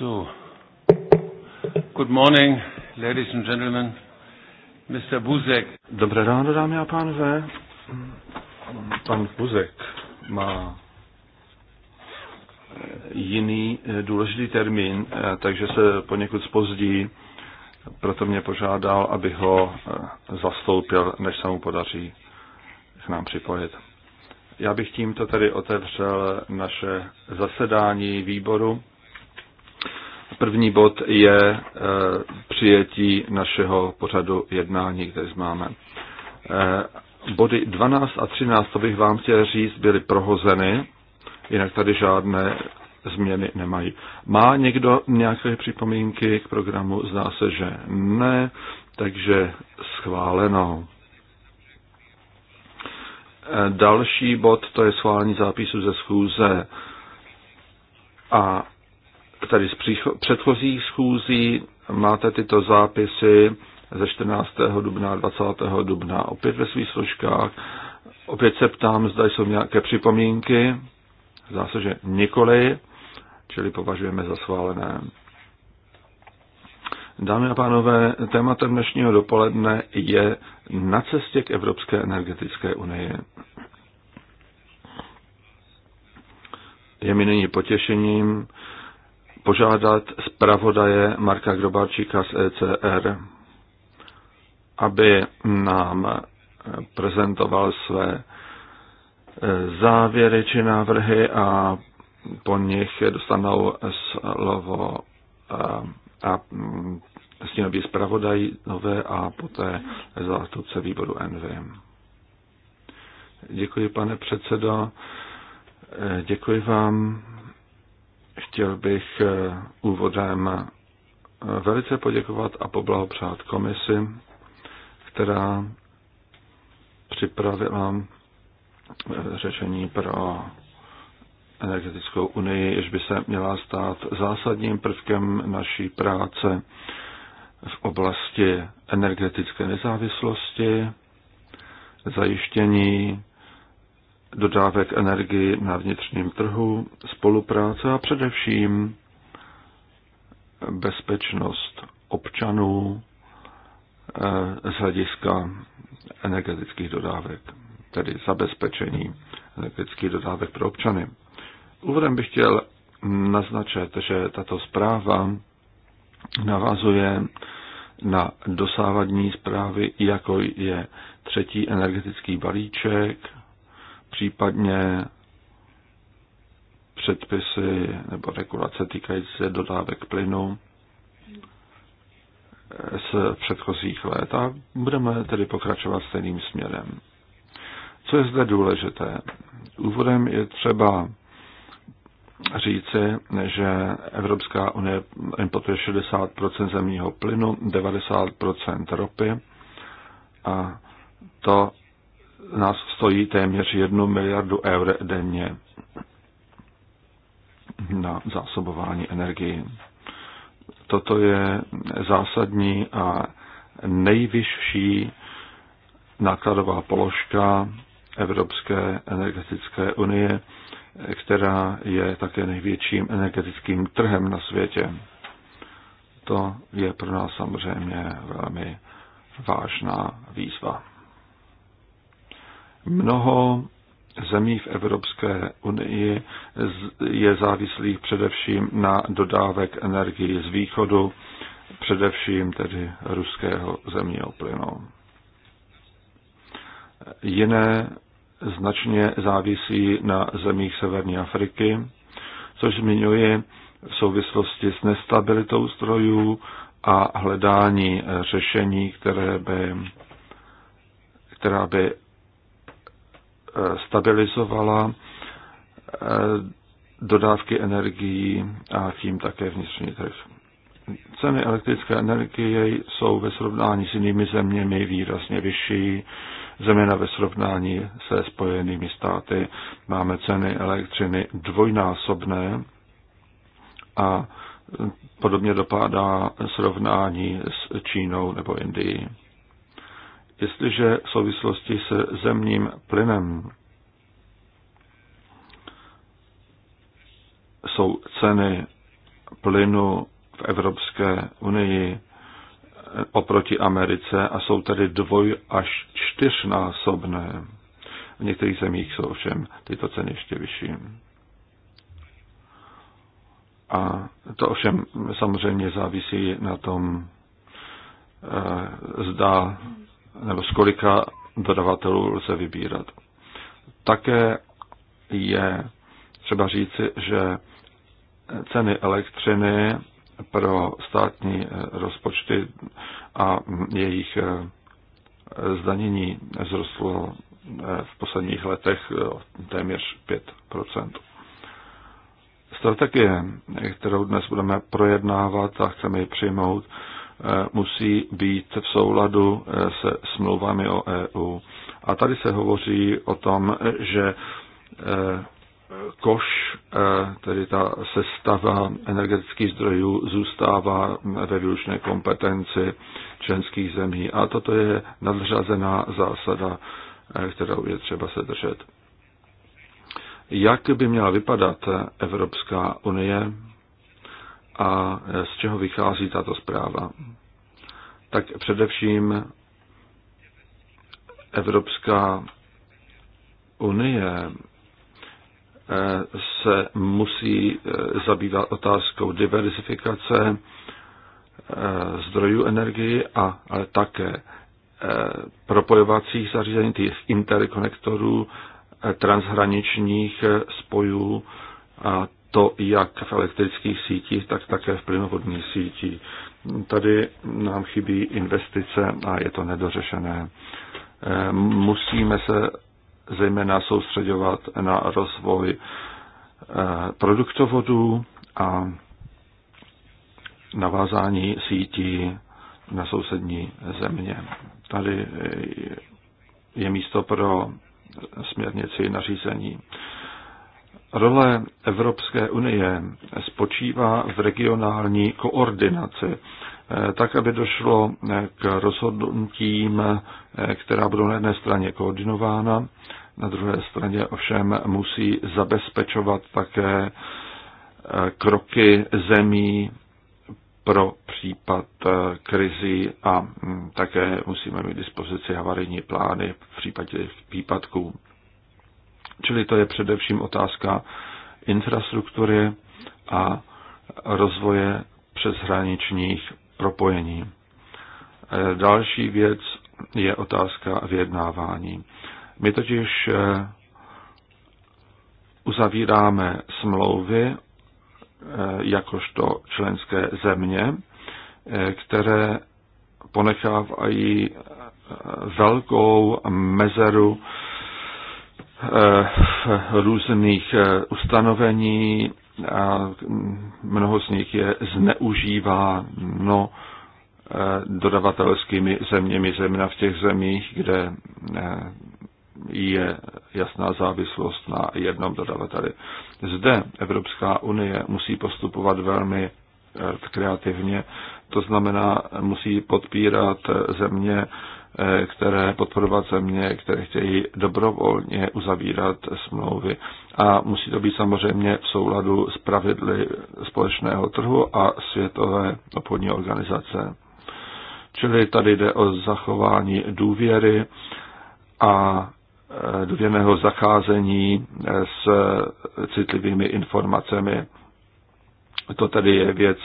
So, good morning, ladies and gentlemen. Mr. Buzek. Dobré ráno, dámy a pánové. Pan Buzek má jiný eh, důležitý termín, eh, takže se poněkud spozdí, proto mě požádal, aby ho eh, zastoupil, než se mu podaří k nám připojit. Já bych tímto tedy otevřel naše zasedání výboru První bod je eh, přijetí našeho pořadu jednání, který máme. Eh, body 12 a 13, to bych vám chtěl říct, byly prohozeny, jinak tady žádné změny nemají. Má někdo nějaké připomínky k programu? Zdá se, že ne, takže schváleno. Eh, další bod, to je schválení zápisu ze schůze. A tady z předchozích schůzí máte tyto zápisy ze 14. dubna a 20. dubna opět ve svých složkách. Opět se ptám, zda jsou nějaké připomínky. Zdá se, že nikoli, čili považujeme za schválené. Dámy a pánové, tématem dnešního dopoledne je na cestě k Evropské energetické unii. Je mi nyní potěšením požádat zpravodaje Marka Grobáčíka z ECR, aby nám prezentoval své e, závěry či návrhy a po nich dostanou slovo e, a mm, stínoví nové a poté zástupce výboru NV. Děkuji, pane předsedo. E, děkuji vám Chtěl bych eh, úvodem eh, velice poděkovat a poblahopřát komisi, která připravila eh, řešení pro energetickou unii, jež by se měla stát zásadním prvkem naší práce v oblasti energetické nezávislosti, zajištění dodávek energii na vnitřním trhu, spolupráce a především bezpečnost občanů eh, z hlediska energetických dodávek, tedy zabezpečení energetických dodávek pro občany. Úvodem bych chtěl naznačit, že tato zpráva navazuje na dosávadní zprávy, jako je třetí energetický balíček, případně předpisy nebo regulace týkající se dodávek plynu z předchozích let a budeme tedy pokračovat stejným směrem. Co je zde důležité? Úvodem je třeba říci, že Evropská unie importuje 60 zemního plynu, 90 ropy a to nás stojí téměř jednu miliardu eur denně na zásobování energii. Toto je zásadní a nejvyšší nákladová položka Evropské energetické unie, která je také největším energetickým trhem na světě. To je pro nás samozřejmě velmi vážná výzva. Mnoho zemí v Evropské unii je závislých především na dodávek energii z východu, především tedy ruského zemního plynu. Jiné značně závisí na zemích severní Afriky, což zmiňuji v souvislosti s nestabilitou strojů a hledání řešení, které by, která by stabilizovala eh, dodávky energií a tím také vnitřní trh. Ceny elektrické energie jsou ve srovnání s jinými zeměmi výrazně vyšší, zejména ve srovnání se spojenými státy. Máme ceny elektřiny dvojnásobné a podobně dopadá srovnání s Čínou nebo Indií jestliže v souvislosti se zemním plynem jsou ceny plynu v Evropské unii eh, oproti Americe a jsou tedy dvoj až čtyřnásobné. V některých zemích jsou ovšem tyto ceny ještě vyšší. A to ovšem samozřejmě závisí na tom, eh, zda nebo z kolika dodavatelů lze vybírat. Také je třeba říci, že ceny elektřiny pro státní rozpočty a jejich zdanění zrostlo v posledních letech téměř 5 Strategie, kterou dnes budeme projednávat a chceme ji přijmout, Eh, musí být v souladu eh, se smlouvami o EU. A tady se hovoří o tom, že eh, koš, tedy ta sestava energetických zdrojů, zůstává ve výlučné kompetenci členských zemí. A toto je nadřazená zásada, kterou je třeba se držet. Jak by měla vypadat Evropská unie? a z čeho vychází tato zpráva. Tak především Evropská unie eh, se musí eh, zabývat otázkou diversifikace eh, zdrojů energie a ale také propojovacích zařízení, těch interkonektorů, transhraničních spojů a to jak v elektrických sítích, tak také v plynovodních sítích. Tady nám chybí investice a je to nedořešené. Eh, musíme se zejména soustředovat na rozvoj eh, produktovodů a navázání sítí na sousední země. Tady je místo pro směrnici nařízení. Role Evropské unie spočívá v regionální koordinaci, eh, tak aby došlo eh, k rozhodnutím, eh, která budou na jedné straně koordinována, na druhé straně ovšem musí zabezpečovat také kroky zemí pro případ krizí a mm, také musíme mít dispozici havarijní plány v případě výpadků. Čili to je především otázka infrastruktury a rozvoje přeshraničních propojení. Eh, další věc je otázka vyjednávání. My totiž eh, uzavíráme smlouvy eh, jakožto členské země, které ponechávají velkou mezeru v eh, různých eh, ustanovení a mnoho z nich je zneužíváno eh, dodavatelskými zeměmi, zejména v těch zemích, kde je jasná závislost na jednom dodavateli. Zde Evropská unie musí postupovat velmi kreativně, to znamená, musí podpírat země Eh, které podporovat země, které chtějí dobrovolně uzavírat smlouvy. A musí to být samozřejmě v souladu s pravidly společného trhu a Světové obchodní organizace. Čili tady jde o zachování důvěry a eh, důvěrného zacházení eh, s citlivými informacemi. To tedy je věc,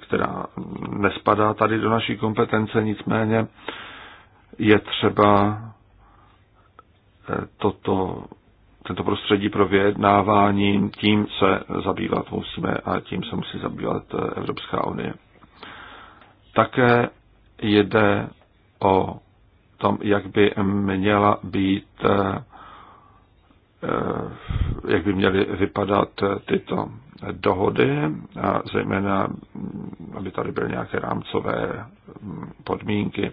která nespadá tady do naší kompetence, nicméně je třeba eh, toto, tento prostředí pro vyjednávání, tím se zabývat musíme a tím se musí zabývat eh, Evropská unie. Také jde o tom, jak by měla být, eh, jak by měly vypadat tyto dohody, a zejména, mm, aby tady byly nějaké rámcové mm, podmínky.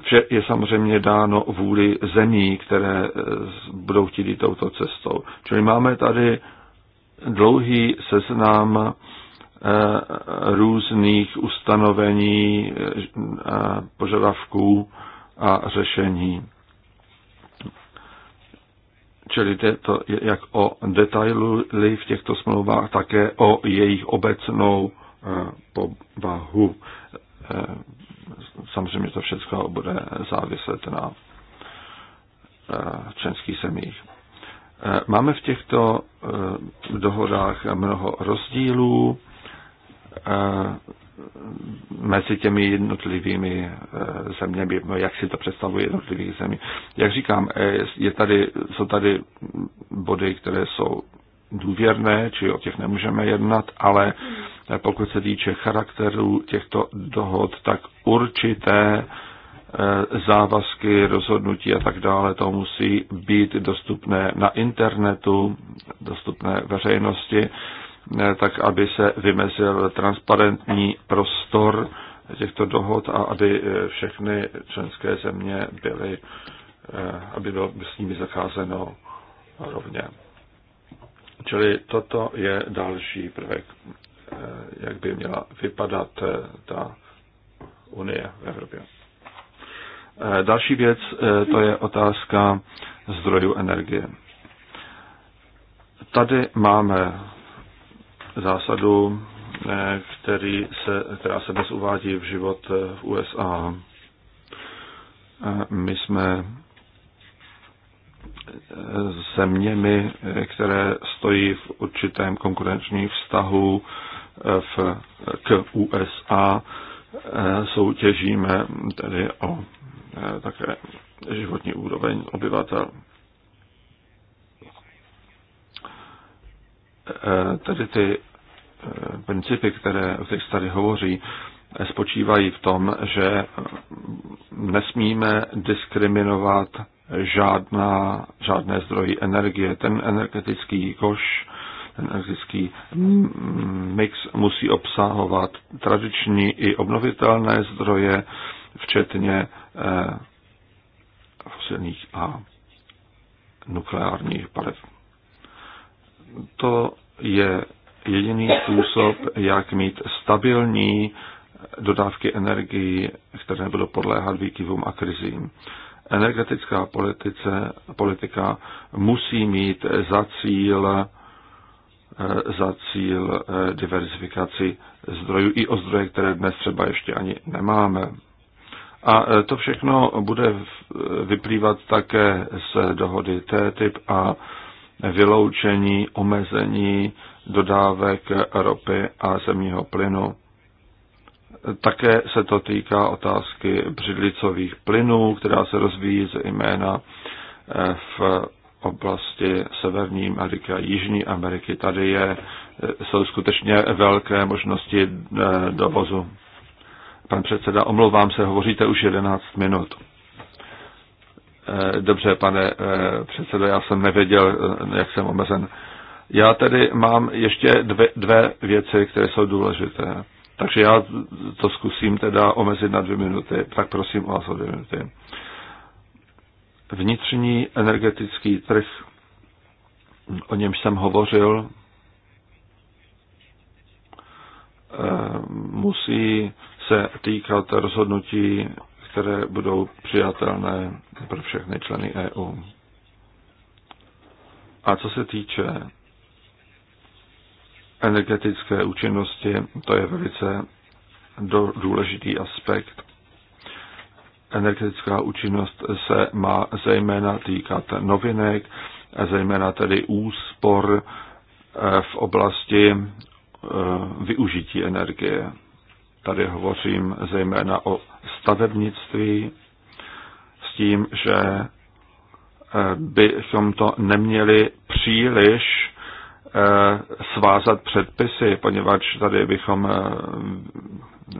Vše je samozřejmě dáno vůli zemí, které eh, budou chtít jít touto cestou. Čili máme tady dlouhý seznam eh, různých ustanovení, eh, požadavků a řešení. Čili je to jak o detaily v těchto smlouvách, také o jejich obecnou povahu samozřejmě to všechno bude záviset na eh, členských zemích. Eh, máme v těchto eh, dohodách mnoho rozdílů mezi těmi jednotlivými zeměmi, no, jak si to představuje jednotlivých zemí. Jak říkám, je tady, jsou tady body, které jsou důvěrné, či o těch nemůžeme jednat, ale pokud se týče charakteru těchto dohod, tak určité e, závazky, rozhodnutí a tak dále, to musí být dostupné na internetu, dostupné veřejnosti, e, tak aby se vymezil transparentní prostor těchto dohod a aby e, všechny členské země byly, aby bylo s nimi zacházeno rovně. Čili toto je další prvek, eh, jak by měla vypadat eh, ta unie v Evropě. Eh, další věc, to je otázka zdrojů energie. Tady máme zásadu, který se, která se dnes uvádí v život v USA. My jsme zeměmi, které stojí v určitém konkurenčním vztahu eh, v, k USA, eh, soutěžíme tedy o eh, také životní úroveň obyvatel. Tedy ty principy, které, o tady hovoří, spočívají v tom, že nesmíme diskriminovat žádná, žádné zdroji energie. Ten energetický koš, ten energetický mix musí obsahovat tradiční i obnovitelné zdroje, včetně eh, fosilních a nukleárních paliv. To je jediný způsob, jak mít stabilní dodávky energii, které budou podléhat výkyvům a krizím energetická politice, politika musí mít za cíl eh, za cíl eh, diverzifikaci zdrojů i o zdroje, které dnes třeba ještě ani nemáme. A eh, to všechno bude vyplývat také z dohody TTIP a vyloučení, omezení dodávek ropy a zemního plynu. Také se to týká otázky břidlicových plynů, která se rozvíjí zejména eh, v oblasti Severní Ameriky a Jižní Ameriky. Tady je, eh, jsou skutečně velké možnosti eh, dovozu. Pan předseda, omlouvám se, hovoříte už 11 minut. Dobře, pane předsedo, já jsem nevěděl, jak jsem omezen. Já tedy mám ještě dvě, dvě věci, které jsou důležité. Takže já to zkusím teda omezit na dvě minuty, tak prosím vás o dvě minuty. Vnitřní energetický trh, o němž jsem hovořil, eh, musí se týkat rozhodnutí, které budou přijatelné pro všechny členy EU. A co se týče energetické účinnosti, to je velice důležitý aspekt. Energetická účinnost se má zejména týkat novinek, zejména tedy úspor eh, v oblasti eh, využití energie. Tady hovořím zejména o stavebnictví s tím, že eh, bychom to neměli příliš Eh, svázat předpisy, poněvadž tady bychom eh,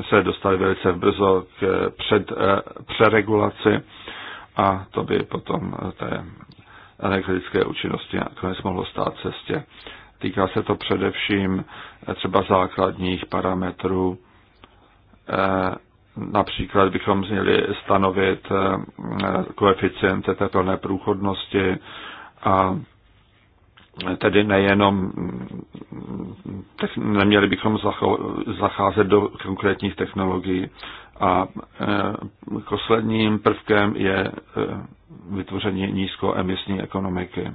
se dostali velice brzo k eh, před, přeregulaci a to by potom té energetické účinnosti nakonec mohlo stát cestě. Týká se to především třeba základních parametrů. Například bychom měli stanovit koeficient této neprůchodnosti průchodnosti a tedy nejenom, tak neměli bychom zacházet do konkrétních technologií. A e, posledním prvkem je e, vytvoření nízkoemisní ekonomiky.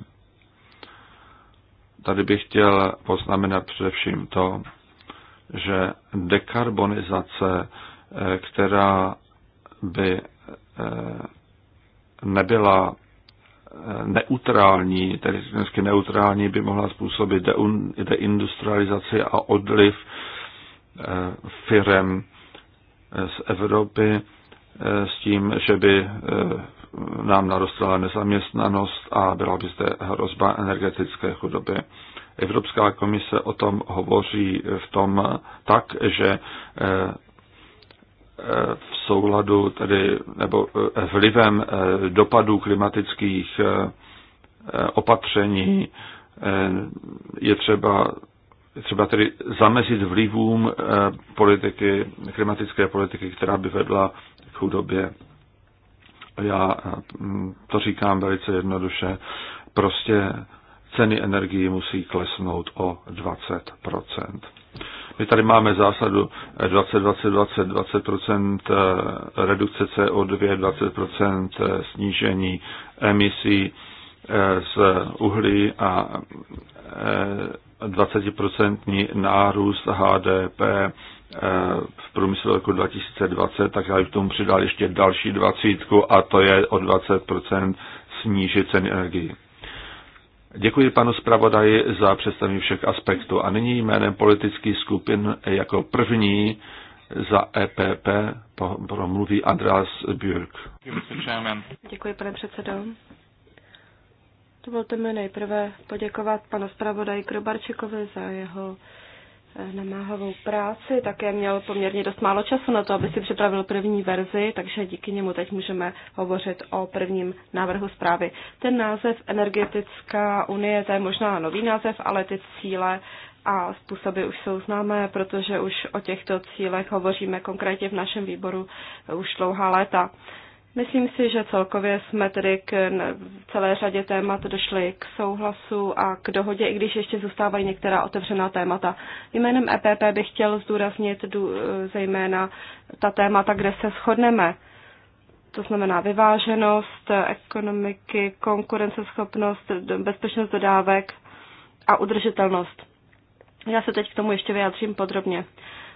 Tady bych chtěl poznamenat především to, že dekarbonizace, e, která by nebyla neutrální, tedy dnesky neutrální, by mohla způsobit deindustrializaci a odliv eh, firem eh, z Evropy eh, s tím, že by nám narostla nezaměstnanost a byla by zde hrozba energetické chudoby. Evropská komise o tom hovoří v tom tak, že v souladu tedy nebo eh, vlivem eh, dopadů klimatických eh, opatření je třeba je třeba tedy zamezit vlivům politiky, klimatické politiky, která by vedla k chudobě. Já hm, to říkám velice jednoduše. Prostě ceny energii musí klesnout o 20 my tady máme zásadu 20, 20, 20, 20% redukce CO2, 20% eh, snížení emisí eh, z uhlí a 20% eh, nárůst HDP v průmyslu roku 2020, tak já bych tomu přidal ještě další dvacítku a to je o 20% snížit ceny energii. Děkuji panu zpravodaji za představení všech aspektů. A nyní jménem politických skupin jako první za EPP promluví Andreas Björk. Děkuji, pane předsedo. Dovolte mi nejprve poděkovat panu zpravodaji Krobarčikovi za jeho namáhavou práci, také měl poměrně dost málo času na to, aby si připravil první verzi, takže díky němu teď můžeme hovořit o prvním návrhu zprávy. Ten název Energetická unie, to je možná nový název, ale ty cíle a způsoby už jsou známé, protože už o těchto cílech hovoříme konkrétně v našem výboru už dlouhá léta. Myslím si, že celkově jsme tedy k celé řadě témat došli k souhlasu a k dohodě, i když ještě zůstávají některá otevřená témata. Jménem EPP bych chtěl zdůraznit zejména ta témata, kde se shodneme. To znamená vyváženost ekonomiky, konkurenceschopnost, bezpečnost dodávek a udržitelnost. Já se teď k tomu ještě vyjádřím podrobně.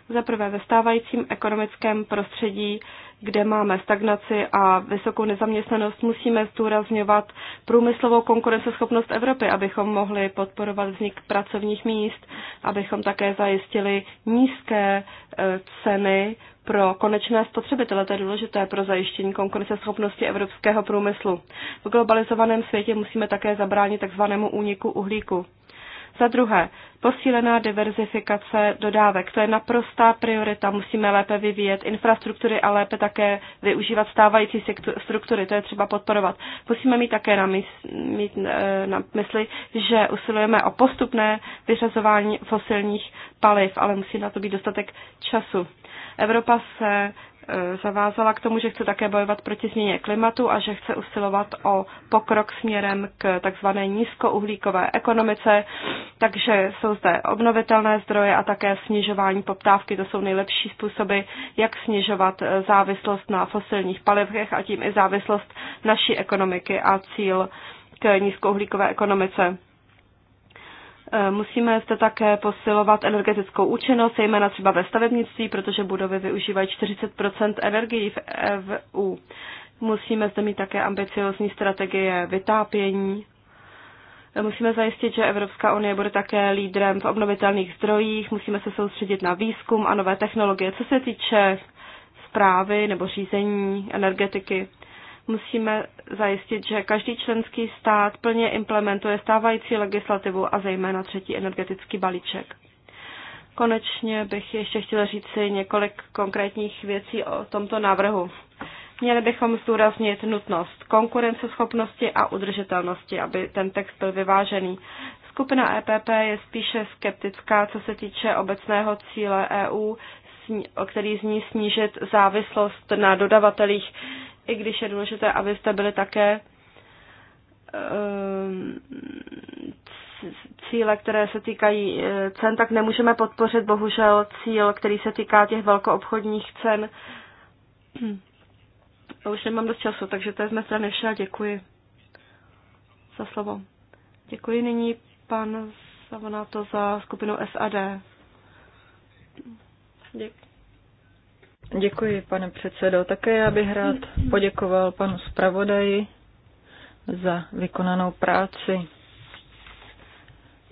Za prvé, ve stávajícím ekonomickém prostředí kde máme stagnaci a vysokou nezaměstnanost, musíme zdůrazňovat průmyslovou konkurenceschopnost Evropy, abychom mohli podporovat vznik pracovních míst, abychom také zajistili nízké e, ceny pro konečné spotřebitele. To je důležité pro zajištění konkurenceschopnosti evropského průmyslu. V globalizovaném světě musíme také zabránit takzvanému úniku uhlíku. Za druhé, posílená diverzifikace dodávek. To je naprostá priorita. Musíme lépe vyvíjet infrastruktury a lépe také využívat stávající struktury. To je třeba podporovat. Musíme mít také na, mys, mít, e, na mysli, že usilujeme o postupné vyřazování fosilních paliv, ale musí na to být dostatek času. Evropa se e, zavázala k tomu, že chce také bojovat proti změně klimatu a že chce usilovat o pokrok směrem k takzvané nízkouhlíkové ekonomice, takže jsou zde obnovitelné zdroje a také snižování poptávky. To jsou nejlepší způsoby, jak snižovat e, závislost na fosilních palivech a tím i závislost naší ekonomiky a cíl k nízkouhlíkové ekonomice. Eh, musíme zde také posilovat energetickou účinnost, zejména třeba ve stavebnictví, protože budovy využívají 40 energie v EU. Musíme zde mít také ambiciozní strategie vytápění. Eh, musíme zajistit, že Evropská unie bude také lídrem v obnovitelných zdrojích, musíme se soustředit na výzkum a nové technologie. Co se týče zprávy nebo řízení energetiky, musíme zajistit, že každý členský stát plně implementuje stávající legislativu a zejména třetí energetický balíček. Konečně bych ještě chtěla říci několik konkrétních věcí o tomto návrhu. Měli bychom zdůraznit nutnost konkurenceschopnosti a udržitelnosti, aby ten text byl vyvážený. Skupina EPP je spíše skeptická, co se týče obecného cíle EU, který zní snížit závislost na dodavatelích i když je důležité, abyste byli také ehm, cíle, které se týkají e, cen, tak nemůžeme podpořit bohužel cíl, který se týká těch velkoobchodních cen. Už nemám dost času, takže to je z mé strany vše a děkuji za slovo. Děkuji nyní pan Savonato za skupinu SAD. Děkuji. Děkuji, pane předsedo. Také já bych rád poděkoval panu zpravodaji za vykonanou práci.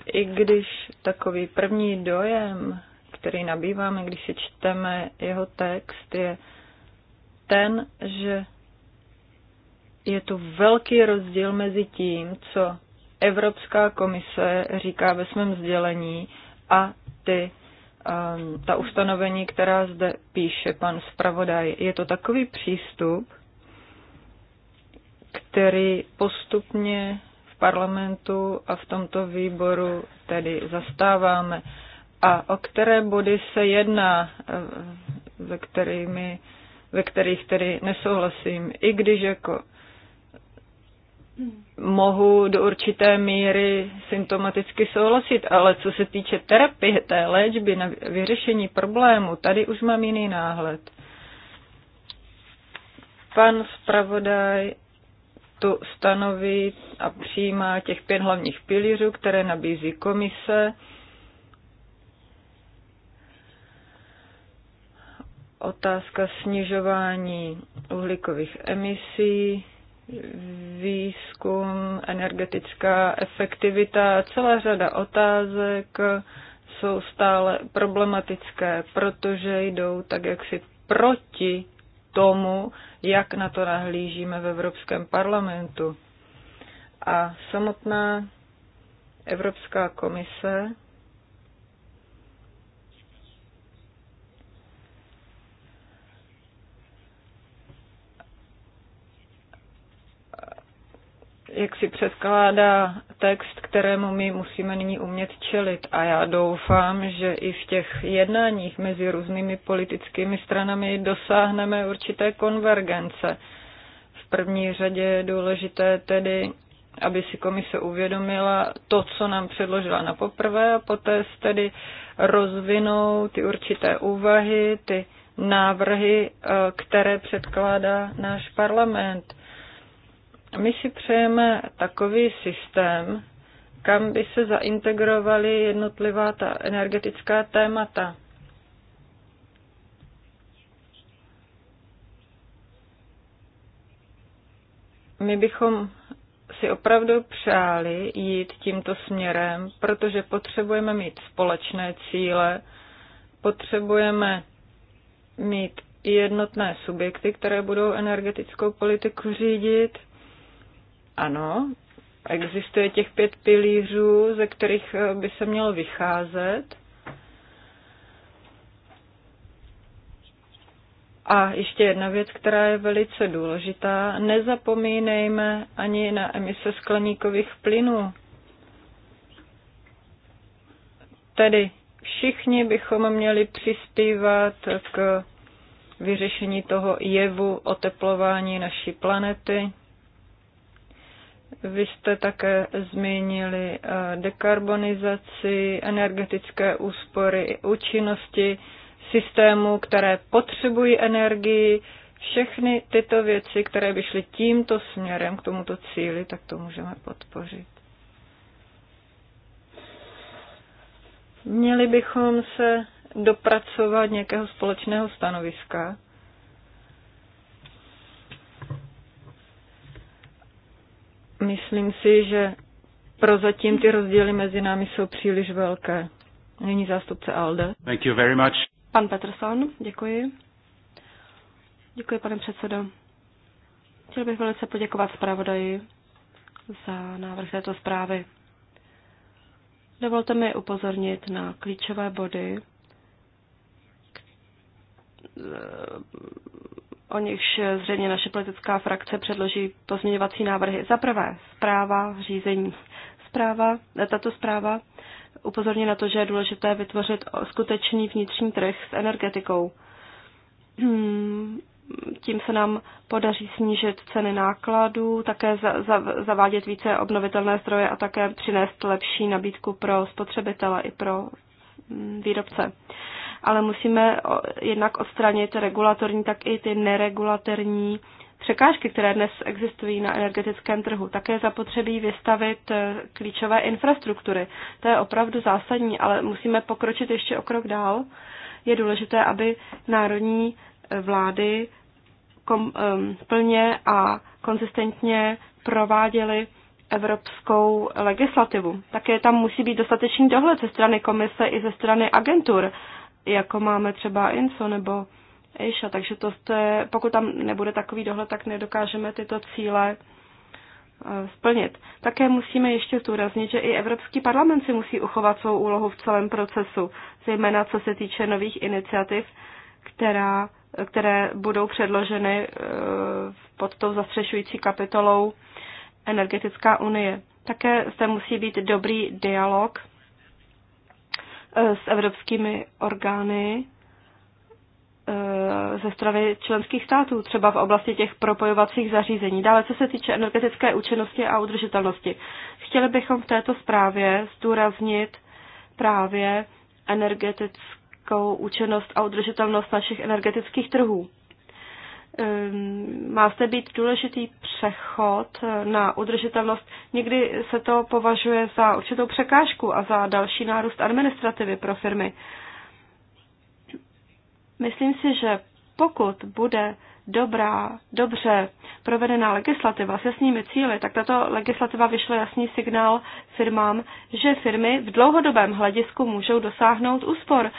I když takový první dojem, který nabýváme, když si čteme jeho text, je ten, že je tu velký rozdíl mezi tím, co Evropská komise říká ve svém sdělení a ty ta ustanovení, která zde píše pan zpravodaj. Je to takový přístup, který postupně v parlamentu a v tomto výboru tedy zastáváme a o které body se jedná, eh, ve, kterými, ve kterých tedy nesouhlasím, i když jako mohu do určité míry symptomaticky souhlasit, ale co se týče terapie, té léčby na vyřešení problému, tady už mám jiný náhled. Pan zpravodaj tu stanoví a přijímá těch pět hlavních pilířů, které nabízí komise. Otázka snižování uhlíkových emisí, výzkum, energetická efektivita, celá řada otázek jsou stále problematické, protože jdou tak jaksi proti tomu, jak na to nahlížíme v Evropském parlamentu. A samotná Evropská komise jak si předkládá text, kterému my musíme nyní umět čelit. A já doufám, že i v těch jednáních mezi různými politickými stranami dosáhneme určité konvergence. V první řadě je důležité tedy, aby si komise uvědomila to, co nám předložila na poprvé a poté tedy rozvinou ty určité úvahy, ty návrhy, eh, které předkládá náš parlament my si přejeme takový systém, kam by se zaintegrovaly jednotlivá ta energetická témata. My bychom si opravdu přáli jít tímto směrem, protože potřebujeme mít společné cíle, potřebujeme mít jednotné subjekty, které budou energetickou politiku řídit, ano, existuje těch pět pilířů, ze kterých eh, by se mělo vycházet. A ještě jedna věc, která je velice důležitá. Nezapomínejme ani na emise skleníkových plynů. Tedy všichni bychom měli přispívat k vyřešení toho jevu oteplování naší planety. Vy jste také zmínili eh, dekarbonizaci, energetické úspory, účinnosti systémů, které potřebují energii. Všechny tyto věci, které by šly tímto směrem k tomuto cíli, tak to můžeme podpořit. Měli bychom se dopracovat nějakého společného stanoviska, Myslím si, že prozatím ty rozdíly mezi námi jsou příliš velké. Není zástupce ALDE. Thank you very much. Pan Peterson, děkuji. Děkuji, pane předsedo. Chtěl bych velice poděkovat zpravodaji za návrh této zprávy. Dovolte mi upozornit na klíčové body, o nichž zřejmě naše politická frakce předloží pozměňovací návrhy. Za prvé, zpráva řízení. Zpráva, tato zpráva upozorní na to, že je důležité vytvořit skutečný vnitřní trh s energetikou. Tím se nám podaří snížit ceny nákladů, také za, za, zavádět více obnovitelné zdroje a také přinést lepší nabídku pro spotřebitele i pro mm, výrobce ale musíme jednak odstranit regulatorní, tak i ty neregulatorní překážky, které dnes existují na energetickém trhu. Také zapotřebí vystavit e, klíčové infrastruktury. To je opravdu zásadní, ale musíme pokročit ještě o krok dál. Je důležité, aby národní e, vlády kom, um, plně a konzistentně prováděly evropskou legislativu. Také tam musí být dostatečný dohled ze strany komise i ze strany agentur, jako máme třeba INSO nebo Asia, takže to je, pokud tam nebude takový dohled, tak nedokážeme tyto cíle eh, splnit. Také musíme ještě zdůraznit, že i Evropský parlament si musí uchovat svou úlohu v celém procesu, zejména co se týče nových iniciativ, která, které budou předloženy eh, pod tou zastřešující kapitolou Energetická unie. Také zde musí být dobrý dialog Eh, s evropskými orgány eh, ze strany členských států, třeba v oblasti těch propojovacích zařízení. Dále, co se týče energetické účinnosti a udržitelnosti. Chtěli bychom v této zprávě zdůraznit právě energetickou účinnost a udržitelnost našich energetických trhů má ehm, zde být důležitý přechod eh, na udržitelnost. Někdy se to považuje za určitou překážku a za další nárůst administrativy pro firmy. Myslím si, že pokud bude dobrá, dobře provedená legislativa s jasnými cíly, tak tato legislativa vyšla jasný signál firmám, že firmy v dlouhodobém hledisku můžou dosáhnout úspor.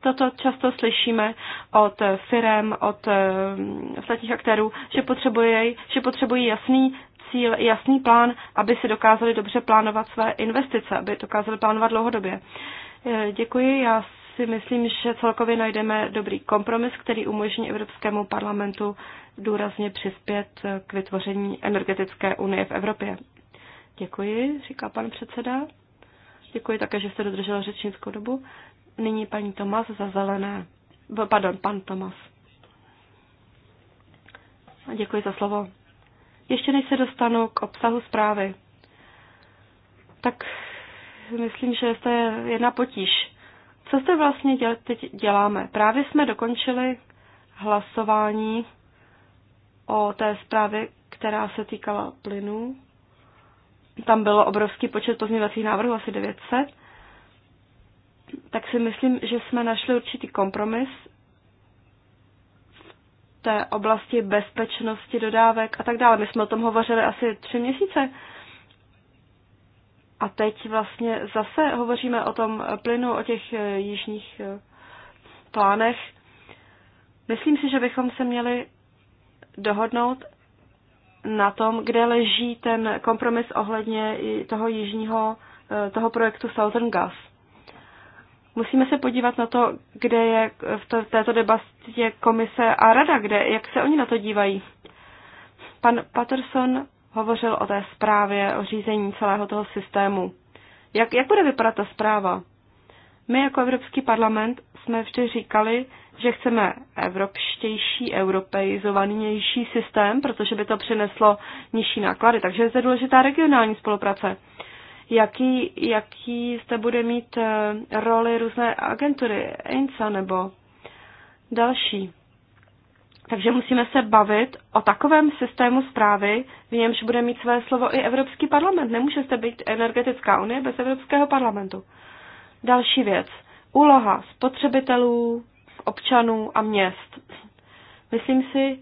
Toto často slyšíme od firem, od eh, ostatních aktérů, že potřebují, že potřebují jasný cíl, jasný plán, aby si dokázali dobře plánovat své investice, aby dokázali plánovat dlouhodobě. Eh, děkuji, já si myslím, že celkově najdeme dobrý kompromis, který umožní Evropskému parlamentu důrazně přispět eh, k vytvoření energetické unie v Evropě. Děkuji, říká pan předseda. Děkuji také, že jste dodržel řečnickou dobu. Nyní paní Tomas za zelené. Pardon, pan Tomas. Děkuji za slovo. Ještě než se dostanu k obsahu zprávy, tak myslím, že to je jedna potíž. Co zde vlastně děl- teď děláme? Právě jsme dokončili hlasování o té zprávě, která se týkala plynů. Tam bylo obrovský počet pozměňovacích návrhů, asi 900 tak si myslím, že jsme našli určitý kompromis v té oblasti bezpečnosti dodávek a tak dále. My jsme o tom hovořili asi tři měsíce. A teď vlastně zase hovoříme o tom plynu, o těch eh, jižních eh, plánech. Myslím si, že bychom se měli dohodnout na tom, kde leží ten kompromis ohledně toho jižního, eh, toho projektu Southern Gas. Musíme se podívat na to, kde je v této debatě komise a rada, kde, jak se oni na to dívají. Pan Patterson hovořil o té zprávě, o řízení celého toho systému. Jak, jak bude vypadat ta zpráva? My jako Evropský parlament jsme vždy říkali, že chceme evropštější, europeizovanější systém, protože by to přineslo nižší náklady. Takže je zde důležitá regionální spolupráce jaký, jaký zde bude mít eh, roli různé agentury, ENCA nebo další. Takže musíme se bavit o takovém systému zprávy, v němž bude mít své slovo i Evropský parlament. Nemůže zde být energetická unie bez Evropského parlamentu. Další věc. Úloha spotřebitelů, občanů a měst. Myslím si,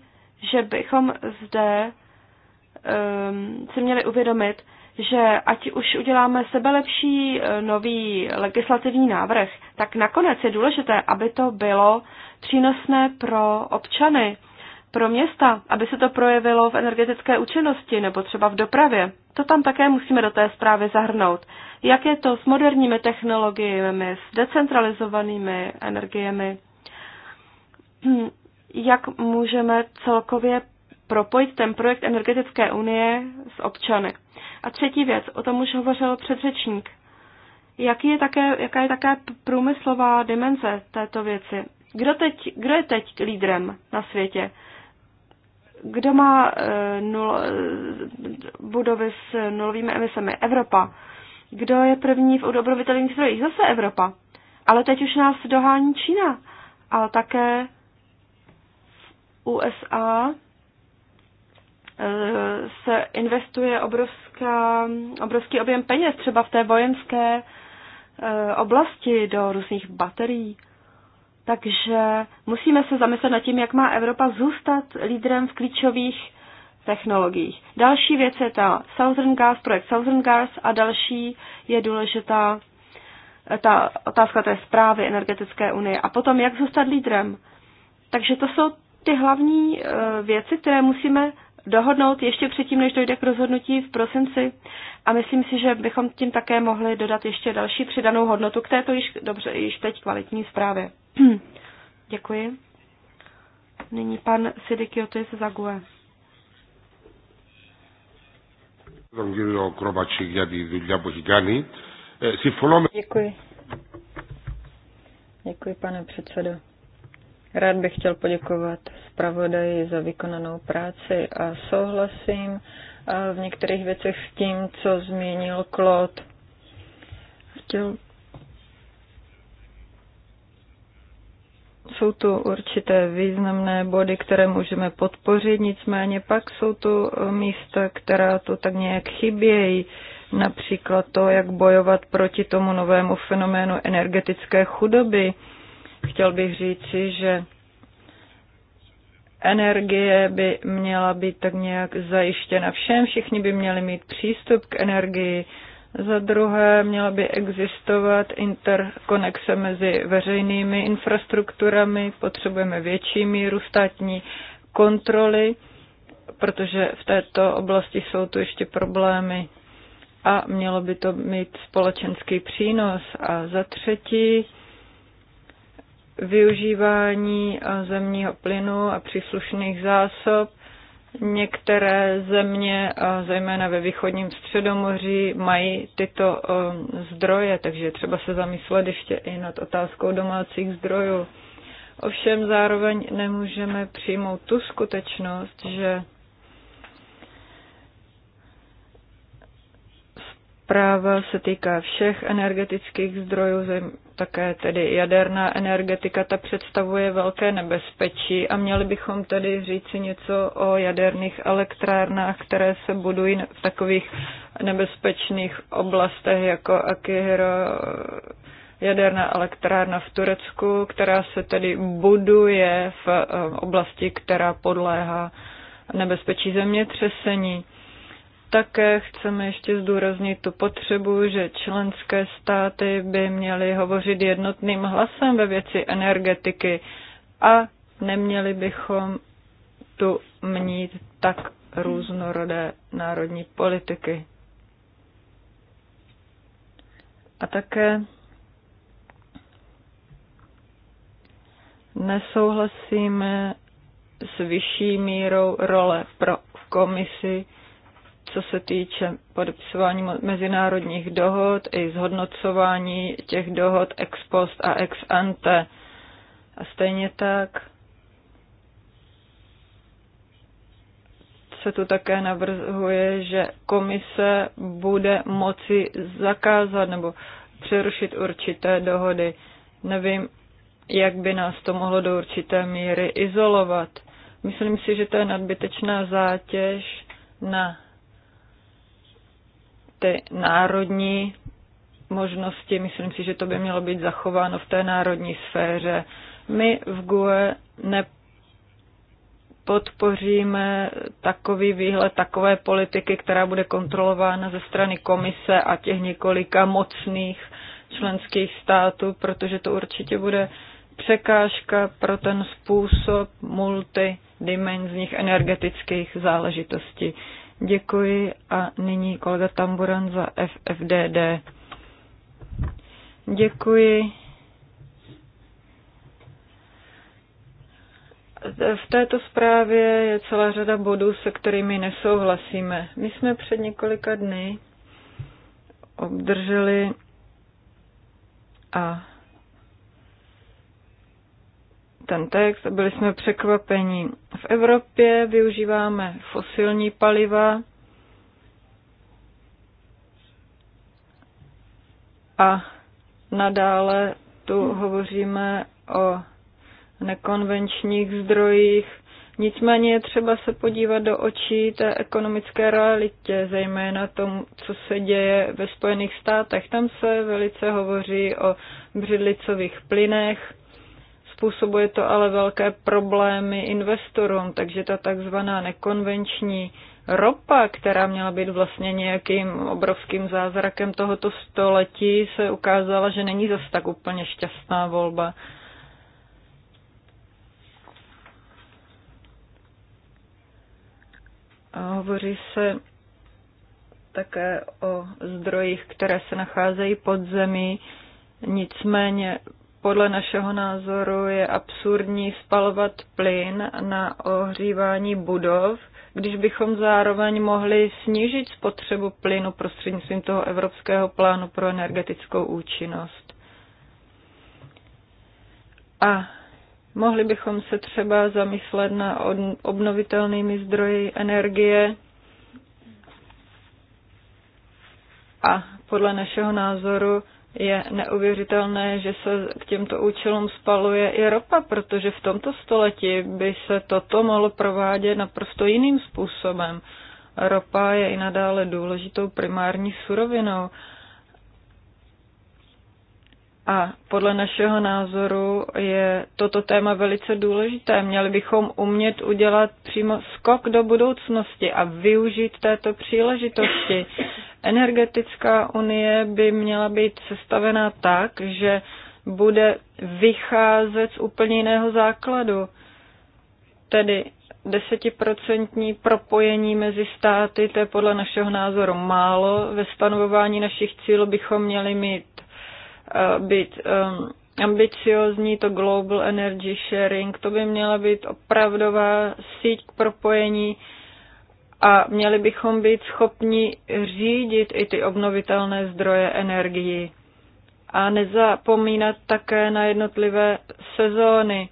že bychom zde um, si měli uvědomit, že ať už uděláme sebelepší e, nový legislativní návrh, tak nakonec je důležité, aby to bylo přínosné pro občany, pro města, aby se to projevilo v energetické účinnosti nebo třeba v dopravě. To tam také musíme do té zprávy zahrnout. Jak je to s moderními technologiemi, s decentralizovanými energiemi? Hmm, jak můžeme celkově propojit ten projekt energetické unie s občany. A třetí věc, o tom už hovořil předřečník. Jaký je také, jaká je také průmyslová dimenze této věci? Kdo, teď, kdo je teď lídrem na světě? Kdo má uh, nul, eh, budovy s nulovými emisemi? Evropa. Kdo je první v udobrovitelných zdrojích? Zase Evropa. Ale teď už nás dohání Čína, ale také USA Eh, se investuje obrovská, obrovský objem peněz, třeba v té vojenské eh, oblasti do různých baterií. Takže musíme se zamyslet nad tím, jak má Evropa zůstat lídrem v klíčových technologiích. Další věc je ta Southern Gas, projekt Southern Gas a další je důležitá eh, ta otázka té zprávy energetické unie a potom, jak zůstat lídrem. Takže to jsou ty hlavní věci, které musíme dohodnout ještě předtím, než dojde k rozhodnutí v prosinci. A myslím si, že bychom tím také mohli dodat ještě další přidanou hodnotu k této již, dobře, již teď kvalitní zprávě. Děkuji. Nyní pan Sidikiotis Zague. Děkuji. Děkuji, pane předsedo. Rád bych chtěl poděkovat zpravodaji za vykonanou práci a souhlasím v některých věcech s tím, co zmínil Klot. Chtěl jsou tu určité významné body, které můžeme podpořit, nicméně pak jsou tu e, místa, která to tak nějak chybějí, například to, jak bojovat proti tomu novému fenoménu energetické chudoby. Chtěl bych říci, že energie by měla být tak nějak zajištěna všem, všichni by měli mít přístup k energii. Za druhé, měla by existovat interkonexe mezi veřejnými infrastrukturami, potřebujeme větší míru státní kontroly, protože v této oblasti jsou tu ještě problémy a mělo by to mít společenský přínos. A za třetí, využívání eh, zemního plynu a příslušných zásob. Některé země, eh, zejména ve východním středomoří, mají tyto eh, zdroje, takže třeba se zamyslet ještě i nad otázkou domácích zdrojů. Ovšem zároveň nemůžeme přijmout tu skutečnost, že práva se týká všech energetických zdrojů, také tedy jaderná energetika, ta představuje velké nebezpečí a měli bychom tedy říci něco o jaderných elektrárnách, které se budují v takových nebezpečných oblastech jako Akihiro, jaderná elektrárna v Turecku, která se tedy buduje v eh, oblasti, která podléhá nebezpečí zemětřesení. Také chceme ještě zdůraznit tu potřebu, že členské státy by měly hovořit jednotným hlasem ve věci energetiky a neměli bychom tu mít tak různorodé národní politiky. A také nesouhlasíme s vyšší mírou role pro komisi co se týče podepisování mezinárodních dohod i zhodnocování těch dohod ex post a ex ante. A stejně tak se tu také navrhuje, že komise bude moci zakázat nebo přerušit určité dohody. Nevím, jak by nás to mohlo do určité míry izolovat. Myslím si, že to je nadbytečná zátěž na ty národní možnosti, myslím si, že to by mělo být zachováno v té národní sféře. My v GUE nepodpoříme takový výhled, takové politiky, která bude kontrolována ze strany komise a těch několika mocných členských států, protože to určitě bude překážka pro ten způsob multidimenzních energetických záležitostí. Děkuji a nyní kolega Tamburan za FFDD. Děkuji. v této zprávě je celá řada bodů, se kterými nesouhlasíme. My jsme před několika dny obdrželi a ten text a byli jsme překvapeni. V Evropě využíváme fosilní paliva a nadále tu hovoříme o nekonvenčních zdrojích. Nicméně je třeba se podívat do očí té ekonomické realitě, zejména tomu, co se děje ve Spojených státech. Tam se velice hovoří o břidlicových plynech, Způsobuje to ale velké problémy investorům, takže ta takzvaná nekonvenční ropa, která měla být vlastně nějakým obrovským zázrakem tohoto století, se ukázala, že není zas tak úplně šťastná volba. A hovoří se také o zdrojích, které se nacházejí pod zemí. Nicméně podle našeho názoru je absurdní spalovat plyn na ohřívání budov, když bychom zároveň mohli snížit spotřebu plynu prostřednictvím toho Evropského plánu pro energetickou účinnost. A mohli bychom se třeba zamyslet na obnovitelnými zdroji energie a podle našeho názoru je neuvěřitelné, že se k těmto účelům spaluje i ropa, protože v tomto století by se toto mohlo provádět naprosto jiným způsobem. Ropa je i nadále důležitou primární surovinou a podle našeho názoru je toto téma velice důležité. Měli bychom umět udělat přímo skok do budoucnosti a využít této příležitosti. Energetická unie by měla být sestavená tak, že bude vycházet z úplně jiného základu, tedy desetiprocentní propojení mezi státy, to je podle našeho názoru málo. Ve stanovování našich cílů bychom měli mít Eh, být eh, ambiciozní, to Global Energy Sharing, to by měla být opravdová síť k propojení a měli bychom být schopni řídit i ty obnovitelné zdroje energii. A nezapomínat také na jednotlivé sezóny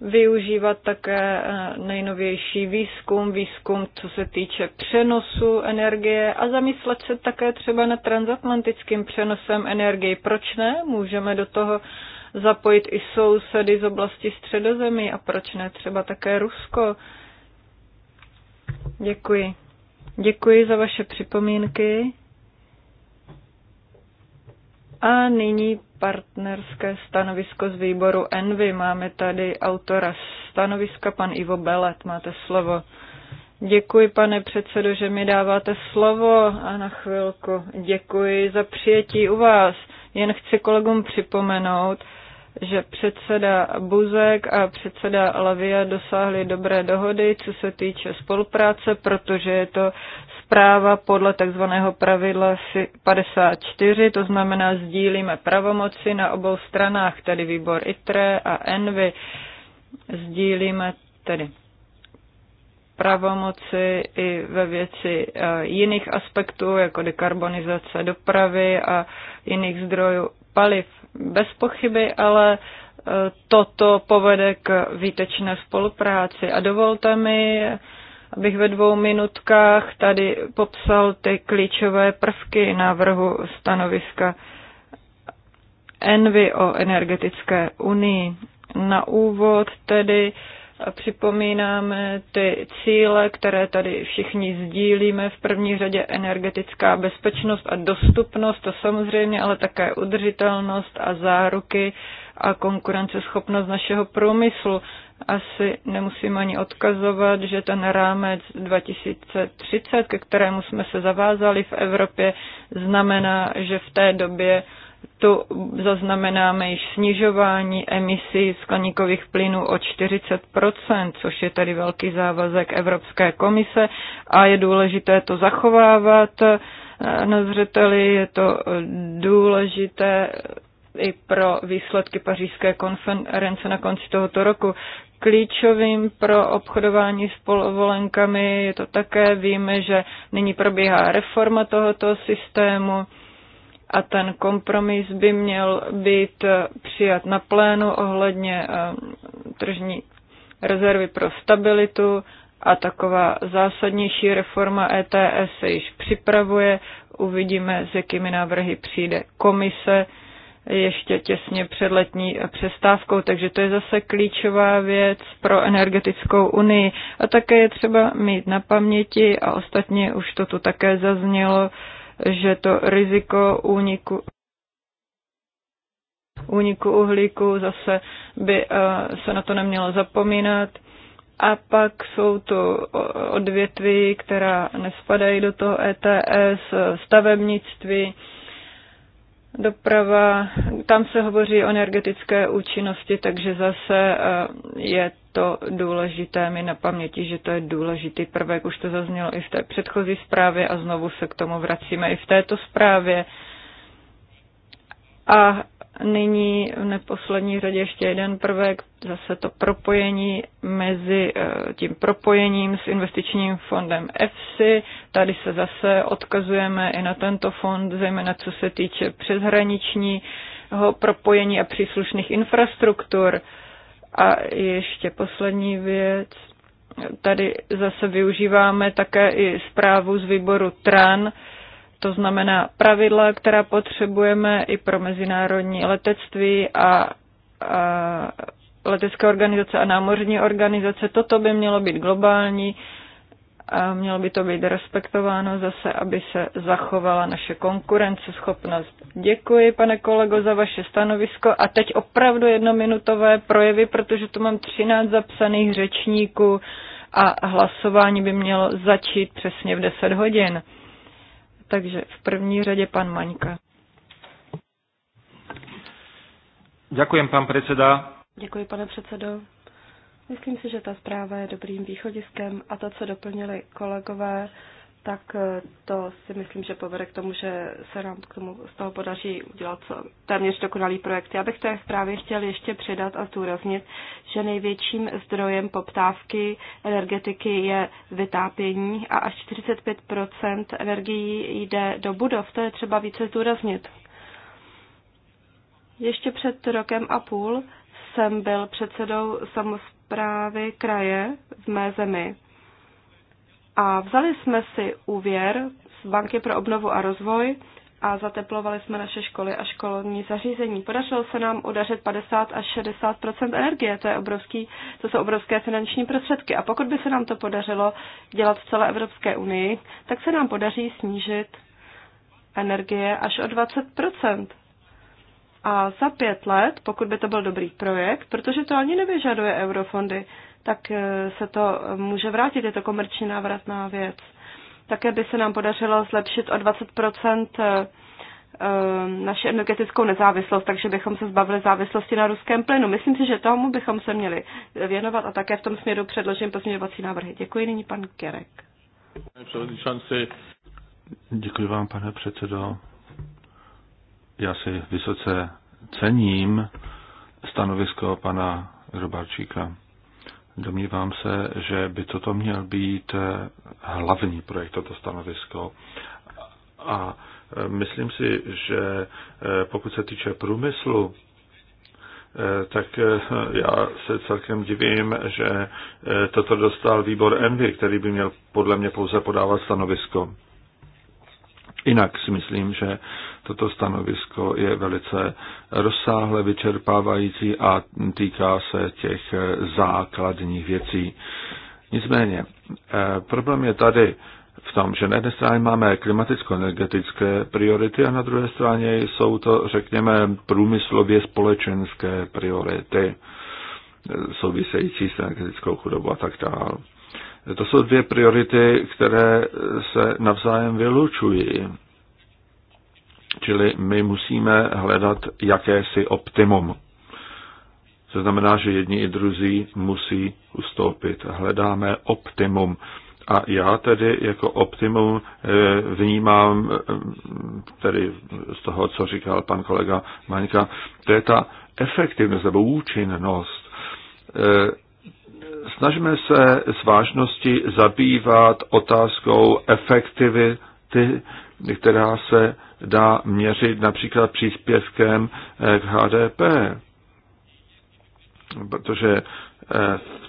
využívat také eh, nejnovější výzkum, výzkum, co se týče přenosu energie a zamyslet se také třeba nad transatlantickým přenosem energie. Proč ne? Můžeme do toho zapojit i sousedy z oblasti středozemí a proč ne třeba také Rusko. Děkuji. Děkuji za vaše připomínky. A nyní partnerské stanovisko z výboru Envy. Máme tady autora stanoviska, pan Ivo Belet. Máte slovo. Děkuji, pane předsedo, že mi dáváte slovo a na chvilku děkuji za přijetí u vás. Jen chci kolegům připomenout, že předseda Buzek a předseda Lavia dosáhli dobré dohody, co se týče spolupráce, protože je to zpráva podle takzvaného pravidla 54, to znamená sdílíme pravomoci na obou stranách, tedy výbor ITRE a ENVY. Sdílíme tedy pravomoci i ve věci eh, jiných aspektů, jako dekarbonizace dopravy a jiných zdrojů paliv. Bez pochyby, ale eh, toto povede k výtečné spolupráci. A dovolte mi eh, abych ve dvou minutkách tady popsal ty klíčové prvky návrhu stanoviska Envy o energetické unii. Na úvod tedy připomínáme ty cíle, které tady všichni sdílíme, v první řadě energetická bezpečnost a dostupnost, to samozřejmě, ale také udržitelnost a záruky a konkurenceschopnost našeho průmyslu asi nemusím ani odkazovat, že ten rámec 2030, ke kterému jsme se zavázali v Evropě, znamená, že v té době tu zaznamenáme již snižování emisí skleníkových plynů o 40 což je tedy velký závazek Evropské komise a je důležité to zachovávat eh, na zřeteli, je to eh, důležité i pro výsledky pařížské konference na konci tohoto roku. Klíčovým pro obchodování s polovolenkami je to také, víme, že nyní probíhá reforma tohoto systému a ten kompromis by měl být přijat na plénu ohledně eh, tržní rezervy pro stabilitu a taková zásadnější reforma ETS se již připravuje. Uvidíme, s jakými návrhy přijde komise ještě těsně před letní přestávkou, takže to je zase klíčová věc pro energetickou unii. A také je třeba mít na paměti, a ostatně už to tu také zaznělo, že to riziko úniku úniku uhlíku zase by eh, se na to nemělo zapomínat. A pak jsou to odvětví, která nespadají do toho ETS, stavebnictví, doprava, tam se hovoří o energetické účinnosti, takže zase eh, je to důležité mi na paměti, že to je důležitý prvek, už to zaznělo i v té předchozí zprávě a znovu se k tomu vracíme i v této zprávě. A nyní v neposlední řadě ještě jeden prvek, zase to propojení mezi eh, tím propojením s investičním fondem EFSI. Tady se zase odkazujeme i na tento fond, zejména co se týče přeshraničního propojení a příslušných infrastruktur. A ještě poslední věc. Tady zase využíváme také i zprávu z výboru TRAN, to znamená pravidla, která potřebujeme i pro mezinárodní letectví a, a letecké organizace a námořní organizace. Toto by mělo být globální a mělo by to být respektováno zase, aby se zachovala naše konkurenceschopnost. Děkuji, pane kolego, za vaše stanovisko a teď opravdu jednominutové projevy, protože tu mám 13 zapsaných řečníků a hlasování by mělo začít přesně v 10 hodin. Takže v první řadě pan Maňka. Děkuji, pan předseda. Děkuji, pane předsedo. Myslím si, že ta zpráva je dobrým východiskem a to, co doplnili kolegové, tak eh, to si myslím, že povede k tomu, že se nám k tomu z toho podaří udělat téměř dokonalý projekt. Já bych té zprávě chtěl ještě přidat a zdůraznit, že největším zdrojem poptávky energetiky je vytápění a až 45 energií jde do budov. To je třeba více zdůraznit. Ještě před rokem a půl jsem byl předsedou samozprávy kraje v mé zemi a vzali jsme si úvěr z Banky pro obnovu a rozvoj a zateplovali jsme naše školy a školní zařízení. Podařilo se nám udařit 50 až 60 energie, to, je obrovský, to jsou obrovské finanční prostředky. A pokud by se nám to podařilo dělat v celé Evropské unii, tak se nám podaří snížit energie až o 20 a za pět let, pokud by to byl dobrý projekt, protože to ani nevyžaduje eurofondy, tak eh, se to může vrátit, je to komerčně návratná věc. Také by se nám podařilo zlepšit o 20 eh, eh, naši energetickou nezávislost, takže bychom se zbavili závislosti na ruském plynu. Myslím si, že tomu bychom se měli věnovat a také v tom směru předložím pozměňovací návrhy. Děkuji nyní pan Kerek. Děkuji vám, pane předsedo. Já si vysoce cením stanovisko pana Robarčíka. Domnívám se, že by toto měl být eh, hlavní projekt, toto stanovisko. A eh, myslím si, že eh, pokud se týče průmyslu, tak já se celkem divím, že toto dostal výbor Envy, který by měl podle mě pouze podávat stanovisko. Jinak si myslím, že Toto stanovisko je velice rozsáhle vyčerpávající a týká se těch základních věcí. Nicméně, eh, problém je tady v tom, že na jedné straně máme klimaticko-energetické priority a na druhé straně jsou to, řekněme, průmyslově společenské priority eh, související s energetickou chudobou a tak dále. To jsou dvě priority, které se navzájem vylučují. Čili my musíme hledat jakési optimum. To znamená, že jedni i druzí musí ustoupit. Hledáme optimum. A já tedy jako optimum eh, vnímám, eh, tedy z toho, co říkal pan kolega Maňka, to je ta efektivnost nebo účinnost. Eh, snažíme se s vážností zabývat otázkou efektivity která se dá měřit například příspěvkem eh, k HDP. Protože eh,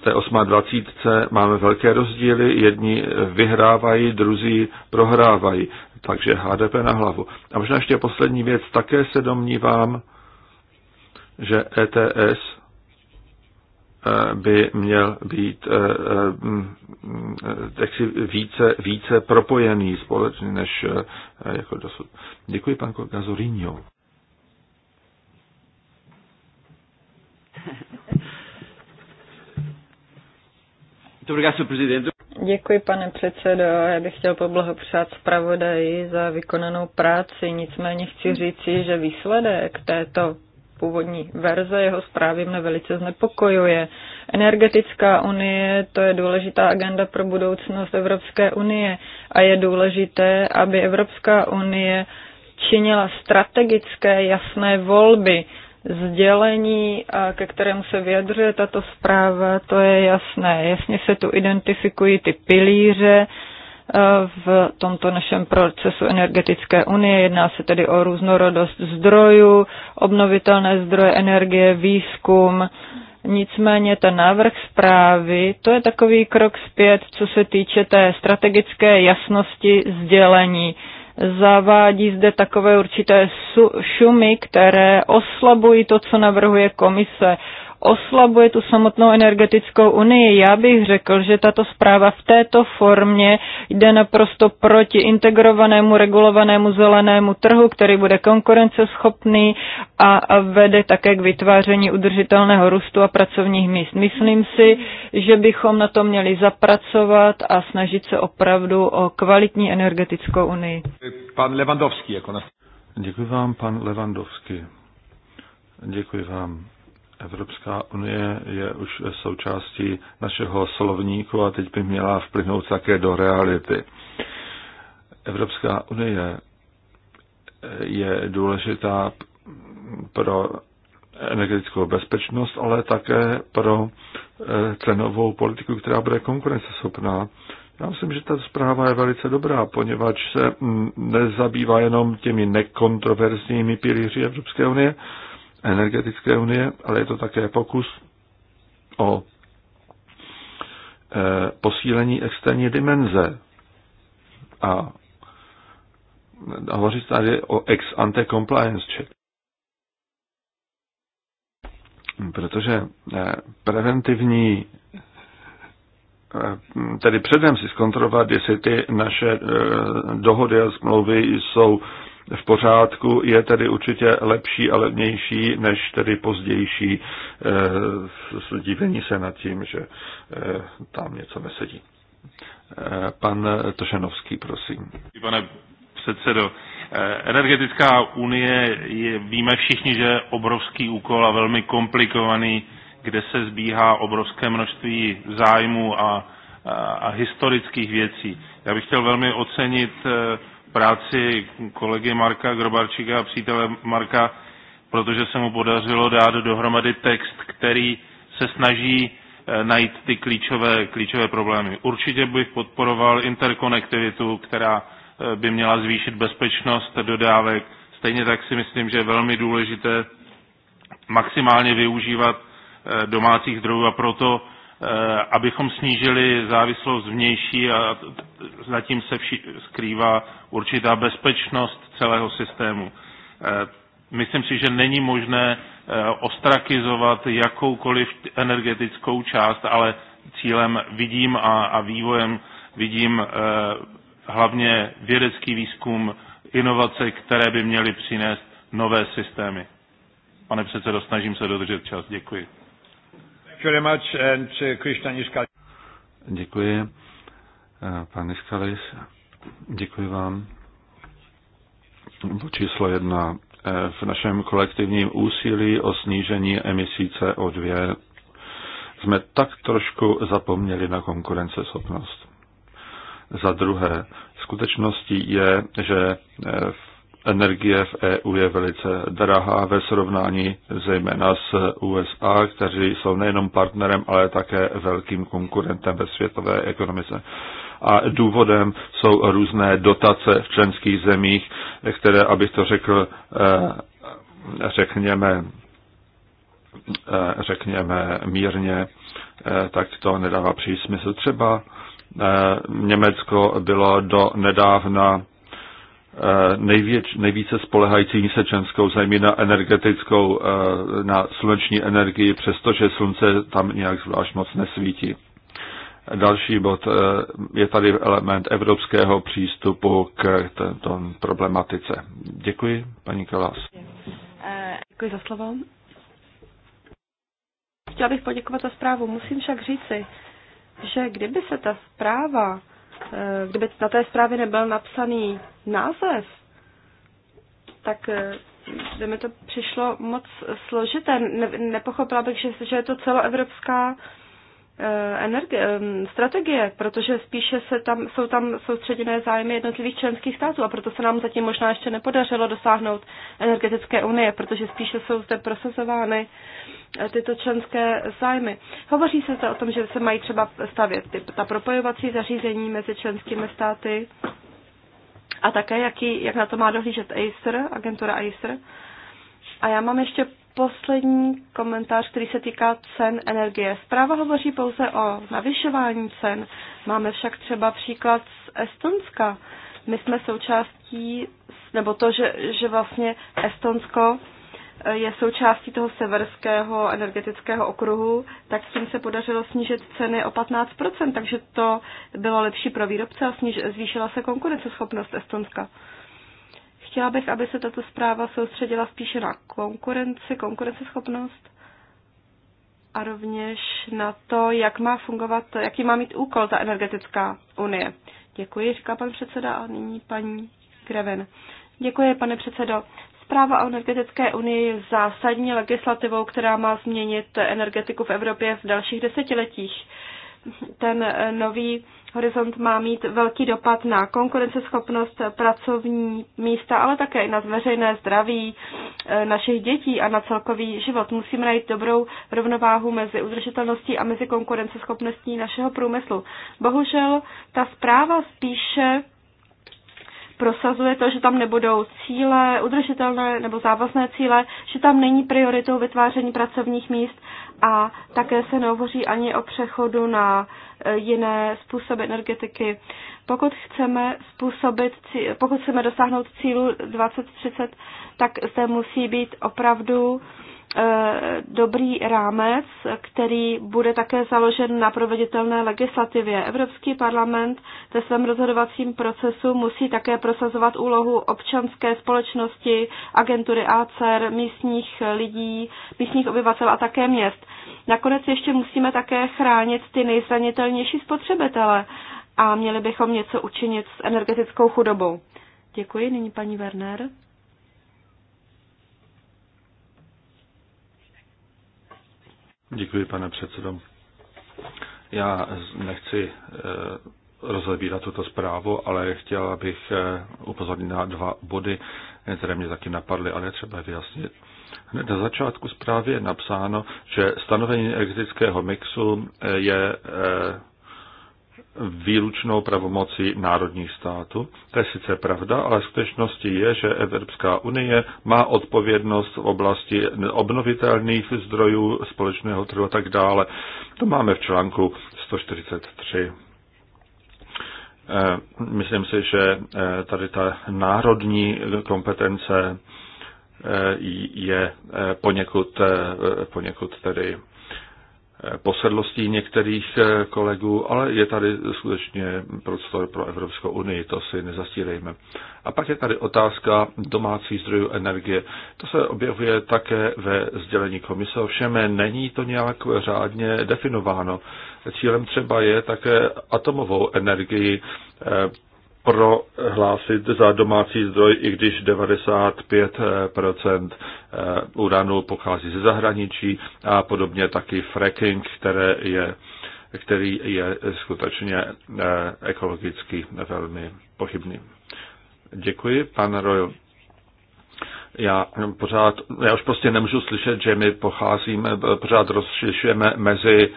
v té 28. máme velké rozdíly, jedni eh, vyhrávají, druzí prohrávají. Takže HDP na hlavu. A možná ještě poslední věc, také se domnívám, že ETS by měl být eh, eh, eh, jaksi více, více propojený společně než jako dosud. Děkuji, pan Gazorinho. Děkuji, pane předsedo. Já bych chtěl poblahopřát zpravodaji za vykonanou práci. Nicméně chci říci, že výsledek této původní verze jeho zprávy mne velice znepokojuje. Energetická unie, to je důležitá agenda pro budoucnost Evropské unie a je důležité, aby Evropská unie činila strategické jasné volby. Sdělení, ke kterému se vyjadřuje tato zpráva, to je jasné. Jasně se tu identifikují ty pilíře, v tomto našem procesu energetické unie. Jedná se tedy o různorodost zdrojů, obnovitelné zdroje energie, výzkum. Nicméně ten návrh zprávy, to je takový krok zpět, co se týče té strategické jasnosti sdělení. Zavádí zde takové určité šumy, které oslabují to, co navrhuje komise oslabuje tu samotnou energetickou unii. Já bych řekl, že tato zpráva v této formě jde naprosto proti integrovanému regulovanému zelenému trhu, který bude konkurenceschopný a vede také k vytváření udržitelného růstu a pracovních míst. Myslím si, že bychom na to měli zapracovat a snažit se opravdu o kvalitní energetickou unii. Pan Levandovský jako nás. Děkuji vám, pan Levandovský. Děkuji vám. Evropská unie je už součástí našeho slovníku a teď by měla vplynout také do reality. Evropská unie je důležitá pro energetickou bezpečnost, ale také pro eh, cenovou politiku, která bude konkurenceschopná. Já myslím, že ta zpráva je velice dobrá, poněvadž se mm, nezabývá jenom těmi nekontroverzními pilíři Evropské unie, energetické unie, ale je to také pokus o e, posílení externí dimenze. A hovoří tady o ex ante compliance check. Protože e, preventivní e, tedy předem si zkontrolovat, jestli ty naše dohody a smlouvy jsou v pořádku, je tedy určitě lepší a levnější než tedy pozdější eh, dívení se nad tím, že e, tam něco nesedí. E, pan Tošenovský, prosím. Pane předsedo, eh, energetická unie je, víme všichni, že je obrovský úkol a velmi komplikovaný, kde se zbíhá obrovské množství zájmu a, a, a historických věcí. Já bych chtěl velmi ocenit práci kolegy Marka Grobarčíka a přítele Marka, protože se mu podařilo dát dohromady text, který se snaží eh, najít ty klíčové, klíčové problémy. Určitě bych podporoval interkonektivitu, která eh, by měla zvýšit bezpečnost dodávek. Stejně tak si myslím, že je velmi důležité maximálně využívat eh, domácích zdrojů a proto Eh, abychom snížili závislost vnější a zatím se vši- skrývá určitá bezpečnost celého systému. Eh, myslím si, že není možné eh, ostrakizovat jakoukoliv energetickou část, ale cílem vidím a, a vývojem vidím hlavně vědecký výzkum, inovace, které by měly přinést nové systémy. Pane předsedo, snažím se dodržet čas. Děkuji very much and uh, Krishna Děkuji, uh, pan Niskalis. Děkuji vám. Číslo jedna. Uh, v našem kolektivním úsilí o snížení emisí CO2 jsme tak trošku zapomněli na konkurenceschopnost. Za druhé, skutečností je, že eh, energie v EU je velice drahá ve srovnání zejména s USA, kteří jsou nejenom partnerem, ale také velkým konkurentem ve světové ekonomice. A důvodem jsou různé dotace v členských zemích, které, abych to řekl, eh, řekněme, eh, řekněme mírně, eh, tak to nedává příliš smysl. Třeba Německo bylo do nedávna Eh, nejvěc, nejvíce spolehající se členskou zemí na energetickou, eh, na sluneční energii, přestože slunce tam nějak zvlášť moc nesvítí. Další bod eh, je tady element evropského přístupu k této problematice. Děkuji, paní Kalas. Děkuji za slovo. Chtěla bych poděkovat za zprávu. Musím však říci, že kdyby se ta zpráva Eh, kdyby na té zprávě nebyl napsaný název, tak eh, by mi to přišlo moc složité. Ne, nepochopila bych, že, že je to celoevropská Eh, energi- eh, strategie, protože spíše se tam, jsou tam soustředěné zájmy jednotlivých členských států a proto se nám zatím možná ještě nepodařilo dosáhnout energetické unie, protože spíše jsou zde prosazovány eh, tyto členské zájmy. Hovoří se zde o tom, že se mají třeba stavět ty, ta propojovací zařízení mezi členskými státy a také, jaký, jak na to má dohlížet ACER, agentura ACER. A já mám ještě poslední komentář, který se týká cen energie. Zpráva hovoří pouze o navyšování cen. Máme však třeba příklad z Estonska. My jsme součástí, nebo to, že, že vlastně Estonsko eh, je součástí toho severského energetického okruhu, tak s tím se podařilo snížit ceny o 15%, takže to bylo lepší pro výrobce a zvýšila se konkurenceschopnost Estonska. Chtěla bych, aby se tato zpráva soustředila spíše na konkurenci, konkurenceschopnost a rovněž na to, jak má fungovat, jaký má mít úkol ta energetická unie. Děkuji, říká pan předseda a nyní paní Greven. Děkuji, pane předsedo. Zpráva o energetické unii je zásadní legislativou, která má změnit energetiku v Evropě v dalších desetiletích. Ten nový Horizont má mít velký dopad na konkurenceschopnost pracovní místa, ale také i na veřejné zdraví e, našich dětí a na celkový život. Musíme najít dobrou rovnováhu mezi udržitelností a mezi konkurenceschopností našeho průmyslu. Bohužel ta zpráva spíše prosazuje to, že tam nebudou cíle, udržitelné nebo závazné cíle, že tam není prioritou vytváření pracovních míst a také se nehovoří ani o přechodu na uh, jiné způsoby energetiky. Pokud chceme, způsobit, pokud chceme dosáhnout cílu 2030, tak zde musí být opravdu Eh, dobrý rámec, který bude také založen na proveditelné legislativě. Evropský parlament ve svém rozhodovacím procesu musí také prosazovat úlohu občanské společnosti, agentury ACER, místních lidí, místních obyvatel a také měst. Nakonec ještě musíme také chránit ty nejzranitelnější spotřebitele a měli bychom něco učinit s energetickou chudobou. Děkuji, nyní paní Werner. Děkuji, pane předsedo. Já nechci eh, rozebírat tuto zprávu, ale chtěl bych eh, upozornit na dva body, které mě taky napadly, ale třeba vyjasnit. Hned na začátku zprávy je napsáno, že stanovení energetického mixu eh, je výlučnou pravomocí národních států. To je sice pravda, ale skutečností je, že Evropská unie má odpovědnost v oblasti obnovitelných zdrojů společného trhu a tak dále. To máme v článku 143. Eh, myslím si, že eh, tady ta národní kompetence eh, je poněkud, poněkud tedy posedlostí některých eh, kolegů, ale je tady skutečně prostor pro Evropskou unii, to si nezastírejme. A pak je tady otázka domácí zdrojů energie. To se objevuje také ve sdělení komise, ovšem není to nějak řádně definováno. Cílem třeba je také atomovou energii eh, prohlásit za domácí zdroj, i když 95 eh, eh, uranu pochází ze zahraničí a podobně taky fracking, které je, který je skutečně eh, ekologicky velmi pochybný. Děkuji, pan Royal. Já pořád, já už prostě nemůžu slyšet, že my pocházíme, pořád rozšišujeme mezi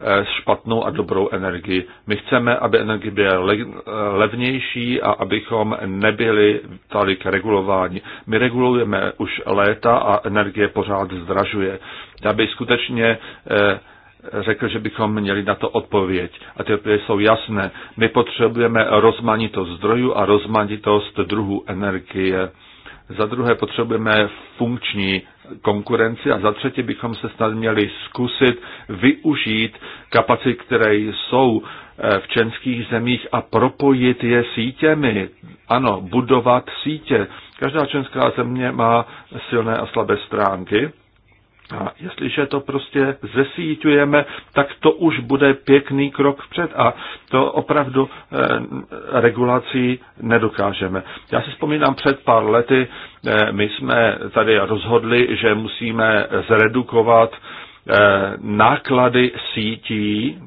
Eh, špatnou a dobrou energii. My chceme, aby energie byla eh, levnější a abychom nebyli tolik regulováni. My regulujeme už léta a energie pořád zdražuje. Já bych skutečně eh, řekl, že bychom měli na to odpověď. A ty odpovědi jsou jasné. My potřebujeme rozmanitost zdrojů a rozmanitost druhů energie za druhé potřebujeme funkční konkurenci a za třetí bychom se snad měli zkusit využít kapacit, které jsou eh, v českých zemích a propojit je sítěmi. Ano, budovat sítě. Každá česká země má silné a slabé stránky a jestliže to prostě zesíťujeme, tak to už bude pěkný krok vpřed a to opravdu e, regulací nedokážeme. Já si vzpomínám před pár lety, e, my jsme tady rozhodli, že musíme zredukovat e, náklady sítí,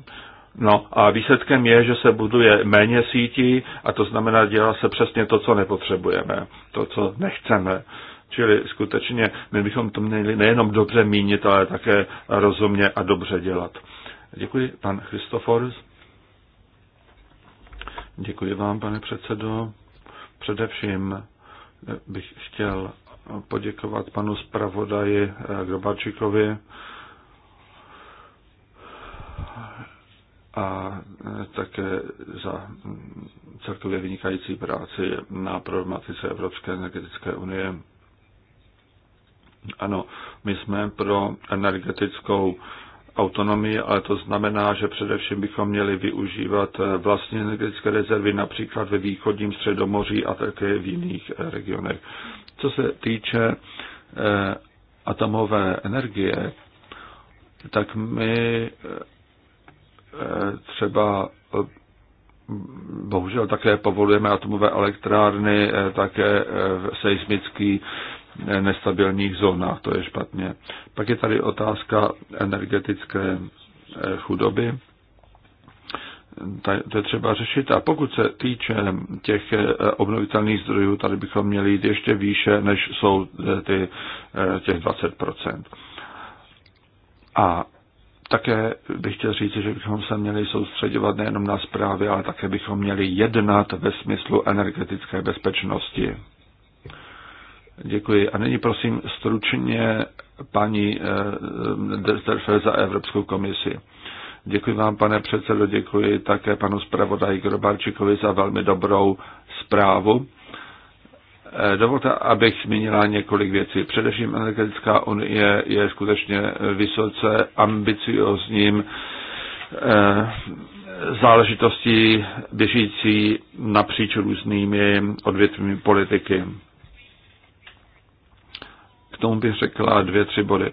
No a výsledkem je, že se buduje méně sítí a to znamená, dělá se přesně to, co nepotřebujeme, to, co nechceme. Čili skutečně my bychom to měli nejenom dobře mínit, ale také rozumně a dobře dělat. Děkuji, pan Christofor. Děkuji vám, pane předsedo. Především eh, bych chtěl poděkovat panu zpravodaji eh, Grobarčíkovi a eh, také za mm, celkově vynikající práci na problematice Evropské energetické unie. Ano, my jsme pro energetickou autonomii, ale to znamená, že především bychom měli využívat eh, vlastní energetické rezervy například ve východním středomoří a také v jiných eh, regionech. Co se týče eh, atomové energie, tak my třeba bohužel také povolujeme atomové elektrárny, také seismický nestabilních zónách, to je špatně. Pak je tady otázka energetické eh, chudoby. To je třeba řešit. A pokud se týče těch eh, obnovitelných zdrojů, tady bychom měli jít ještě výše, než jsou eh, ty, těch 20%. A také bych chtěl říct, že bychom se měli soustředovat nejenom na zprávy, ale také bychom měli jednat ve smyslu energetické bezpečnosti. Děkuji. A nyní prosím stručně paní eh, Derfer za Evropskou komisi. Děkuji vám, pane předsedo, děkuji také panu zpravodaji Grobarčikovi za velmi dobrou zprávu. Eh, dovolte, abych zmínila několik věcí. Především energetická unie je skutečně vysoce ambiciozním eh, záležitostí běžící napříč různými odvětvími politiky tomu bych řekla dvě, tři body.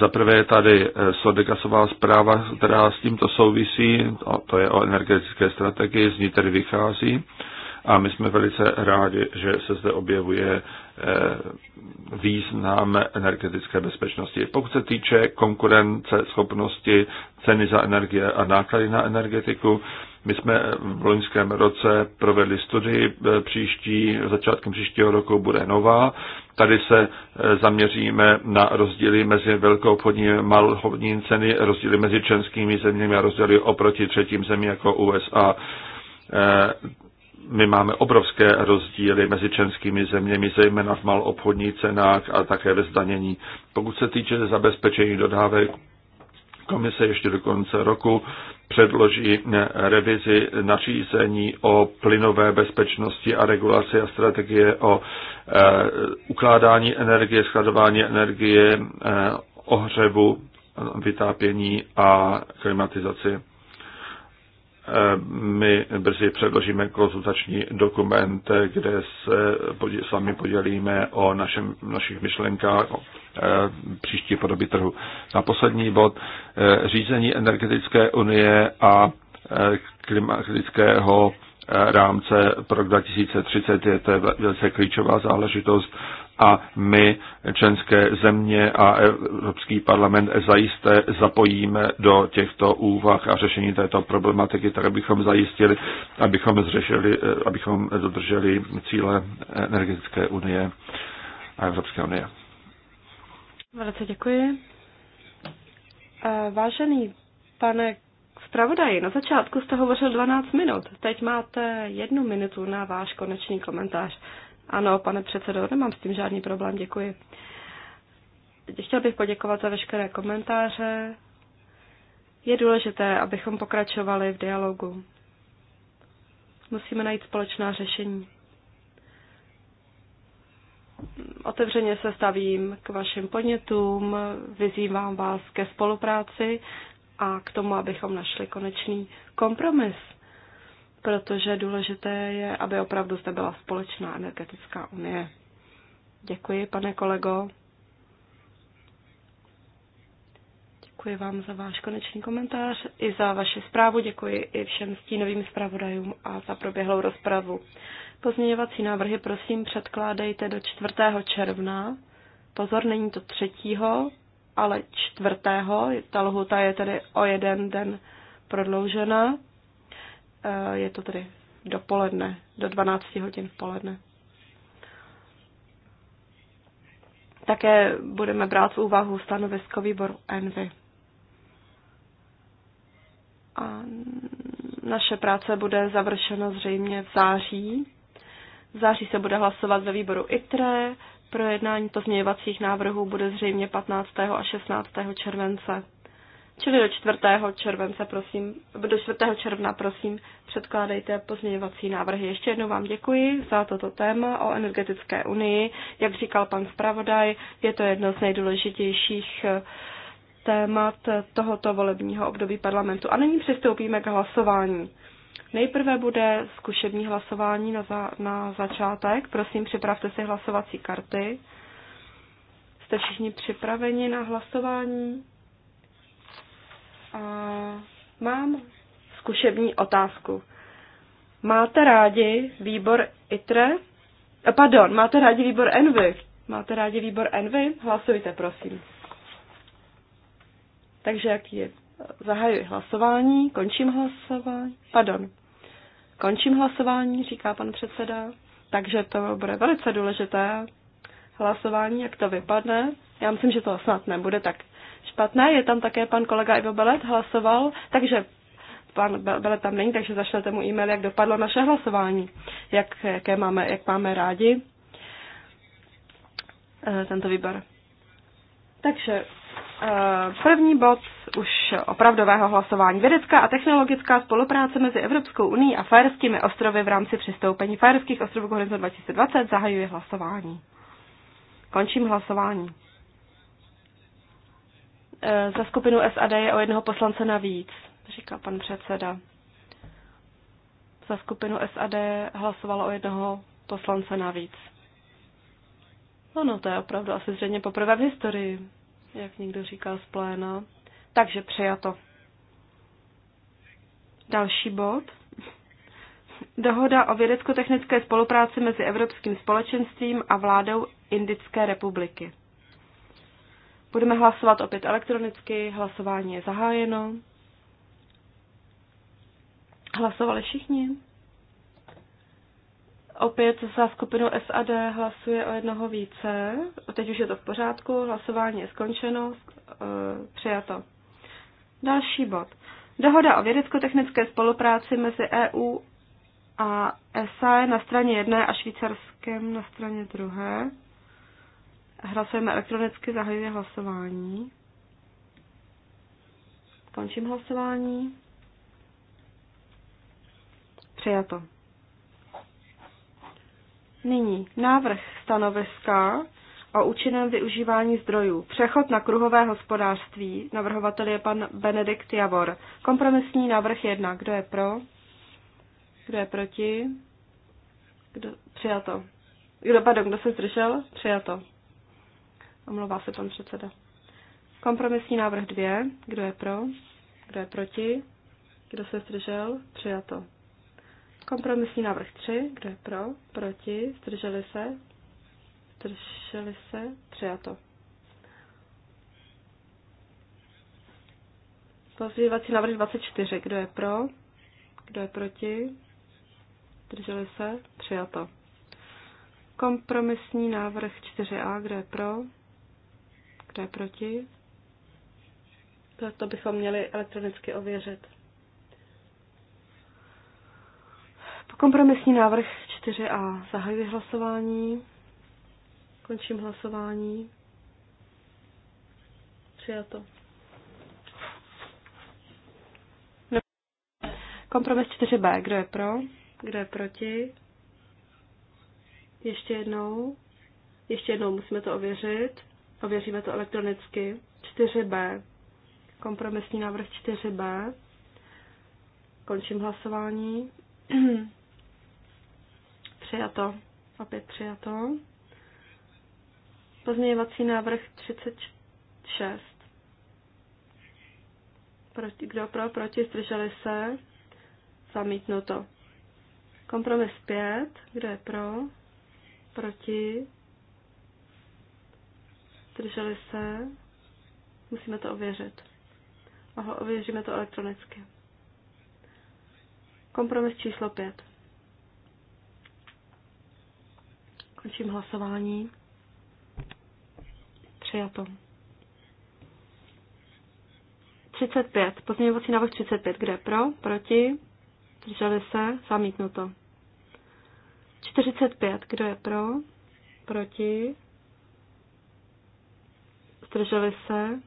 Za prvé je tady eh, Sodegasová zpráva, která s tímto souvisí, to je o energetické strategii, z ní tedy vychází. A my jsme velice rádi, že se zde objevuje eh, význam energetické bezpečnosti. Pokud se týče konkurence, schopnosti, ceny za energie a náklady na energetiku, my jsme v loňském roce provedli studii, e, příští, začátkem příštího roku bude nová. Tady se e, zaměříme na rozdíly mezi velkou obchodní a malou obchodní ceny, rozdíly mezi členskými zeměmi a rozdíly oproti třetím zemím jako USA e, my máme obrovské rozdíly mezi členskými zeměmi, zejména v malou obchodní cenách a také ve zdanění. Pokud se týče zabezpečení dodávek, komise ještě do konce roku předloží eh, revizi nařízení o plynové bezpečnosti a regulaci a strategie o eh, ukládání energie, skladování energie, eh, ohřevu, vytápění a klimatizaci. My brzy předložíme konzultační dokument, kde se s vámi podělíme o našem, našich myšlenkách o e, příští podobě trhu. Na poslední bod, e, řízení energetické unie a e, klimatického rámce pro 2030 je to velice klíčová záležitost a my, členské země a Evropský parlament zajisté zapojíme do těchto úvah a řešení této problematiky, tak abychom zajistili, abychom, zřešili, abychom dodrželi cíle energetické unie a Evropské unie. Velice děkuji. Vážený pane zpravodaji, na začátku jste hovořil 12 minut, teď máte jednu minutu na váš konečný komentář. Ano, pane předsedo, nemám s tím žádný problém, děkuji. Chtěl bych poděkovat za veškeré komentáře. Je důležité, abychom pokračovali v dialogu. Musíme najít společná řešení. Otevřeně se stavím k vašim podnětům, vyzývám vás ke spolupráci a k tomu, abychom našli konečný kompromis protože důležité je, aby opravdu zde byla společná energetická unie. Děkuji, pane kolego. Děkuji vám za váš konečný komentář i za vaši zprávu. Děkuji i všem stínovým zpravodajům a za proběhlou rozpravu. Pozměňovací návrhy prosím předkládejte do 4. června. Pozor, není to 3. ale 4. Ta lhuta je tedy o jeden den prodloužena. Eh, je to tedy dopoledne, do 12 hodin v poledne. Také budeme brát v úvahu stanovisko výboru ENVY. A naše práce bude završena zřejmě v září. V září se bude hlasovat ve výboru ITRE, projednání pozměňovacích návrhů bude zřejmě 15. a 16. července. Čili do 4. července, prosím, do 4. června, prosím, předkládejte pozměňovací návrhy. Ještě jednou vám děkuji za toto téma o energetické unii. Jak říkal pan zpravodaj, je to jedno z nejdůležitějších eh, témat tohoto volebního období parlamentu. A nyní přistoupíme k hlasování. Nejprve bude zkušební hlasování na, za, na začátek. Prosím, připravte si hlasovací karty. Jste všichni připraveni na hlasování? A mám zkušební otázku. Máte rádi výbor ITRE? Eh, pardon, máte rádi výbor ENVY? Máte rádi výbor ENVY? Hlasujte, prosím. Takže jaký je? Zahajuji hlasování, končím hlasování. Pardon. Končím hlasování, říká pan předseda. Takže to bude velice důležité hlasování, jak to vypadne. Já myslím, že to snad nebude tak špatné. Je tam také pan kolega Ivo Belet, hlasoval, takže pan Belet tam není, takže zašlete mu e-mail, jak dopadlo naše hlasování, jak, jaké máme, jak máme rádi e, tento výbor. Takže e, první bod už opravdového hlasování. Vědecká a technologická spolupráce mezi Evropskou unii a Fajerskými ostrovy v rámci přistoupení Fajerských ostrovů k Horizon 2020 zahajuje hlasování. Končím hlasování. Eh, za skupinu SAD je o jednoho poslance navíc, říká pan předseda. Za skupinu SAD hlasovalo o jednoho poslance navíc. No, no, to je opravdu asi zřejmě poprvé v historii, jak někdo říká z pléna. Takže přijato. Další bod. Dohoda o vědecko-technické spolupráci mezi Evropským společenstvím a vládou Indické republiky. Budeme hlasovat opět elektronicky, hlasování je zahájeno. Hlasovali všichni? Opět za skupinu SAD hlasuje o jednoho více. Teď už je to v pořádku, hlasování je skončeno, eh, přijato. Další bod. Dohoda o vědecko-technické spolupráci mezi EU a ESA je na straně jedné a švýcarském na straně druhé. Hlasujeme elektronicky, zahajuje hlasování. Končím hlasování. Přijato. Nyní návrh stanoviska o účinném využívání zdrojů. Přechod na kruhové hospodářství. Navrhovatel je pan Benedikt Javor. Kompromisní návrh jedna. Kdo je pro? Kdo je proti? Kdo, přijato. Kdo, pardon, kdo se zdržel? Přijato. Omlouvá se pan předseda. Kompromisní návrh 2. Kdo je pro? Kdo je proti? Kdo se zdržel? Přijato. Kompromisní návrh 3. Kdo je pro? Proti? Zdrželi se? Zdrželi se? Přijato. Pozměňovací návrh 24. Kdo je pro? Kdo je proti? Zdrželi se? Přijato. Kompromisní návrh 4a. Kdo je pro? Kdo je proti? Tak to bychom měli elektronicky ověřit. Kompromisní návrh 4a. Zahajuji hlasování. Končím hlasování. Přijato. Kompromis 4b. Kdo je pro? Kdo je proti? Ještě jednou. Ještě jednou musíme to ověřit. Ověříme to elektronicky. 4B. Kompromisní návrh 4B. Končím hlasování. přijato. Opět přijato. Pozměňovací návrh 36. Proti, kdo pro, proti, zdrželi se. Zamítnuto. Kompromis 5. Kdo je pro? Proti? zdrželi se, musíme to ověřit. ověříme to elektronicky. Kompromis číslo 5. Končím hlasování. Přijato. 35. Pozměňovací návrh 35. Kde pro? Proti? Drželi se? Zamítnuto. 45. Kdo je pro? Proti? zdrželi se,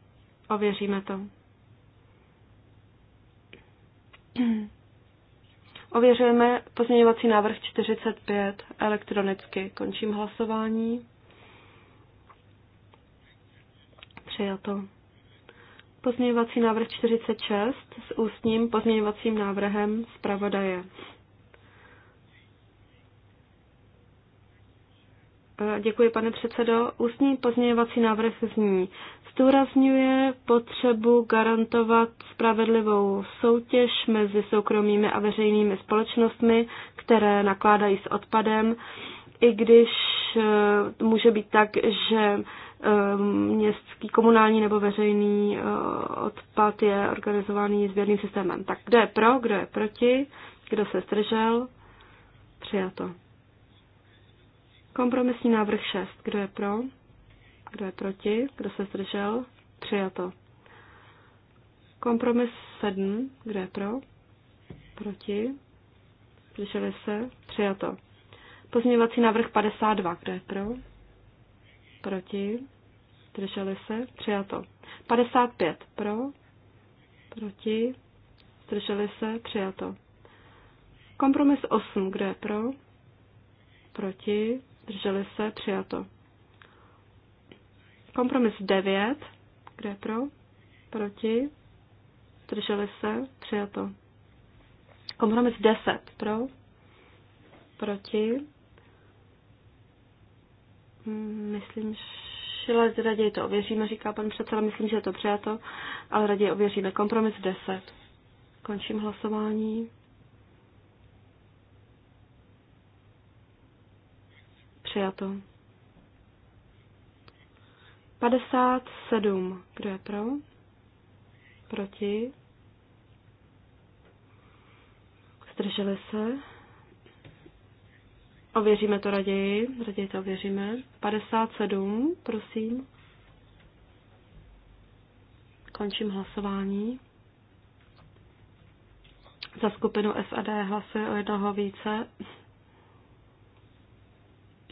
ověříme to. Ověřujeme pozměňovací návrh 45 elektronicky. Končím hlasování. Přijato. Pozměňovací návrh 46 s ústním pozměňovacím návrhem zpravodaje. Děkuji, pane předsedo. Ústní pozměňovací návrh zní. Zdůrazňuje potřebu garantovat spravedlivou soutěž mezi soukromými a veřejnými společnostmi, které nakládají s odpadem, i když e, může být tak, že e, městský, komunální nebo veřejný e, odpad je organizovaný sběrným systémem. Tak kdo je pro, kdo je proti, kdo se zdržel? Přijato. Kompromisní návrh 6. Kdo je pro? Kdo je proti? Kdo se zdržel? Přijato. Kompromis 7. Kdo je pro? Proti? Zdrželi se? Přijato. Pozměňovací návrh 52. Kdo je pro? Proti? Zdrželi se? Přijato. 55. Pro? Proti? Zdrželi se? Přijato. Kompromis 8. Kdo je pro? Proti? Zdrželi se? Přijato. Kompromis 9. Kde je pro? Proti? Zdrželi se? Přijato. Kompromis 10. Pro? Proti? Hmm, myslím, že raději to ověříme, říká pan předseda. Myslím, že je to přijato, ale raději ověříme. Kompromis 10. Končím hlasování. Přijato. 57. Kdo je pro? Proti? Zdrželi se? Ověříme to raději. Raději to ověříme. 57, prosím. Končím hlasování. Za skupinu SAD hlasuje o jednoho více.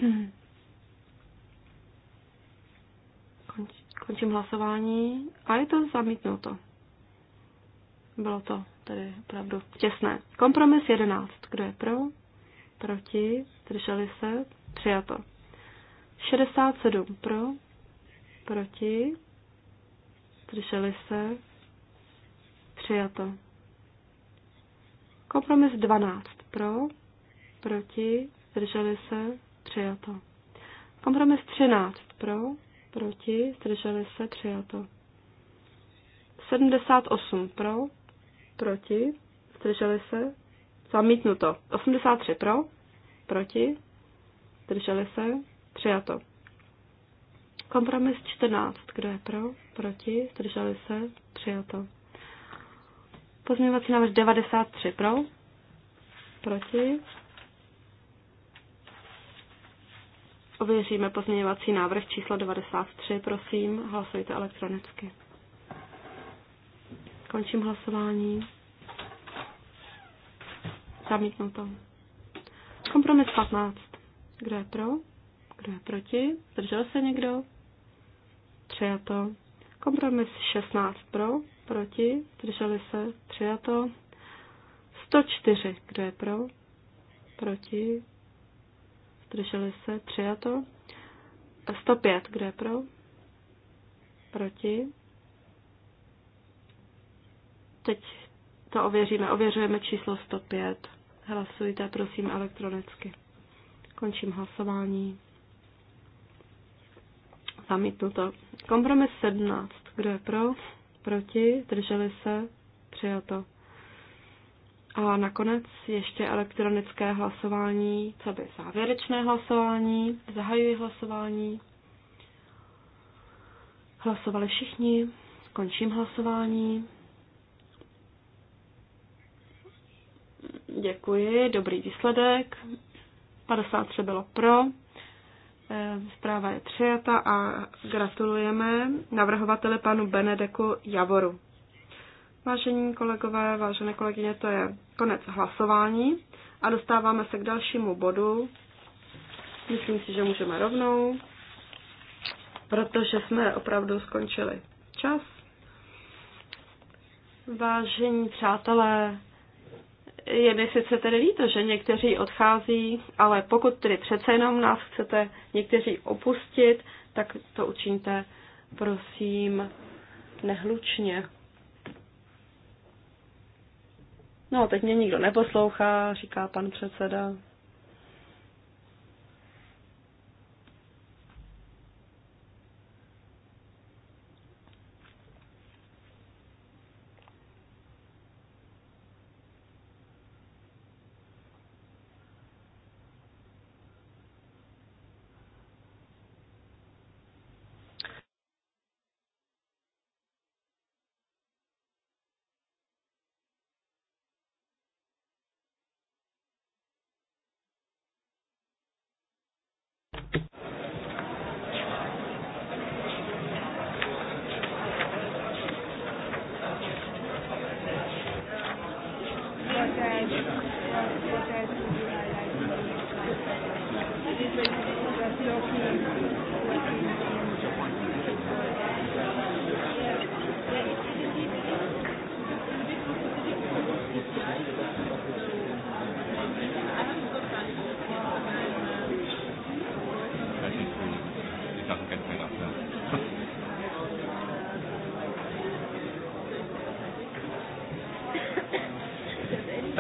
Mhm. Končím hlasování a je to zamítnuto. Bylo to tedy opravdu těsné. Kompromis 11. Kdo je pro? Proti? Drželi se? Přijato. 67 pro? Proti? Drželi se? Přijato. Kompromis 12 pro? Proti? Drželi se? přijato. Kompromis 13 pro, proti, zdrželi se, přijato. 78 pro, proti, zdrželi se, zamítnuto. 83 pro, proti, zdrželi se, přijato. Kompromis 14, kdo je pro, proti, zdrželi se, přijato. Pozměňovací návrh 93 pro, proti, Ověříme pozměňovací návrh číslo 93, prosím, hlasujte elektronicky. Končím hlasování. Zamítnuto. Kompromis 15. Kdo je pro? Kdo je proti? Zdržel se někdo? Přijato. Kompromis 16 pro, proti, zdrželi se, přijato. 104. Kdo je pro? Proti, Zdrželi se? Přijato. 105. Kdo je pro? Proti? Teď to ověříme. Ověřujeme číslo 105. Hlasujte, prosím, elektronicky. Končím hlasování. Zamítnuto. Kompromis 17. Kdo je pro? Proti? Drželi se? Přijato. A nakonec ještě elektronické hlasování, co by závěrečné hlasování, zahajuji hlasování. Hlasovali všichni, končím hlasování. Děkuji, dobrý výsledek. 53 bylo pro. Eh, zpráva je přijata a gratulujeme navrhovateli panu Benedeku Javoru. Vážení kolegové, vážené kolegyně, to je konec hlasování a dostáváme se k dalšímu bodu. Myslím si, že můžeme rovnou, protože jsme opravdu skončili čas. Vážení přátelé, je mi sice tedy líto, že někteří odchází, ale pokud tedy přece jenom nás chcete někteří opustit, tak to učiňte prosím nehlučně. No, teď mě nikdo neposlouchá, říká pan předseda.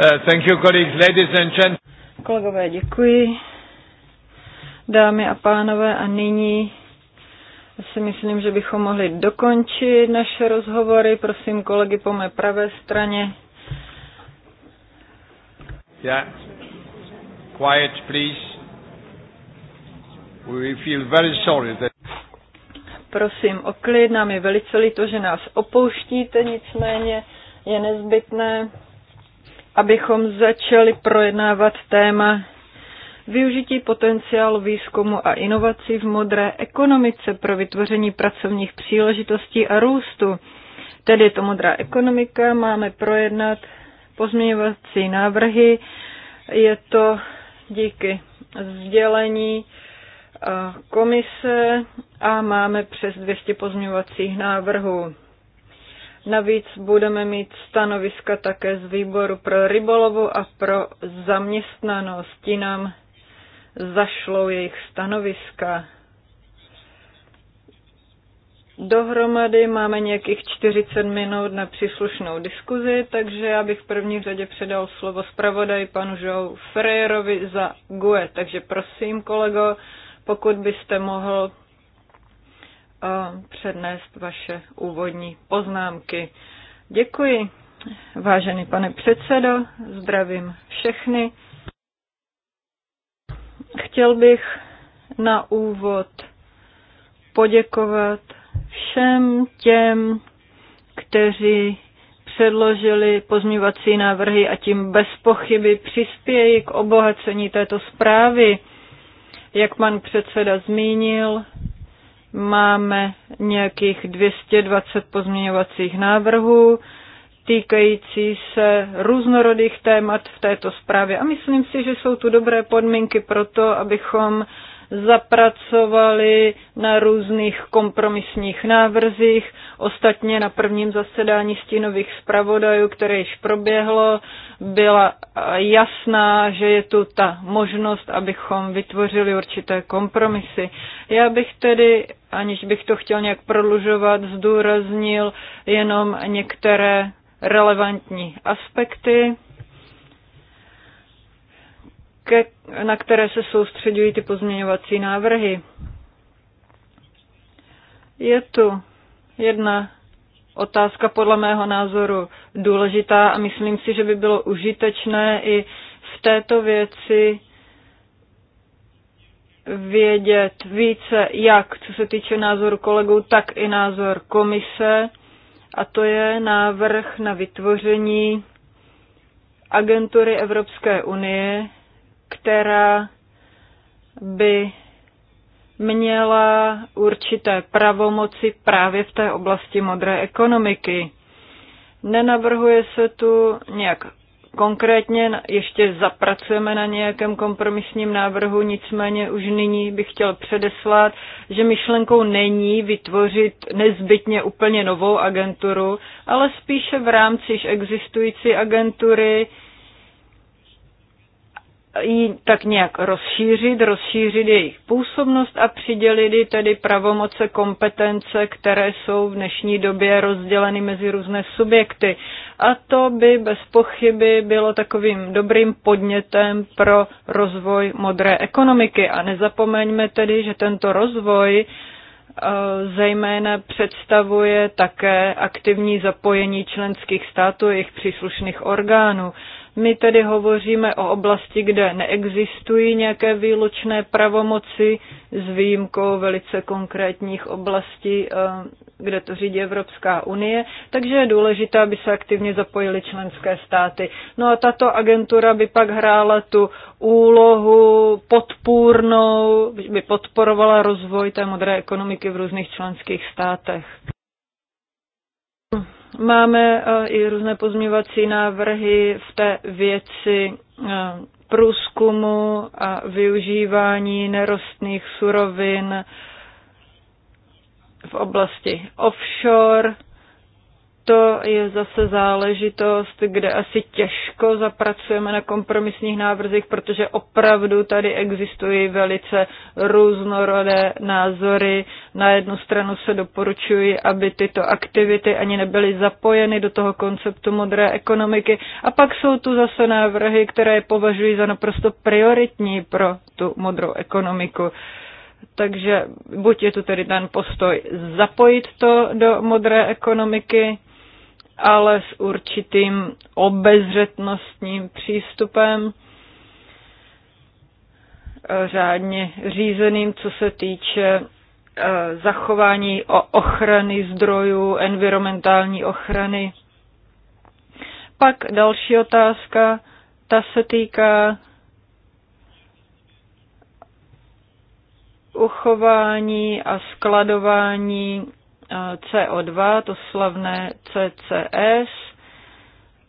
Uh, thank you, colleagues, ladies and gentlemen. Kolegové, děkuji. Dámy a pánové, a nyní si myslím, že bychom mohli dokončit naše rozhovory. Prosím kolegy po mé pravé straně. Yeah. Quiet, please. We feel very sorry that... Prosím o klid, nám je velice líto, že nás opouštíte, nicméně je nezbytné abychom začali projednávat téma využití potenciálu výzkumu a inovací v modré ekonomice pro vytvoření pracovních příležitostí a růstu. Tedy je to modrá ekonomika, máme projednat pozměňovací návrhy. Je to díky sdělení eh, komise a máme přes 200 pozměňovacích návrhů. Navíc budeme mít stanoviska také z výboru pro rybolovu a pro zaměstnanost. Ti nám zašlou jejich stanoviska. Dohromady máme nějakých 40 minut na příslušnou diskuzi, takže já bych v první řadě předal slovo zpravodaj panu Joe Ferrerovi za GUE. Takže prosím, kolego, pokud byste mohl přednést vaše úvodní poznámky. Děkuji, vážený pane předsedo, zdravím všechny. Chtěl bych na úvod poděkovat všem těm, kteří předložili pozměvací návrhy a tím bez pochyby přispějí k obohacení této zprávy. Jak pan předseda zmínil, Máme nějakých 220 pozměňovacích návrhů týkající se různorodých témat v této zprávě. A myslím si, že jsou tu dobré podmínky pro to, abychom zapracovali na různých kompromisních návrzích. Ostatně na prvním zasedání stínových zpravodajů, které již proběhlo, byla jasná, že je tu ta možnost, abychom vytvořili určité kompromisy. Já bych tedy, aniž bych to chtěl nějak prodlužovat, zdůraznil jenom některé relevantní aspekty ke, na které se soustředují ty pozměňovací návrhy. Je tu jedna otázka podle mého názoru důležitá a myslím si, že by bylo užitečné i v této věci vědět více, jak co se týče názoru kolegů, tak i názor komise. A to je návrh na vytvoření agentury Evropské unie, která by měla určité pravomoci právě v té oblasti modré ekonomiky. Nenavrhuje se tu nějak konkrétně, ještě zapracujeme na nějakém kompromisním návrhu, nicméně už nyní bych chtěl předeslat, že myšlenkou není vytvořit nezbytně úplně novou agenturu, ale spíše v rámci již existující agentury ji tak nějak rozšířit, rozšířit jejich působnost a přidělit ji tedy pravomoce, kompetence, které jsou v dnešní době rozděleny mezi různé subjekty. A to by bez pochyby bylo takovým dobrým podnětem pro rozvoj modré ekonomiky. A nezapomeňme tedy, že tento rozvoj eh, zejména představuje také aktivní zapojení členských států a jejich příslušných orgánů. My tedy hovoříme o oblasti, kde neexistují nějaké výlučné pravomoci s výjimkou velice konkrétních oblastí, eh, kde to řídí Evropská unie, takže je důležité, aby se aktivně zapojily členské státy. No a tato agentura by pak hrála tu úlohu podpůrnou, by podporovala rozvoj té modré ekonomiky v různých členských státech. Máme eh, i různé pozměvací návrhy v té věci eh, průzkumu a využívání nerostných surovin v oblasti offshore to je zase záležitost, kde asi těžko zapracujeme na kompromisních návrzích, protože opravdu tady existují velice různorodé názory. Na jednu stranu se doporučuji, aby tyto aktivity ani nebyly zapojeny do toho konceptu modré ekonomiky. A pak jsou tu zase návrhy, které považuji za naprosto prioritní pro tu modrou ekonomiku. Takže buď je tu tedy ten postoj zapojit to do modré ekonomiky, ale s určitým obezřetnostním přístupem, eh, řádně řízeným, co se týče eh, zachování ochrany zdrojů, environmentální ochrany. Pak další otázka, ta se týká uchování a skladování CO2, to slavné CCS.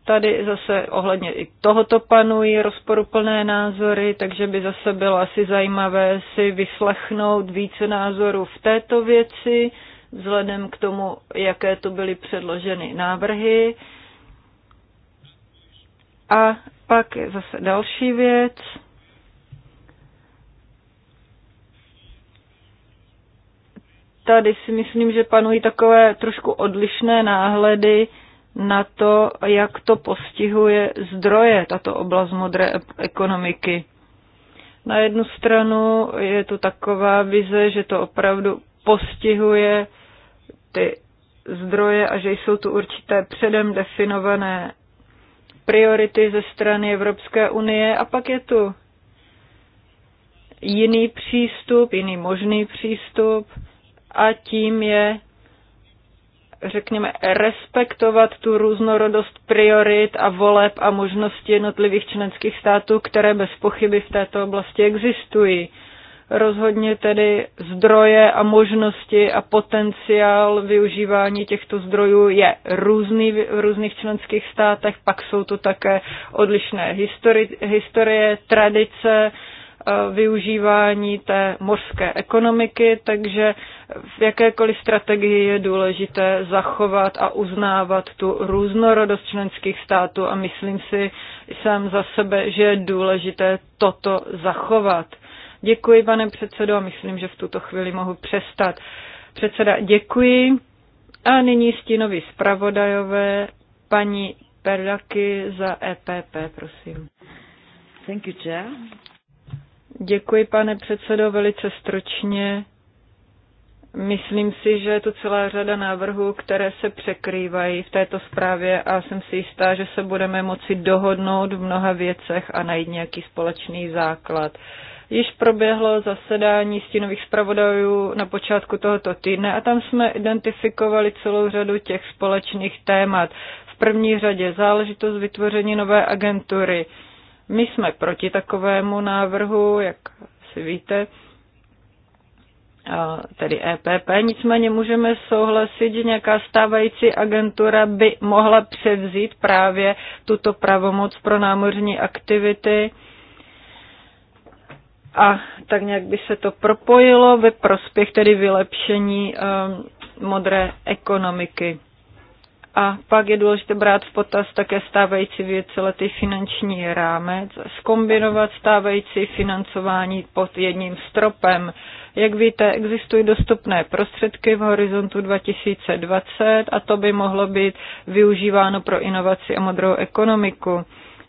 Tady zase ohledně i tohoto panují rozporuplné názory, takže by zase bylo asi zajímavé si vyslechnout více názorů v této věci, vzhledem k tomu, jaké tu byly předloženy návrhy. A pak zase další věc. tady si myslím, že panují takové trošku odlišné náhledy na to, jak to postihuje zdroje, tato oblast modré e- ekonomiky. Na jednu stranu je tu taková vize, že to opravdu postihuje ty zdroje a že jsou tu určité předem definované priority ze strany Evropské unie a pak je tu jiný přístup, jiný možný přístup, a tím je řekněme, respektovat tu různorodost priorit a voleb a možnosti jednotlivých členských států, které bez pochyby v této oblasti existují. Rozhodně tedy zdroje a možnosti a potenciál využívání těchto zdrojů je různý v různých členských státech, pak jsou tu také odlišné histori- historie, tradice, Eh, využívání té mořské ekonomiky, takže v jakékoliv strategii je důležité zachovat a uznávat tu různorodost členských států a myslím si sám za sebe, že je důležité toto zachovat. Děkuji, pane předsedo, a myslím, že v tuto chvíli mohu přestat. Předseda, děkuji. A nyní stínový zpravodajové, paní Perlaky za EPP, prosím. Thank you, Chair. Děkuji, pane předsedo, velice stročně. Myslím si, že je tu celá řada návrhů, které se překrývají v této zprávě a jsem si jistá, že se budeme moci dohodnout v mnoha věcech a najít nějaký společný základ. Již proběhlo zasedání stínových zpravodajů na počátku tohoto týdne a tam jsme identifikovali celou řadu těch společných témat. V první řadě záležitost vytvoření nové agentury my jsme proti takovému návrhu, jak si víte, tedy EPP, nicméně můžeme souhlasit, že nějaká stávající agentura by mohla převzít právě tuto pravomoc pro námořní aktivity a tak nějak by se to propojilo ve prospěch tedy vylepšení eh, modré ekonomiky. A pak je důležité brát v potaz také stávající víceletý finanční rámec, skombinovat stávající financování pod jedním stropem. Jak víte, existují dostupné prostředky v horizontu 2020 a to by mohlo být využíváno pro inovaci a modrou ekonomiku.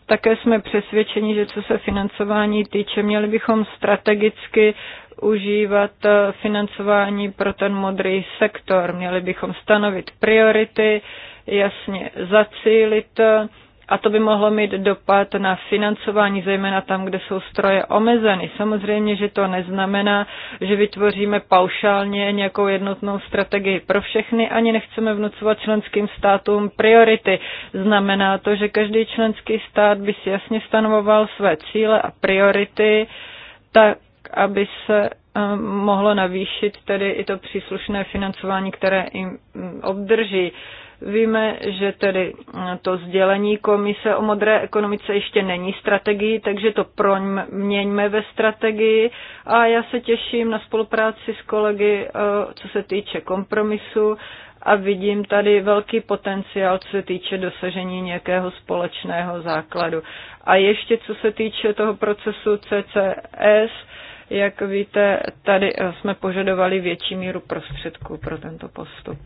Také jsme přesvědčeni, že co se financování týče, měli bychom strategicky užívat eh, financování pro ten modrý sektor. Měli bychom stanovit priority, jasně zacílit eh, a to by mohlo mít dopad na financování, zejména tam, kde jsou stroje omezeny. Samozřejmě, že to neznamená, že vytvoříme paušálně nějakou jednotnou strategii pro všechny, ani nechceme vnucovat členským státům priority. Znamená to, že každý členský stát by si jasně stanovoval své cíle a priority, tak aby se eh, mohlo navýšit tedy i to příslušné financování, které jim mm, obdrží. Víme, že tedy eh, to sdělení komise o modré ekonomice ještě není strategií, takže to proměňme ve strategii a já se těším na spolupráci s kolegy, eh, co se týče kompromisu a vidím tady velký potenciál, co se týče dosažení nějakého společného základu. A ještě co se týče toho procesu CCS, jak víte, tady eh, jsme požadovali větší míru prostředků pro tento postup.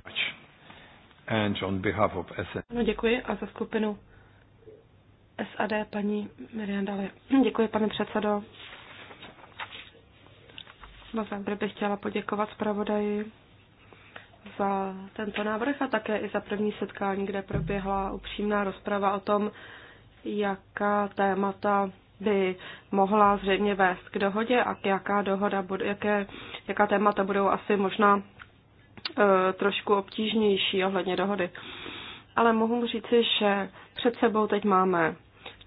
And on behalf of SAD. No, děkuji a za skupinu SAD paní Miriandale. Děkuji, pane předsedo. Na závěr bych chtěla poděkovat zpravodaji za tento návrh a také i za první setkání, kde proběhla upřímná rozprava o tom, jaká témata by mohla zřejmě vést k dohodě a jaká dohoda bude, jaké, jaká témata budou asi možná e, trošku obtížnější ohledně dohody. Ale mohu říci, že před sebou teď máme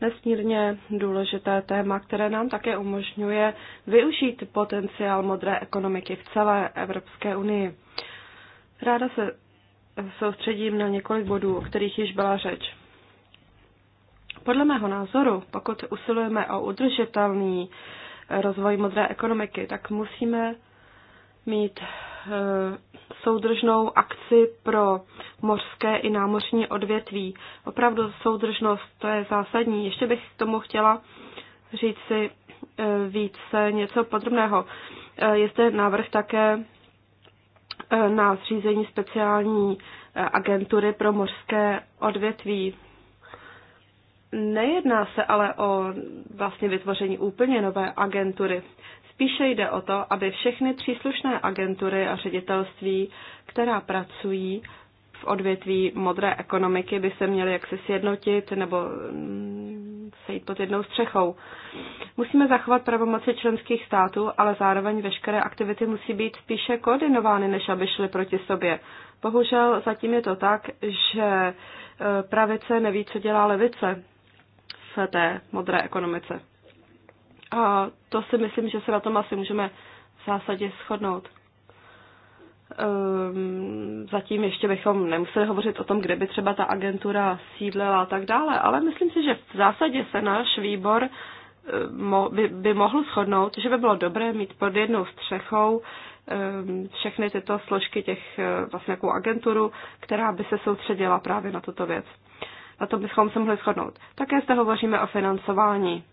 nesmírně důležité téma, které nám také umožňuje využít potenciál modré ekonomiky v celé Evropské unii. Ráda se soustředím na několik bodů, o kterých již byla řeč. Podle mého názoru, pokud usilujeme o udržitelný rozvoj modré ekonomiky, tak musíme mít eh, soudržnou akci pro mořské i námořní odvětví. Opravdu soudržnost, to je zásadní. Ještě bych k tomu chtěla říct si eh, více něco podrobného. Eh, je zde návrh také na zřízení speciální agentury pro mořské odvětví. Nejedná se ale o vlastně vytvoření úplně nové agentury. Spíše jde o to, aby všechny příslušné agentury a ředitelství, která pracují v odvětví modré ekonomiky, by se měly jaksi sjednotit nebo mm, sejít pod jednou střechou. Musíme zachovat pravomoci členských států, ale zároveň veškeré aktivity musí být spíše koordinovány, než aby šly proti sobě. Bohužel zatím je to tak, že e, pravice neví, co dělá levice v té modré ekonomice. A to si myslím, že se na tom asi můžeme v zásadě shodnout. Um, zatím ještě bychom nemuseli hovořit o tom, kde by třeba ta agentura sídlela a tak dále, ale myslím si, že v zásadě se náš výbor eh, by, by mohl shodnout, že by bylo dobré mít pod jednou střechou ehm, všechny tyto složky těch, eh, vlastně jakou agenturu, která by se soustředila právě na tuto věc. Na to bychom se mohli shodnout. Také zde hovoříme o financování.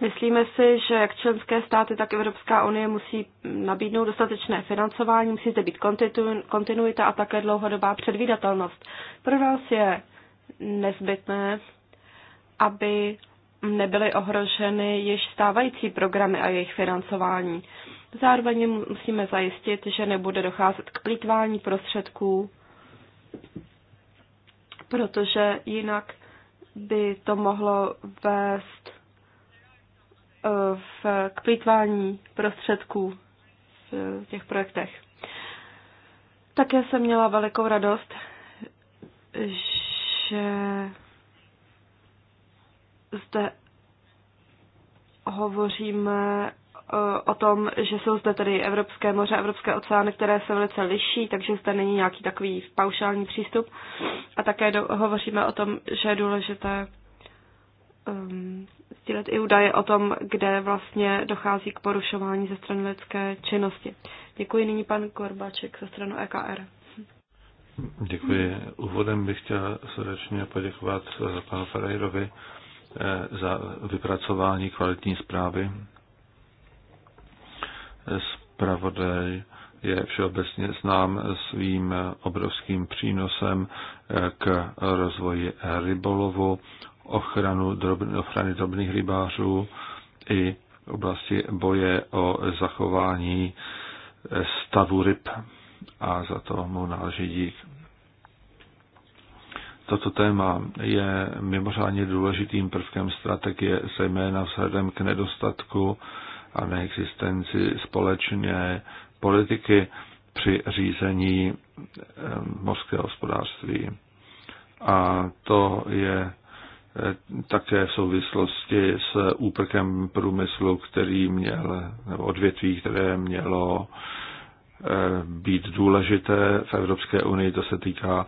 Myslíme si, že jak členské státy, tak Evropská unie musí nabídnout dostatečné financování, musí zde být kontinuita a také dlouhodobá předvídatelnost. Pro nás je nezbytné, aby nebyly ohroženy již stávající programy a jejich financování. Zároveň musíme zajistit, že nebude docházet k plítvání prostředků protože jinak by to mohlo vést eh, v, k plýtvání prostředků v těch projektech. Také jsem měla velikou radost, že zde hovoříme o tom, že jsou zde tedy Evropské moře Evropské oceány, které se velice liší, takže zde není nějaký takový paušální přístup. A také do, hovoříme o tom, že je důležité um, sdílet i údaje o tom, kde vlastně dochází k porušování ze strany lidské činnosti. Děkuji nyní pan Korbaček ze stranu EKR. Děkuji. Úvodem bych chtěl srdečně poděkovat panu Ferreirovi eh, za vypracování kvalitní zprávy zpravodaj je všeobecně znám svým obrovským přínosem k rozvoji rybolovu, ochranu drobn, ochrany drobných rybářů i oblasti boje o zachování stavu ryb a za to mu náleží dík. Toto téma je mimořádně důležitým prvkem strategie, zejména vzhledem k nedostatku a neexistenci společné politiky při řízení eh, mořského hospodářství. A to je eh, také v souvislosti s úprkem průmyslu, který měl, nebo odvětví, které mělo eh, být důležité v Evropské unii. To se týká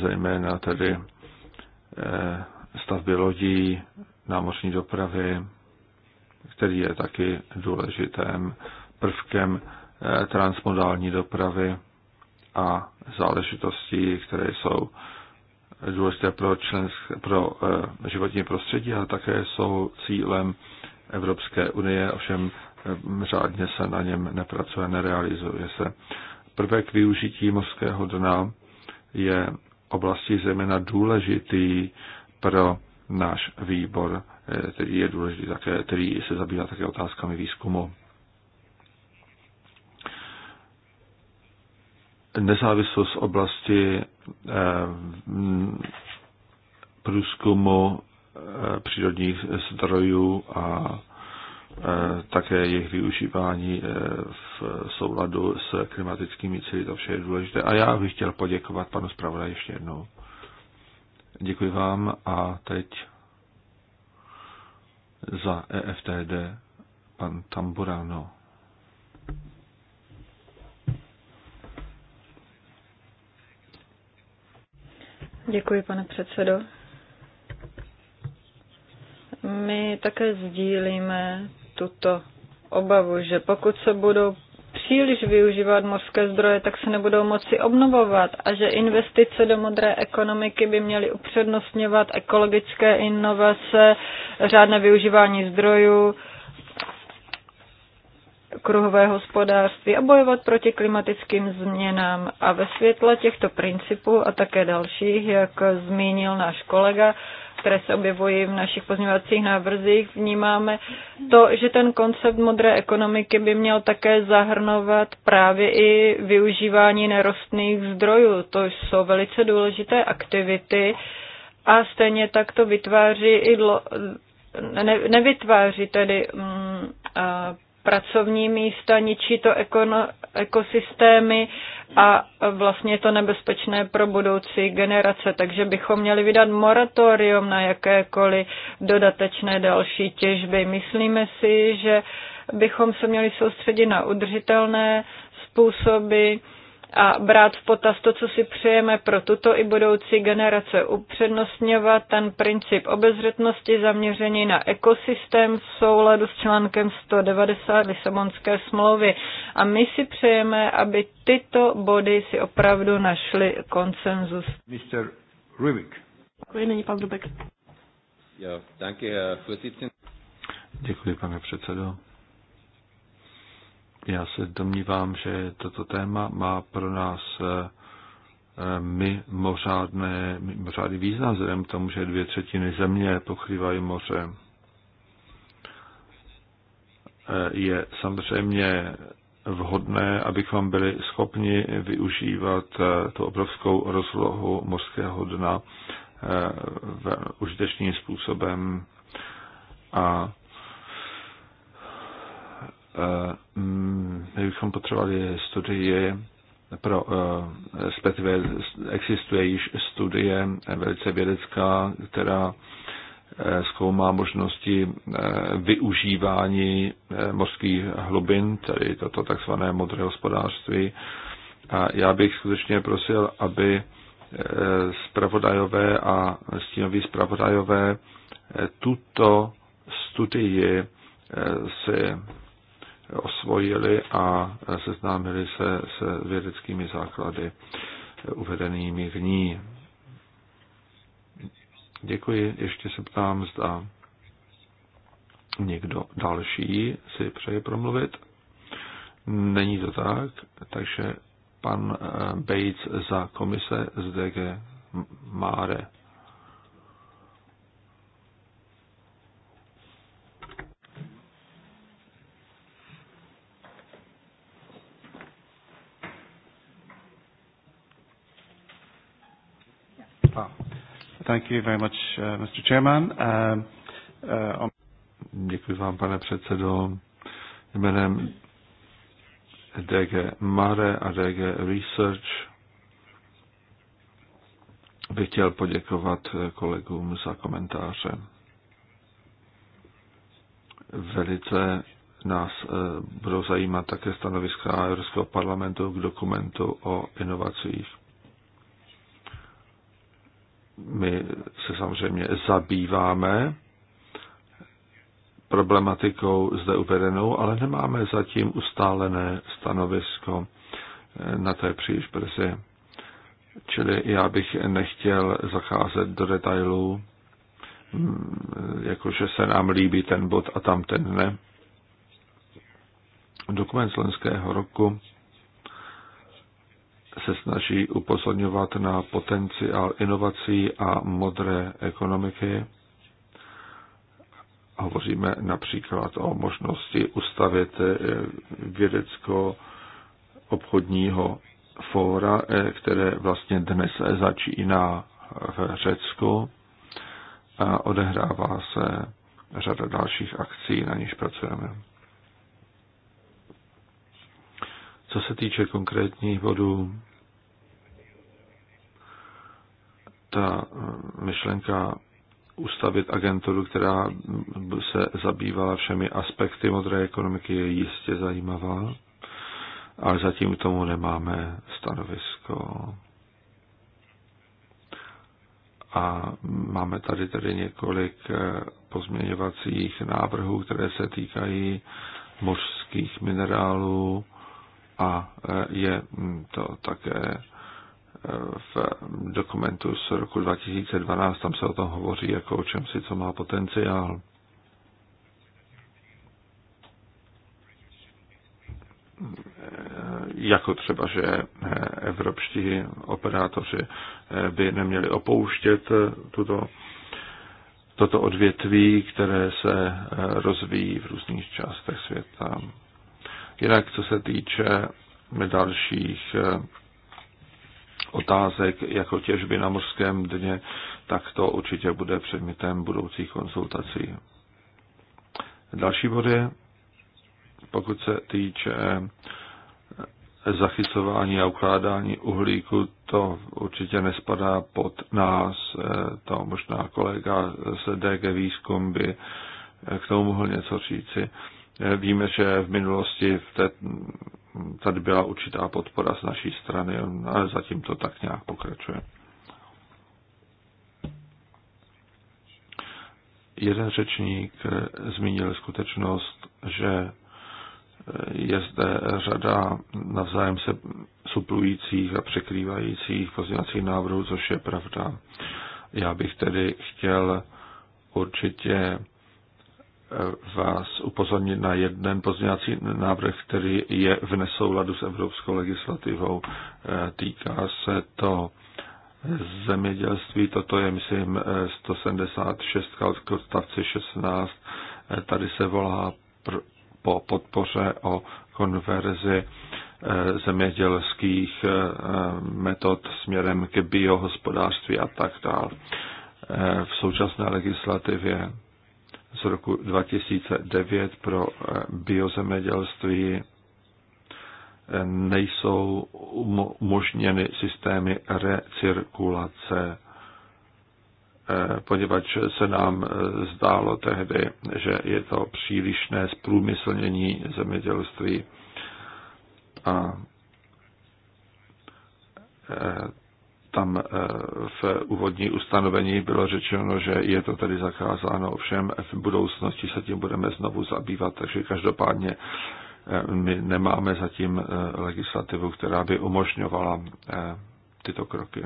zejména tedy stavby lodí, námořní dopravy který je taky důležitým prvkem eh, transmodální dopravy a záležitostí, které jsou důležité pro, člensk, pro eh, životní prostředí, ale také jsou cílem Evropské unie, ovšem eh, řádně se na něm nepracuje, nerealizuje se. Prvek využití mořského dna je oblastí zejména důležitý pro náš výbor. Eh, který je důležitý také, který se zabývá také otázkami výzkumu. Nezávislost oblasti eh, průzkumu eh, přírodních zdrojů a také jejich využívání v souladu s klimatickými cíly, to vše je důležité. A já bych chtěl poděkovat panu zpravodaji ještě jednou. Děkuji vám a teď za EFTD pan Tamburano. Děkuji, pane předsedo. My také sdílíme tuto obavu, že pokud se budou příliš využívat mořské zdroje, tak se nebudou moci obnovovat a že investice do modré ekonomiky by měly upřednostňovat ekologické inovace, řádné využívání zdrojů, kruhové hospodářství a bojovat proti klimatickým změnám. A ve světle těchto principů a také dalších, jak zmínil náš kolega, které se objevují v našich pozměňovacích návrzích, vnímáme to, že ten koncept modré ekonomiky by měl také zahrnovat právě i využívání nerostných zdrojů. To jsou velice důležité aktivity a stejně tak to vytváří i dlo, ne, nevytváří tedy mm, a, pracovní místa, ničí to ekono, ekosystémy a vlastně je to nebezpečné pro budoucí generace, takže bychom měli vydat moratorium na jakékoliv dodatečné další těžby. Myslíme si, že bychom se měli soustředit na udržitelné způsoby a brát v potaz to, co si přejeme pro tuto i budoucí generace, upřednostňovat ten princip obezřetnosti zaměřený na ekosystém v souladu s článkem 190 Lisabonské smlouvy. A my si přejeme, aby tyto body si opravdu našly konsenzus. Mr. Rubik. Děkuji, není pan Rubik. Jo, danke, Děkuji, pane předsedo. Já se domnívám, že toto téma má pro nás eh, mimořádné, mimořádný význam vzhledem k tomu, že dvě třetiny země pokrývají moře. Eh, je samozřejmě vhodné, abychom byli schopni využívat eh, tu obrovskou rozlohu mořského dna užitečným způsobem a Eh, mm, my bychom potřebovali studie. pro, eh, respektive existuje již studie eh, velice vědecká, která zkoumá možnosti využívání mořských hlubin, tedy toto takzvané modré hospodářství. A já bych skutečně prosil, aby zpravodajové a stínoví zpravodajové tuto studii se osvojili a seznámili se s vědeckými základy uvedenými v ní. Děkuji. Ještě se ptám, zda někdo další si přeje promluvit. Není to tak, takže pan Bates za komise z DG Máre. Thank you very much, uh, Mr. Chairman. Uh, uh, on... Děkuji vám, pane předsedo. Jmenem DG Mare a DG Research bych chtěl poděkovat kolegům za komentáře. Velice nás eh, budou zajímat také stanoviska Evropského parlamentu k dokumentu o inovacích my se samozřejmě zabýváme problematikou zde uvedenou, ale nemáme zatím ustálené stanovisko na té příliš brzy. Čili já bych nechtěl zacházet do detailů, jakože se nám líbí ten bod a tam ten ne. Dokument z loňského roku se snaží upozorňovat na potenciál inovací a modré ekonomiky. Hovoříme například o možnosti ustavit eh, vědecko-obchodního fóra, eh, které vlastně dnes začíná v Řecku a odehrává se řada dalších akcí, na níž pracujeme. Co se týče konkrétních bodů, ta myšlenka ustavit agenturu, která se zabývala všemi aspekty modré ekonomiky, je jistě zajímavá, ale zatím k tomu nemáme stanovisko. A máme tady tedy několik eh, pozměňovacích návrhů, které se týkají mořských minerálů, a e, je mm, to také e, v dokumentu z roku 2012, tam se o tom hovoří jako o čem si, co má potenciál. E, jako třeba, že evropští operátoři by neměli opouštět tuto, toto odvětví, které se rozvíjí v různých částech světa. Jinak, co se týče dalších eh, otázek jako těžby na mořském dně, tak to určitě bude předmětem budoucích konsultací. Další body, pokud se týče eh, zachycování a ukládání uhlíku, to určitě nespadá pod nás. Eh, to možná kolega z DG Výzkum by k tomu mohl něco říci. Víme, že v minulosti v té, tady byla určitá podpora z naší strany, ale zatím to tak nějak pokračuje. Jeden řečník zmínil skutečnost, že je zde řada navzájem se suplujících a překrývajících pozměňovacích návrhů, což je pravda. Já bych tedy chtěl určitě vás upozornit na jeden pozměňovací návrh, který je v nesouladu s evropskou legislativou. E, Týká se to zemědělství, toto je, myslím, 176 odstavce 16. Tady se volá pr- po podpoře o konverzi e, zemědělských e, metod směrem k biohospodářství a tak dále. V současné legislativě z roku 2009 pro eh, biozemědělství eh, nejsou umožněny systémy recirkulace, eh, poněvadž se nám zdálo tehdy, že je to přílišné zprůmyslnění zemědělství a tam eh, v úvodní ustanovení bylo řečeno, že je to tedy zakázáno, ovšem v budoucnosti se tím budeme znovu zabývat, takže každopádně eh, my nemáme zatím eh, legislativu, která by umožňovala tyto kroky.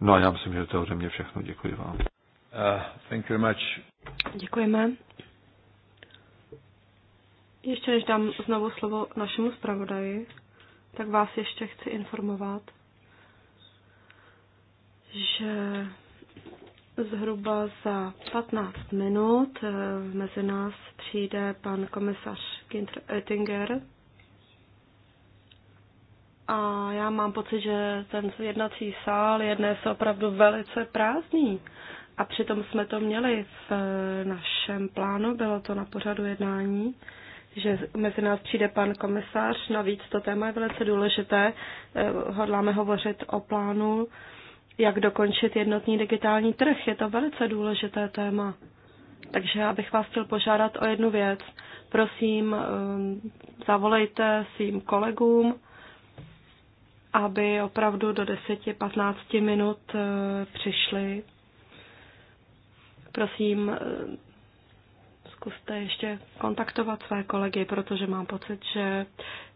No a já myslím, že to je ode mě všechno. Děkuji vám. Uh, thank you very much. Děkujeme. Ještě než dám znovu slovo našemu zpravodaji, tak vás ještě chci informovat, že zhruba za 15 minut eh, mezi nás přijde pan komisař Ginter Oettinger. A já mám pocit, že ten jednací sál je dnes opravdu velice prázdný. A přitom jsme to měli v eh, našem plánu, bylo to na pořadu jednání, že mezi nás přijde pan komisař. Navíc to téma je velice důležité. Eh, hodláme hovořit o plánu jak dokončit jednotný digitální trh. Je to velice důležité téma. Takže já bych vás chtěl požádat o jednu věc. Prosím, um, zavolejte svým kolegům, aby opravdu do 10-15 minut uh, přišli. Prosím, uh, zkuste ještě kontaktovat své kolegy, protože mám pocit, že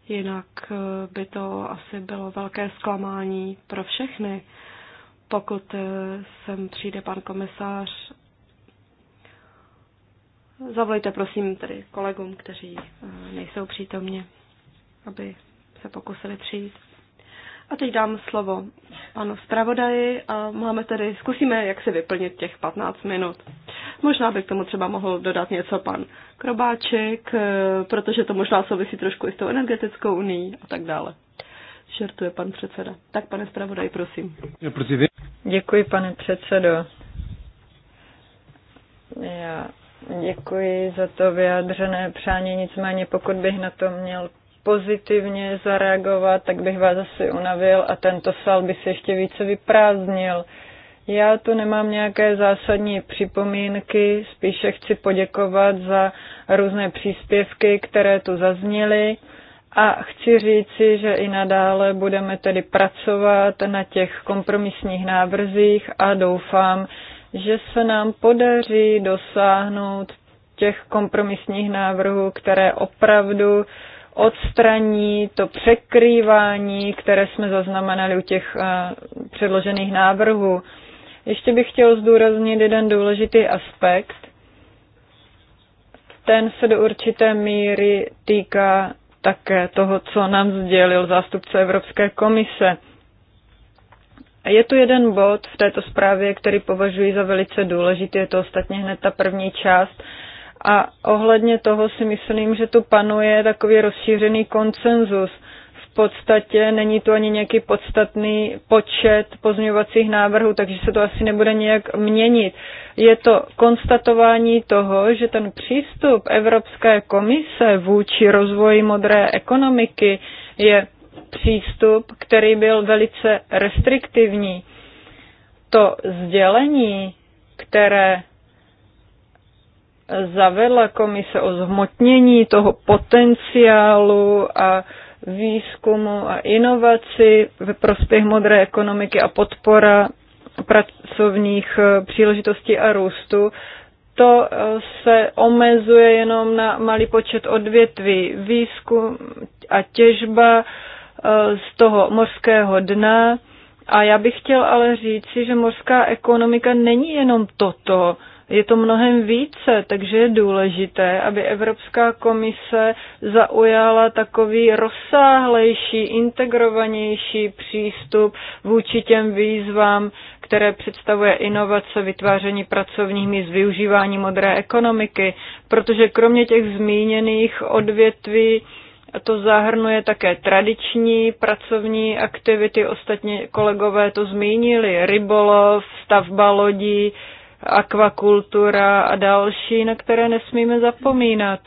jinak uh, by to asi bylo velké zklamání pro všechny pokud eh, sem přijde pan komisář, zavolejte prosím tedy kolegům, kteří eh, nejsou přítomně, aby se pokusili přijít. A teď dám slovo panu zpravodaji a máme tedy, zkusíme, jak se vyplnit těch 15 minut. Možná by k tomu třeba mohl dodat něco pan Krobáček, eh, protože to možná souvisí trošku i s tou energetickou unii a tak dále. Žertuje pan předseda. Tak, pane zpravodaj, prosím. Děkuji, pane předsedo. Já děkuji za to vyjádřené přání, nicméně pokud bych na to měl pozitivně zareagovat, tak bych vás asi unavil a tento sal by se ještě více vyprázdnil. Já tu nemám nějaké zásadní připomínky, spíše chci poděkovat za různé příspěvky, které tu zazněly. A chci říci, že i nadále budeme tedy pracovat na těch kompromisních návrzích a doufám, že se nám podaří dosáhnout těch kompromisních návrhů, které opravdu odstraní to překrývání, které jsme zaznamenali u těch eh, předložených návrhů. Ještě bych chtěl zdůraznit jeden důležitý aspekt. Ten se do určité míry týká také toho, co nám sdělil zástupce Evropské komise. Je tu jeden bod v této zprávě, který považuji za velice důležitý, je to ostatně hned ta první část. A ohledně toho si myslím, že tu panuje takový rozšířený konsenzus – podstatě není tu ani nějaký podstatný počet pozměňovacích návrhů, takže se to asi nebude nějak měnit. Je to konstatování toho, že ten přístup Evropské komise vůči rozvoji modré ekonomiky je přístup, který byl velice restriktivní. To sdělení, které zavedla komise o zhmotnění toho potenciálu a výzkumu a inovaci ve prospěch modré ekonomiky a podpora pracovních eh, příležitostí a růstu, to eh, se omezuje jenom na malý počet odvětví. Výzkum a těžba eh, z toho mořského dna. A já bych chtěl ale říci, že mořská ekonomika není jenom toto. Je to mnohem více, takže je důležité, aby Evropská komise zaujala takový rozsáhlejší, integrovanější přístup vůči těm výzvám, které představuje inovace, vytváření pracovních míst, využívání modré ekonomiky, protože kromě těch zmíněných odvětví, a to zahrnuje také tradiční pracovní aktivity, ostatně kolegové to zmínili, rybolov, stavba lodí, akvakultura a další, na které nesmíme zapomínat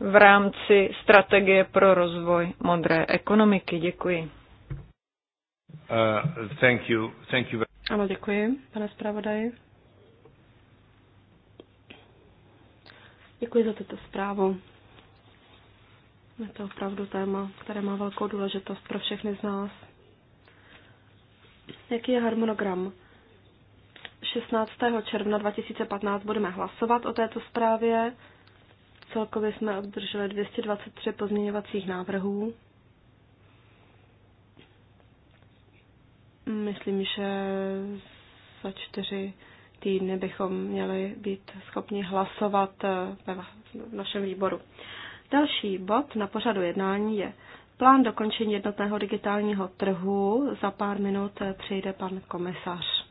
v rámci strategie pro rozvoj modré ekonomiky. Děkuji. Uh, thank you. Thank you. Ano, děkuji, pane zpravodaji. Děkuji za tuto zprávu. Je to opravdu téma, které má velkou důležitost pro všechny z nás. Jaký je harmonogram? 16. června 2015 budeme hlasovat o této zprávě. Celkově jsme obdrželi 223 pozměňovacích návrhů. Myslím, že za čtyři týdny bychom měli být schopni hlasovat eh, v našem výboru. Další bod na pořadu jednání je plán dokončení jednotného digitálního trhu. Za pár minut eh, přijde pan komisař.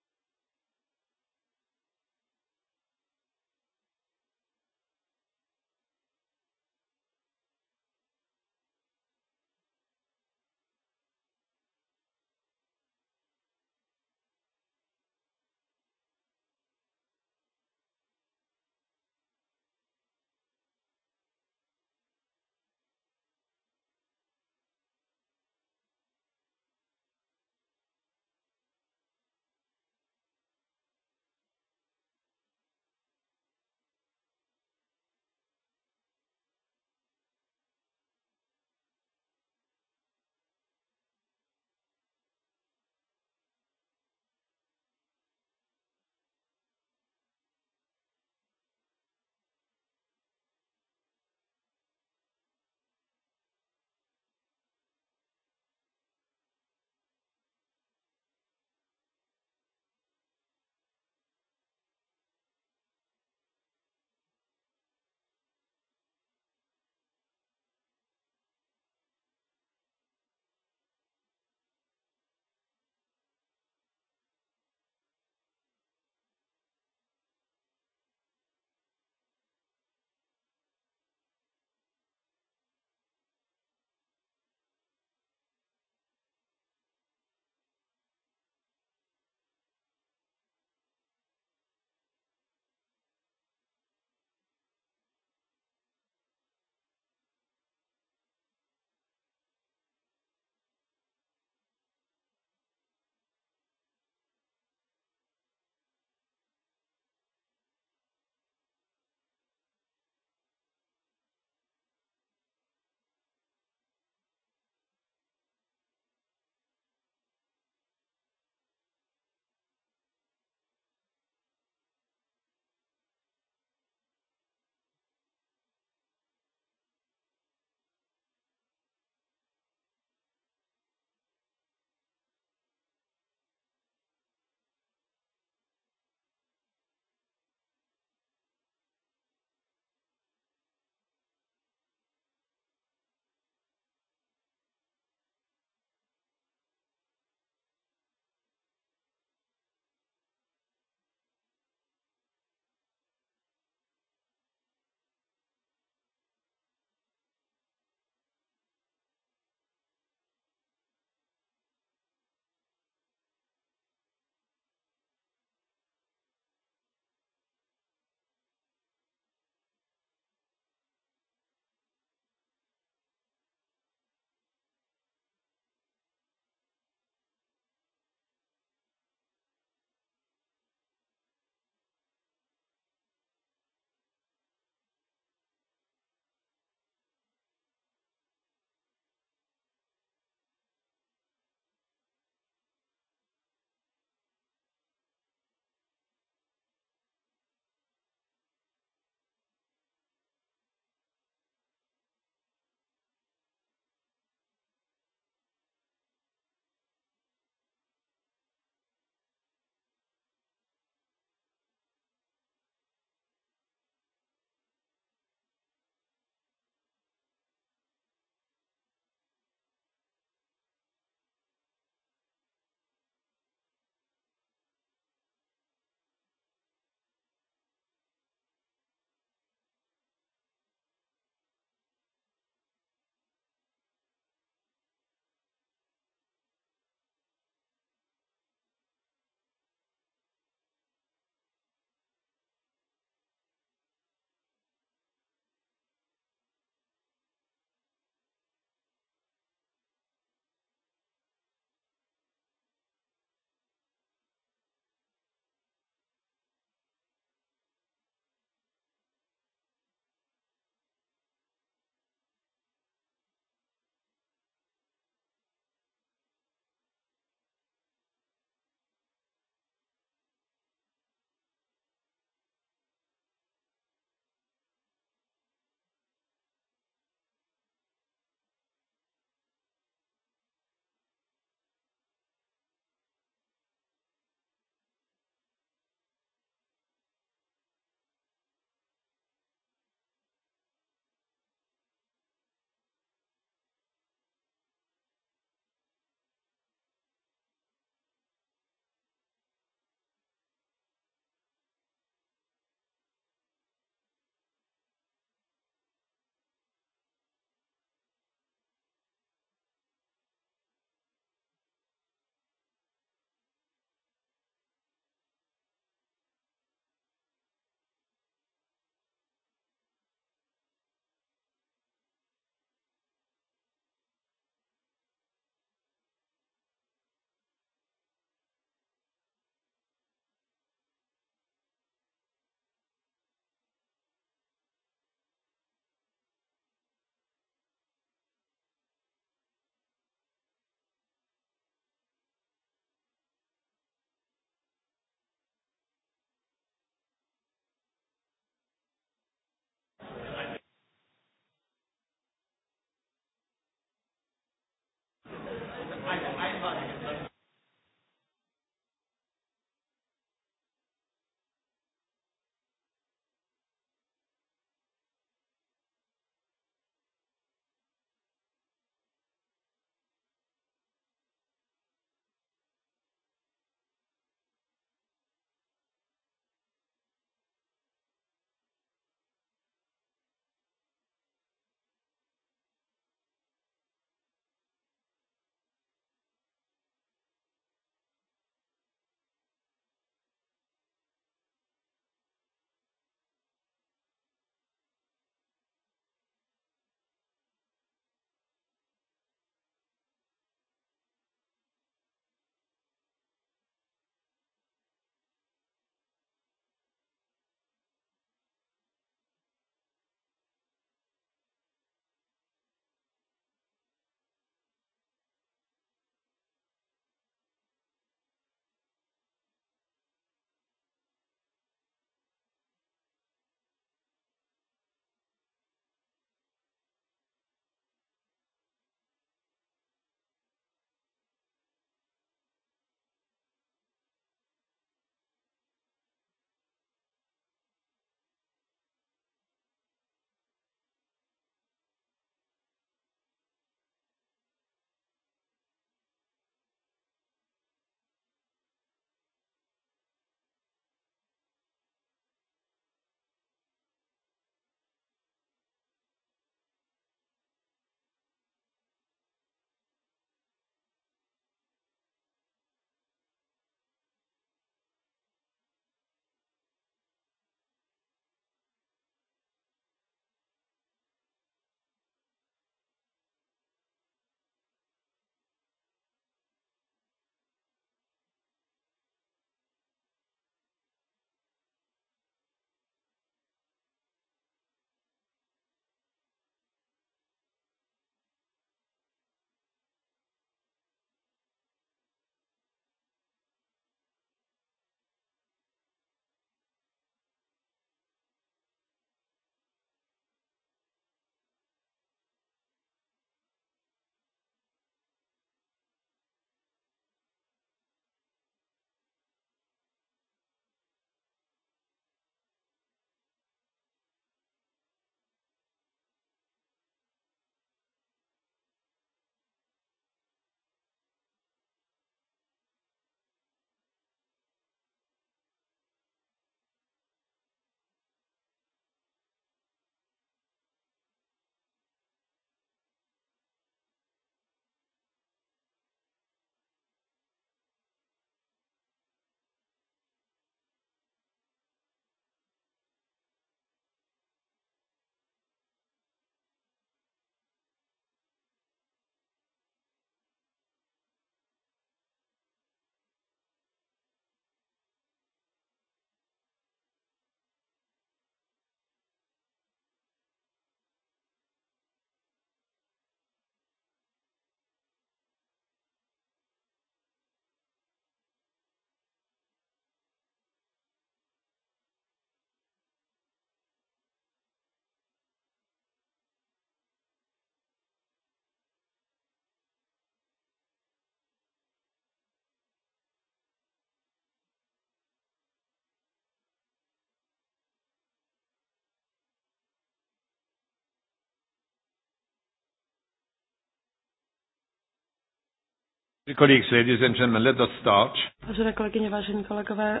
Colleagues, ladies and gentlemen, let us start. Vážené kolegyně, vážení kolegové,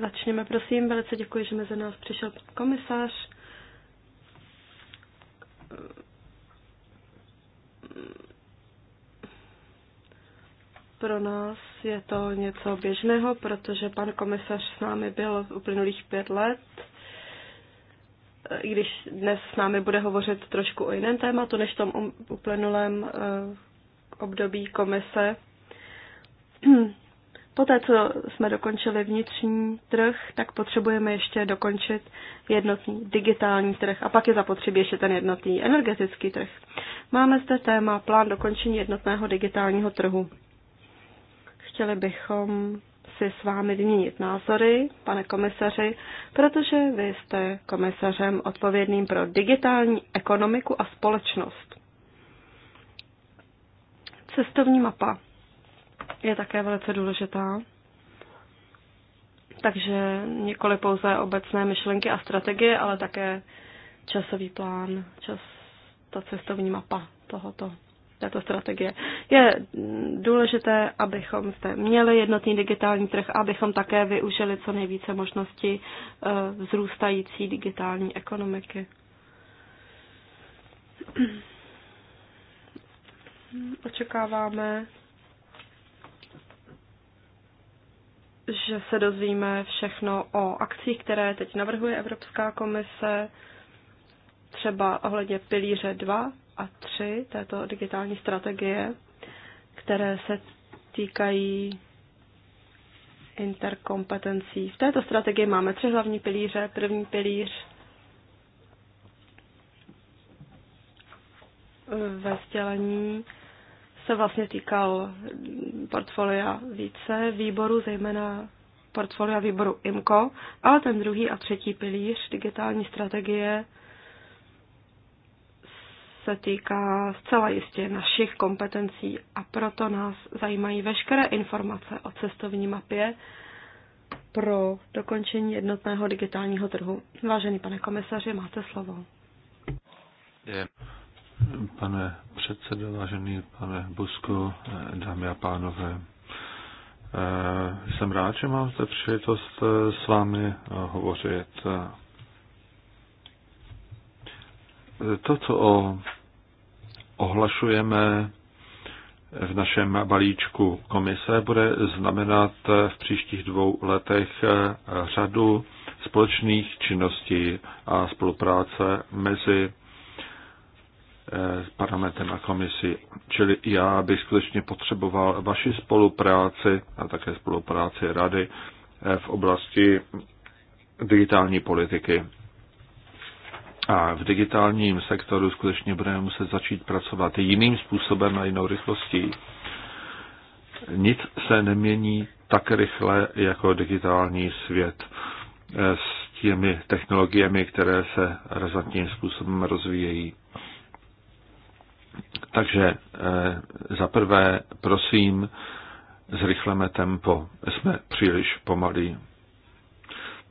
začněme prosím. Velice děkuji, že mezi nás přišel komisář. Pro nás je to něco běžného, protože pan komisař s námi byl v uplynulých pět let i když dnes s námi bude hovořit trošku o jiném tématu než tom um, uplynulém eh, období komise. Poté, co jsme dokončili vnitřní trh, tak potřebujeme ještě dokončit jednotný digitální trh a pak je zapotřebí ještě ten jednotný energetický trh. Máme zde téma plán dokončení jednotného digitálního trhu. Chtěli bychom si s vámi vyměnit názory, pane komisaři, protože vy jste komisařem odpovědným pro digitální ekonomiku a společnost. Cestovní mapa je také velice důležitá. Takže nikoli pouze obecné myšlenky a strategie, ale také časový plán, čas, ta cestovní mapa tohoto, této strategie. Je důležité, abychom zde měli jednotný digitální trh, abychom také využili co nejvíce možnosti eh, vzrůstající digitální ekonomiky očekáváme, že se dozvíme všechno o akcích, které teď navrhuje Evropská komise, třeba ohledně pilíře 2 a 3 této digitální strategie, které se týkají interkompetencí. V této strategii máme tři hlavní pilíře. První pilíř eh, ve sdělení se vlastně týkal portfolia více výborů, zejména portfolia výboru IMCO, ale ten druhý a třetí pilíř digitální strategie se týká zcela jistě našich kompetencí a proto nás zajímají veškeré informace o cestovní mapě pro dokončení jednotného digitálního trhu. Vážený pane komisaři, máte slovo. Pane předsedo, vážený pane Busku, dámy a pánové. Eh, jsem rád, že mám zde příležitost eh, s vámi eh, hovořit. To, co ohlašujeme v našem balíčku komise, bude znamenat v příštích dvou letech řadu společných činností a spolupráce mezi Eh, s parlamentem a komisí. Čili já bych skutečně potřeboval vaši spolupráci a také spolupráci rady eh, v oblasti digitální politiky. A v digitálním sektoru skutečně budeme muset začít pracovat jiným způsobem a jinou rychlostí. Nic se nemění tak rychle jako digitální svět eh, s těmi technologiemi, které se razantním způsobem rozvíjejí. Takže eh, za prvé, prosím, zrychleme tempo. Jsme příliš pomalí.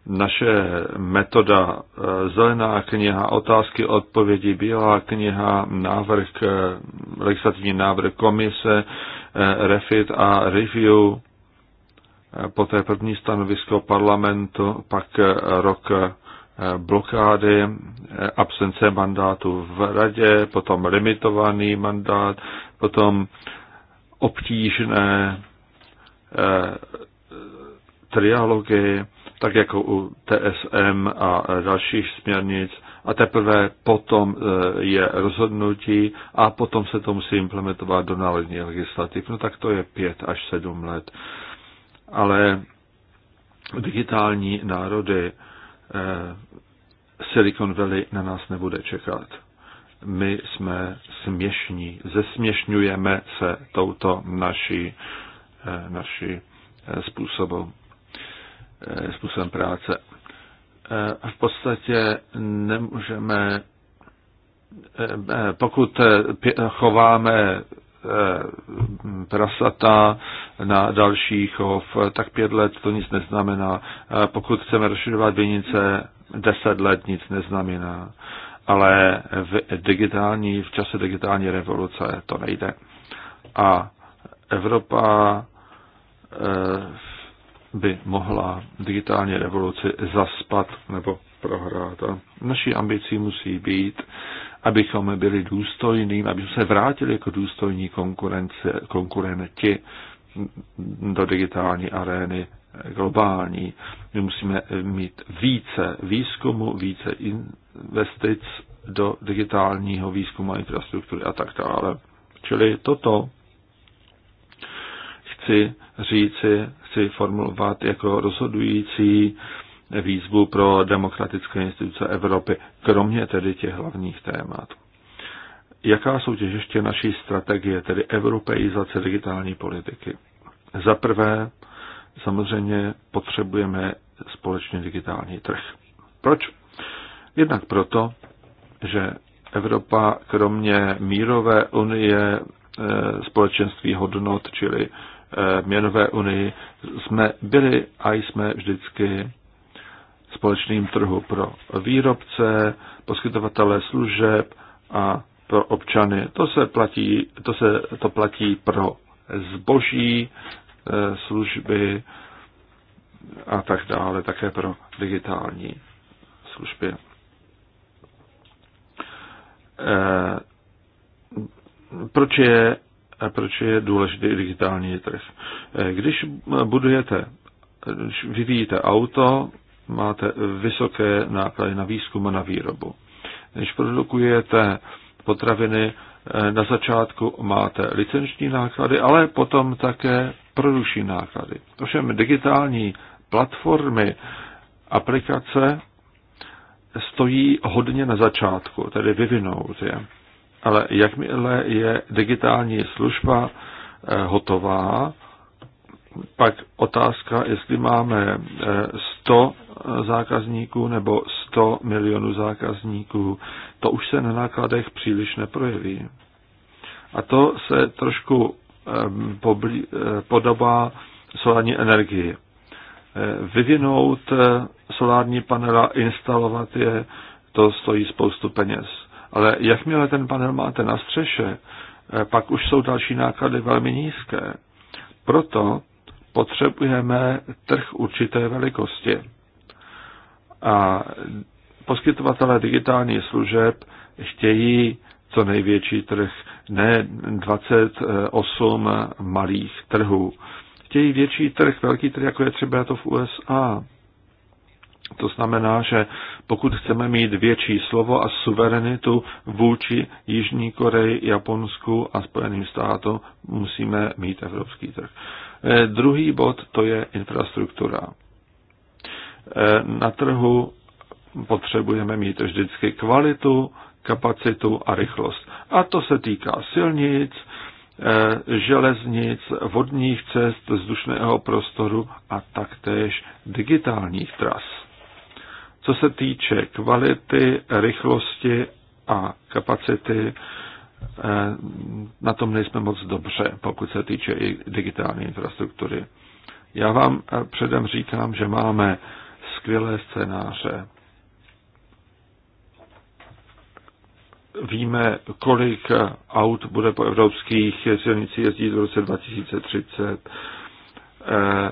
Naše metoda eh, zelená kniha, otázky, odpovědi, bílá kniha, návrh, eh, legislativní návrh komise, refit a review, poté první stanovisko parlamentu, pak rok Eh, blokády, eh, absence mandátu v radě, potom limitovaný mandát, potom obtížné eh, trialogy, tak jako u TSM a dalších směrnic, a teprve potom je rozhodnutí a potom se to musí implementovat do národní legislativ. No tak to je pět až sedm let. Ale digitální národy Eh, Silicon Valley na nás nebude čekat. My jsme směšní, zesměšňujeme se touto naší, eh, naší eh, způsobem, způsobem práce. V podstatě nemůžeme pokud chováme Eh, prasata na další chov, tak pět let to nic neznamená. Eh, pokud chceme rozšiřovat vinice, deset let nic neznamená. Ale v, digitální, v čase digitální revoluce to nejde. A Evropa eh, by mohla digitální revoluci zaspat nebo prohrát. A naší ambicí musí být abychom byli důstojným, abychom se vrátili jako důstojní konkurence, konkurenti do digitální arény globální. My musíme mít více výzkumu, více investic do digitálního výzkumu a infrastruktury a tak dále. Čili toto chci říci, chci formulovat jako rozhodující výzvu pro demokratické instituce Evropy, kromě tedy těch hlavních témat. Jaká jsou těžiště naší strategie, tedy europeizace digitální politiky? Za prvé, samozřejmě potřebujeme společně digitální trh. Proč? Jednak proto, že Evropa kromě mírové unie e, společenství hodnot, čili e, měnové unii, jsme byli a jsme vždycky společným trhu pro výrobce, poskytovatele služeb a pro občany. To se platí, to se to platí pro zboží, e, služby a tak dále, také pro digitální služby. E, proč je, proč je důležitý digitální trh? E, když budujete, když vyvíjíte auto, máte vysoké náklady na výzkum a na výrobu. Když produkujete potraviny, eh, na začátku máte licenční náklady, ale potom také produční náklady. Ovšem digitální platformy, aplikace stojí hodně na začátku, tedy vyvinout je. Ale jakmile je digitální služba eh, hotová, pak otázka, jestli máme 100 eh, zákazníků nebo 100 milionů zákazníků. To už se na nákladech příliš neprojeví. A to se trošku eh, podobá solární energii. Eh, vyvinout eh, solární panela, instalovat je, to stojí spoustu peněz. Ale jakmile ten panel máte na střeše, pak už jsou další náklady velmi nízké. Proto potřebujeme trh určité velikosti. A poskytovatelé digitálních služeb chtějí co největší trh, ne 28 malých trhů. Chtějí větší trh, velký trh, jako je třeba to v USA. To znamená, že pokud chceme mít větší slovo a suverenitu vůči Jižní Koreji, Japonsku a Spojeným státům, musíme mít evropský trh. Eh, druhý bod to je infrastruktura. Eh, na trhu potřebujeme mít vždycky kvalitu, kapacitu a rychlost. A to se týká silnic, eh, železnic, vodních cest, vzdušného prostoru a taktéž digitálních tras. Co se týče kvality, rychlosti a kapacity, eh, na tom nejsme moc dobře, pokud se týče i digitální infrastruktury. Já vám předem říkám, že máme skvělé scénáře. Víme, kolik aut bude po evropských silnicích jezdit v roce 2030, eh,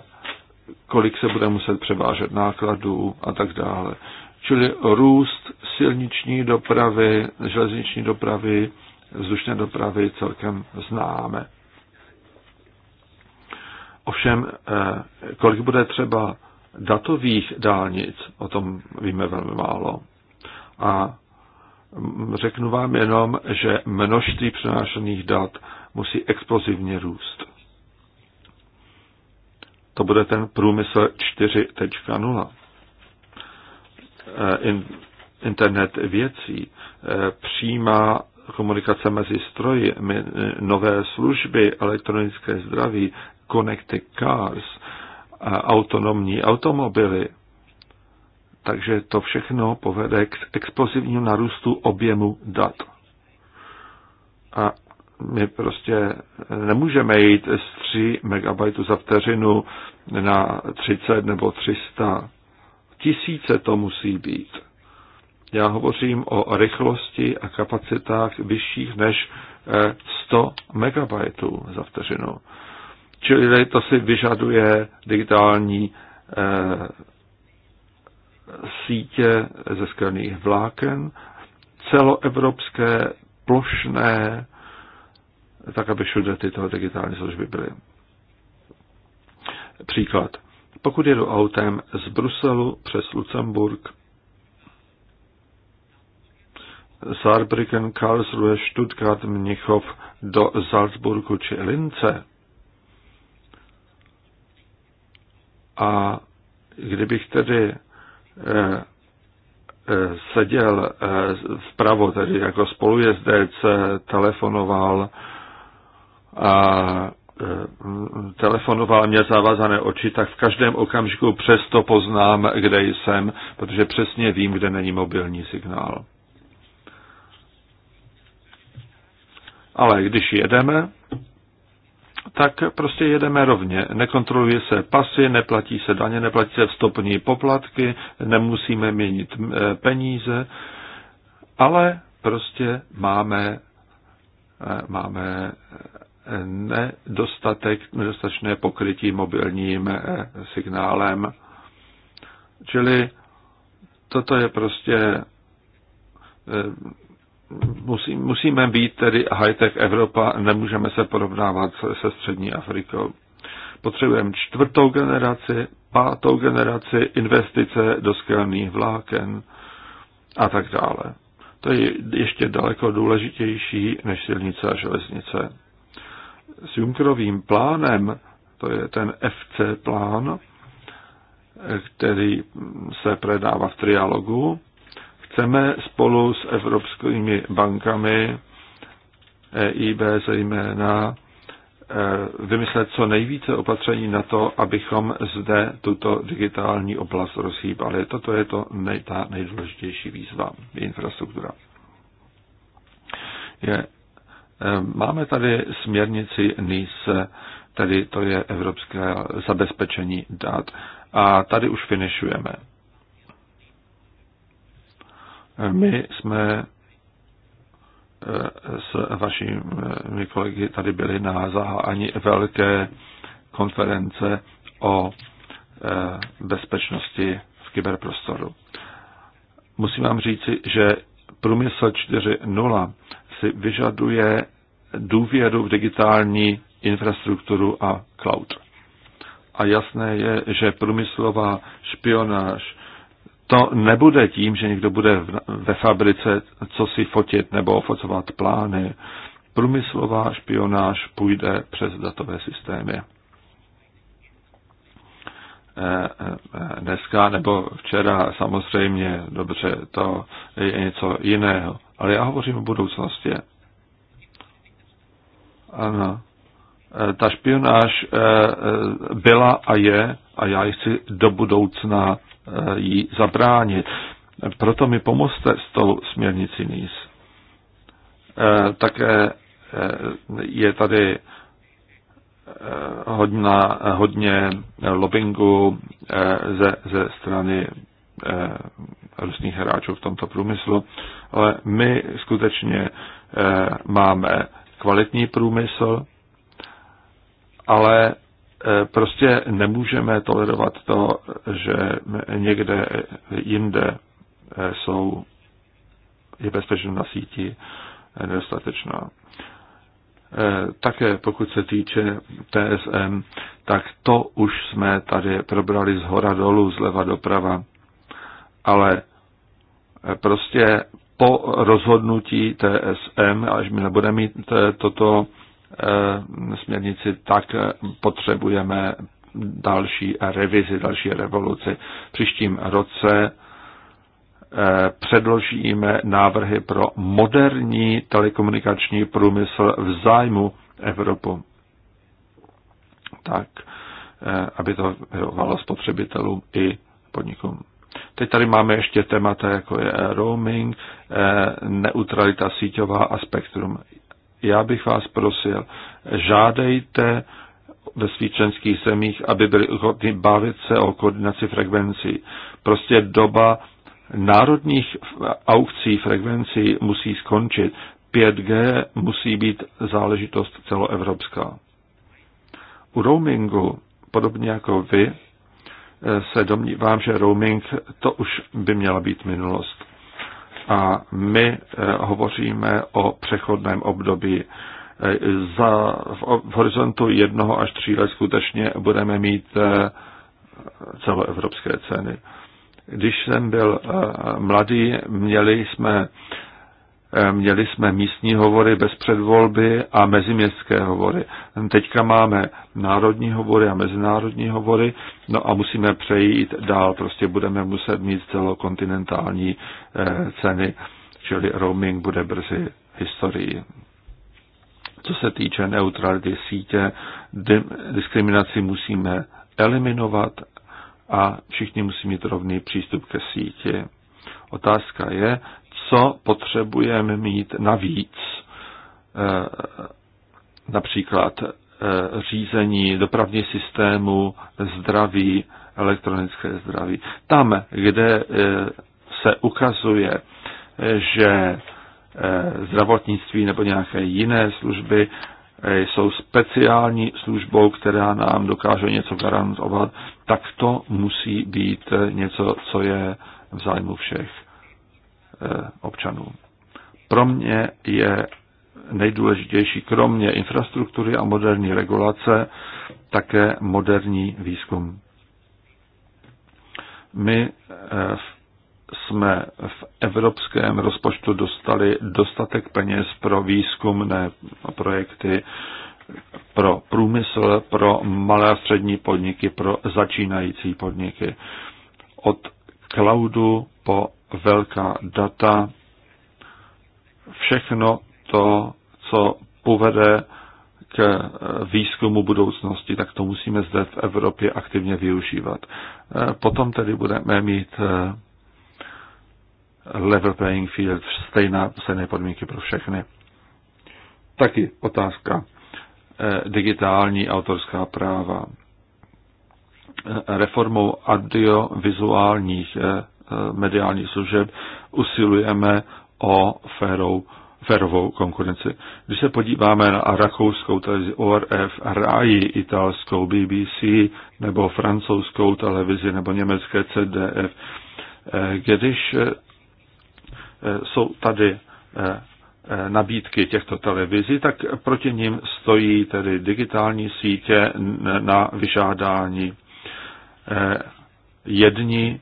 kolik se bude muset převážet nákladů a tak dále. Čili růst silniční dopravy, železniční dopravy, vzdušné dopravy celkem známe. Ovšem, eh, kolik bude třeba datových dálnic, o tom víme velmi málo. A řeknu vám jenom, že množství přenášených dat musí explozivně růst. To bude ten průmysl 4.0. Eh, internet věcí, eh, přímá komunikace mezi stroji, eh, nové služby, elektronické zdraví, connected cars, autonomní automobily, takže to všechno povede k explozivnímu narůstu objemu dat. A my prostě nemůžeme jít z 3 MB za vteřinu na 30 nebo 300. Tisíce to musí být. Já hovořím o rychlosti a kapacitách vyšších než 100 eh, MB za vteřinu. Čili to si vyžaduje digitální eh, sítě ze sklených vláken, celoevropské, plošné, tak aby všude tyto digitální služby byly. Příklad. Pokud jedu autem z Bruselu přes Lucemburg, Saarbrücken, Karlsruhe, Stuttgart, Mnichov do Salzburgu či Lince, A kdybych tedy eh, eh, seděl eh, vpravo, tedy jako spolujezdec, telefonoval a telefonoval, mě zavazané oči, tak v každém okamžiku přesto poznám, kde jsem, protože přesně vím, kde není mobilní signál. Ale když jedeme, tak prostě jedeme rovně. Nekontroluje se pasy, neplatí se daně, neplatí se vstupní poplatky, nemusíme měnit eh, peníze, ale prostě máme, eh, máme eh, nedostatek, nedostatečné pokrytí mobilním signálem. Čili toto je prostě musí, musíme být tedy high-tech Evropa, nemůžeme se porovnávat se střední Afrikou. Potřebujeme čtvrtou generaci, pátou generaci, investice do skelných vláken a tak dále. To je ještě daleko důležitější než silnice a železnice. S Junckerovým plánem, to je ten FC plán, který se predává v trialogu, chceme spolu s evropskými bankami, EIB zejména, e, vymyslet co nejvíce opatření na to, abychom zde tuto digitální oblast rozhýbali. Toto je to nej, ta nejdůležitější výzva, infrastruktura. Je, e, máme tady směrnici NIS, tedy to je evropské zabezpečení dat, a tady už finišujeme. My jsme eh, s vašimi kolegy tady byli na zahájení velké konference o eh, bezpečnosti v kyberprostoru. Musím vám říci, že průmysl 4.0 si vyžaduje důvěru v digitální infrastrukturu a cloud. A jasné je, že průmyslová špionáž, to nebude tím, že někdo bude ve fabrice co si fotit nebo ofocovat plány. Průmyslová špionáž půjde přes datové systémy. E, e, e, dneska nebo včera samozřejmě, dobře, to je něco jiného, ale já hovořím o budoucnosti. Ano. Ta špionáž byla a je, a já ji chci do budoucna Eh, jí zabránit. Proto mi pomozte s tou směrnicí NIS. Eh, také eh, je tady hodna, hodně lobbingu ze, ze strany různých hráčů v tomto průmyslu, ale my skutečně máme kvalitní průmysl, ale Eh, prostě nemůžeme tolerovat to, že někde eh, jinde eh, jsou, je bezpečnost na síti nedostatečná. Také pokud se týče TSM, tak to už jsme tady probrali z hora dolů, zleva doprava. Ale prostě po rozhodnutí TSM, až my nebudeme mít toto Eh, směrnici, tak potřebujeme další revizi, další revoluci. Příštím roce eh, předložíme návrhy pro moderní telekomunikační průmysl v zájmu Evropu. Tak, eh, aby to vyhovalo spotřebitelům i podnikům. Teď tady máme ještě témata, jako je roaming, neutralita síťová a spektrum já bych vás prosil, žádejte ve svých členských zemích, aby byli ochotni bavit se o koordinaci frekvencí. Prostě doba národních aukcí frekvencí musí skončit. 5G musí být záležitost celoevropská. U roamingu, podobně jako vy, eh, se domnívám, že roaming to už by měla být minulost. A my eh, hovoříme o přechodném období. Eh, za, v, v horizontu jednoho až tří let skutečně budeme mít eh, celoevropské ceny. Když jsem byl mladý, měli jsme Eh, měli jsme místní hovory bez předvolby a meziměstské hovory. Teďka máme národní hovory a mezinárodní hovory, no a musíme přejít dál, prostě budeme muset mít celokontinentální eh, ceny, čili roaming bude brzy historií co se týče neutrality sítě, diskriminaci musíme eliminovat a všichni musí mít rovný přístup ke síti. Otázka je, co potřebujeme mít navíc. Eh, například eh, řízení dopravní systému, zdraví, elektronické zdraví. Tam, kde eh, se ukazuje, že zdravotnictví nebo nějaké jiné služby jsou speciální službou, která nám dokáže něco garantovat, tak to musí být něco, co je v zájmu všech. Eh, občanů. Pro mě je nejdůležitější, kromě infrastruktury a moderní regulace, také moderní výzkum. My eh, jsme v evropském rozpočtu dostali dostatek peněz pro výzkumné projekty, pro průmysl, pro malé a střední podniky, pro začínající podniky. Od cloudu po velká data, všechno to, co povede k výzkumu budoucnosti, tak to musíme zde v Evropě aktivně využívat. Potom tedy budeme mít eh, level playing field, stejná, stejné podmínky pro všechny. Taky otázka eh, digitální autorská práva. Eh, reformou audiovizuálních Eh, mediálních služeb usilujeme o férou, férovou konkurenci. Když se podíváme na rakouskou televizi ORF, RAI, italskou BBC nebo francouzskou televizi nebo německé CDF, eh, když eh, jsou tady nabídky těchto televizí, tak proti ním stojí tedy digitální sítě na vyžádání. Jedni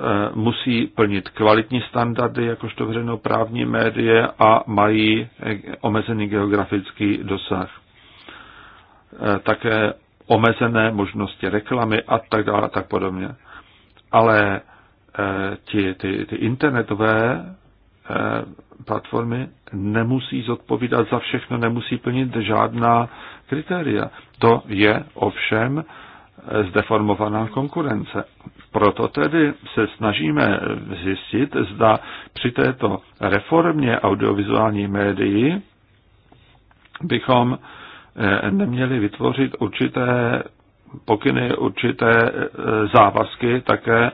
Eh, musí plnit kvalitní standardy, jakožto veřejnoprávní médie a mají eh, omezený geografický dosah. Eh, také omezené možnosti reklamy a tak dále a tak podobně. Ale ti, ty, ty internetové platformy nemusí zodpovídat za všechno, nemusí plnit žádná kritéria. To je ovšem zdeformovaná konkurence. Proto tedy se snažíme zjistit, zda při této reformě audiovizuální médií bychom eh, neměli vytvořit určité pokyny, určité eh, závazky také eh,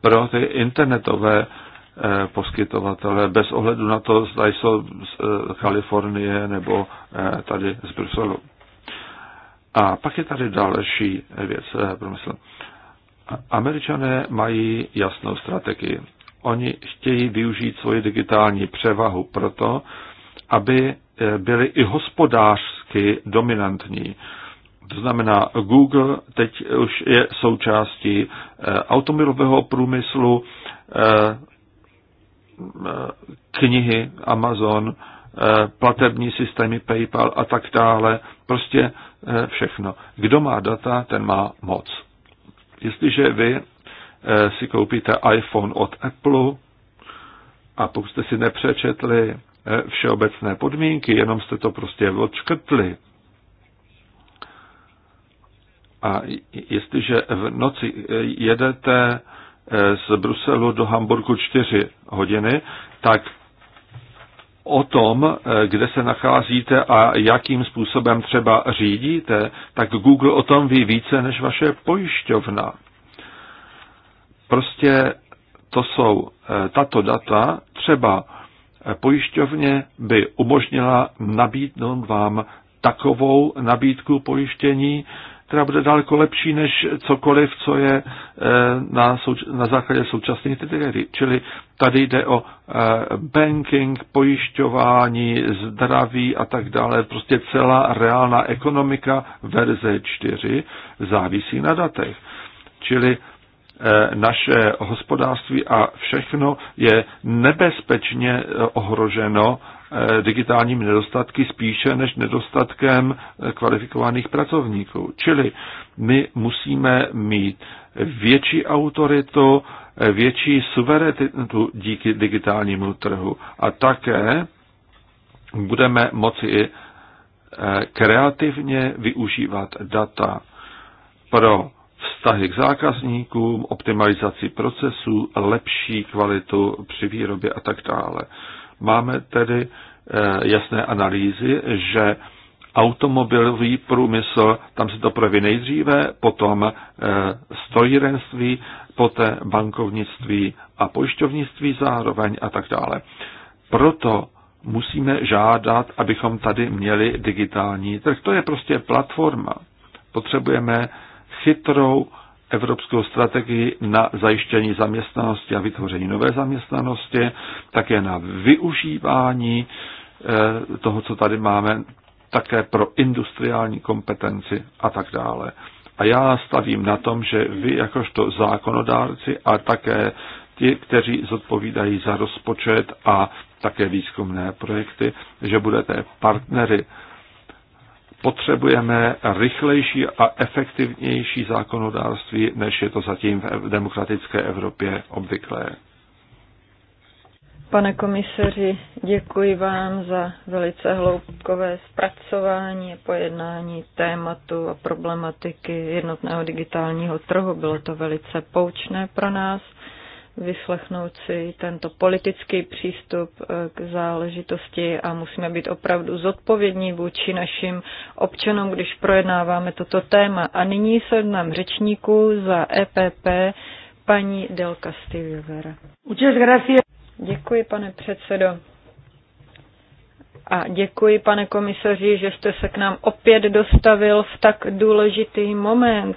pro ty internetové poskytovatele, bez ohledu na to, zda jsou z Kalifornie nebo tady z Bruselu. A pak je tady další věc, promysl. Američané mají jasnou strategii. Oni chtějí využít svoji digitální převahu proto, aby eh, byli i hospodářsky dominantní. To znamená, Google teď už je součástí eh, automobilového průmyslu, eh, knihy Amazon, platební systémy PayPal a tak dále. Prostě všechno. Kdo má data, ten má moc. Jestliže vy eh, si koupíte iPhone od Apple a pokud jste si nepřečetli eh, všeobecné podmínky, jenom jste to prostě odškrtli, a jestliže v noci eh, jedete z Bruselu do Hamburgu 4 hodiny, tak o tom, eh, kde se nacházíte a jakým způsobem třeba řídíte, tak Google o tom ví více než vaše pojišťovna. Prostě to jsou eh, tato data, třeba eh, pojišťovně by umožnila nabídnout vám takovou nabídku pojištění, která bude daleko lepší než cokoliv, co je eh, na, souč- na základě současných kritérií. Čili tady jde o eh, banking, pojišťování, zdraví a tak dále. Prostě celá reálná ekonomika verze 4 závisí na datech. Čili eh, naše hospodářství a všechno je nebezpečně ohroženo Eh, digitálními nedostatky spíše než nedostatkem eh, kvalifikovaných pracovníků. Čili my musíme mít větší autoritu, eh, větší suverenitu díky digitálnímu trhu a také budeme moci kreativně využívat data pro vztahy k zákazníkům, optimalizaci procesů, lepší kvalitu při výrobě a tak dále. Máme tedy eh, jasné analýzy, že automobilový průmysl, tam se to projeví nejdříve, potom eh, strojírenství, poté bankovnictví a pojišťovnictví zároveň a tak dále. Proto musíme žádat, abychom tady měli digitální trh. To je prostě platforma. Potřebujeme chytrou evropskou strategii na zajištění zaměstnanosti a vytvoření nové zaměstnanosti, také na využívání eh, toho, co tady máme, také pro industriální kompetenci a tak dále. A já stavím na tom, že vy jakožto zákonodárci a také ti, kteří zodpovídají za rozpočet a také výzkumné projekty, že budete partnery potřebujeme rychlejší a efektivnější zákonodárství, než je to zatím v demokratické Evropě obvyklé. Pane komisaři, děkuji vám za velice hloubkové zpracování a pojednání tématu a problematiky jednotného digitálního trhu. Bylo to velice poučné pro nás vyslechnout si tento politický přístup eh, k záležitosti a musíme být opravdu zodpovědní vůči našim občanům, když projednáváme toto téma. A nyní se nám řečníků za EPP paní Del Castillo Děkuji, pane předsedo. A děkuji, pane komisaři, že jste se k nám opět dostavil v tak důležitý moment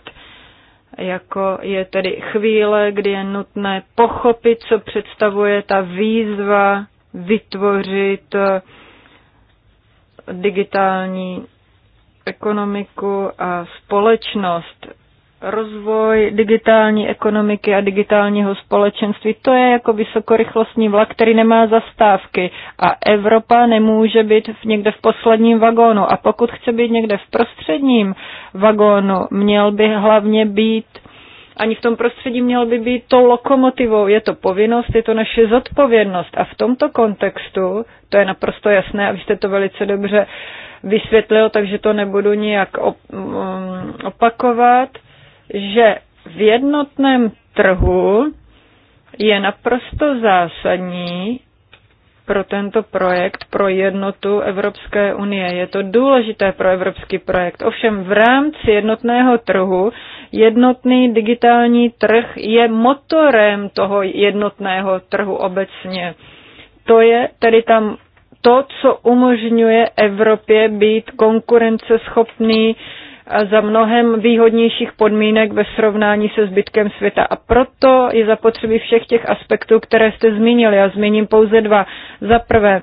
jako je tedy chvíle, kdy je nutné pochopit, co představuje ta výzva vytvořit eh, digitální ekonomiku a společnost rozvoj digitální ekonomiky a digitálního společenství. To je jako vysokorychlostní vlak, který nemá zastávky a Evropa nemůže být někde v posledním vagónu. A pokud chce být někde v prostředním vagónu, měl by hlavně být ani v tom prostředí měl by být tou lokomotivou. Je to povinnost, je to naše zodpovědnost. A v tomto kontextu, to je naprosto jasné a vy jste to velice dobře vysvětlil, takže to nebudu nijak mm, opakovat, že v jednotném trhu je naprosto zásadní pro tento projekt, pro jednotu Evropské unie. Je to důležité pro evropský projekt. Ovšem v rámci jednotného trhu jednotný digitální trh je motorem toho jednotného trhu obecně. To je tedy tam to, co umožňuje Evropě být konkurenceschopný uh, za mnohem výhodnějších podmínek ve srovnání se zbytkem světa. A proto je zapotřebí všech těch aspektů, které jste zmínili. Já zmíním pouze dva. Za prvé,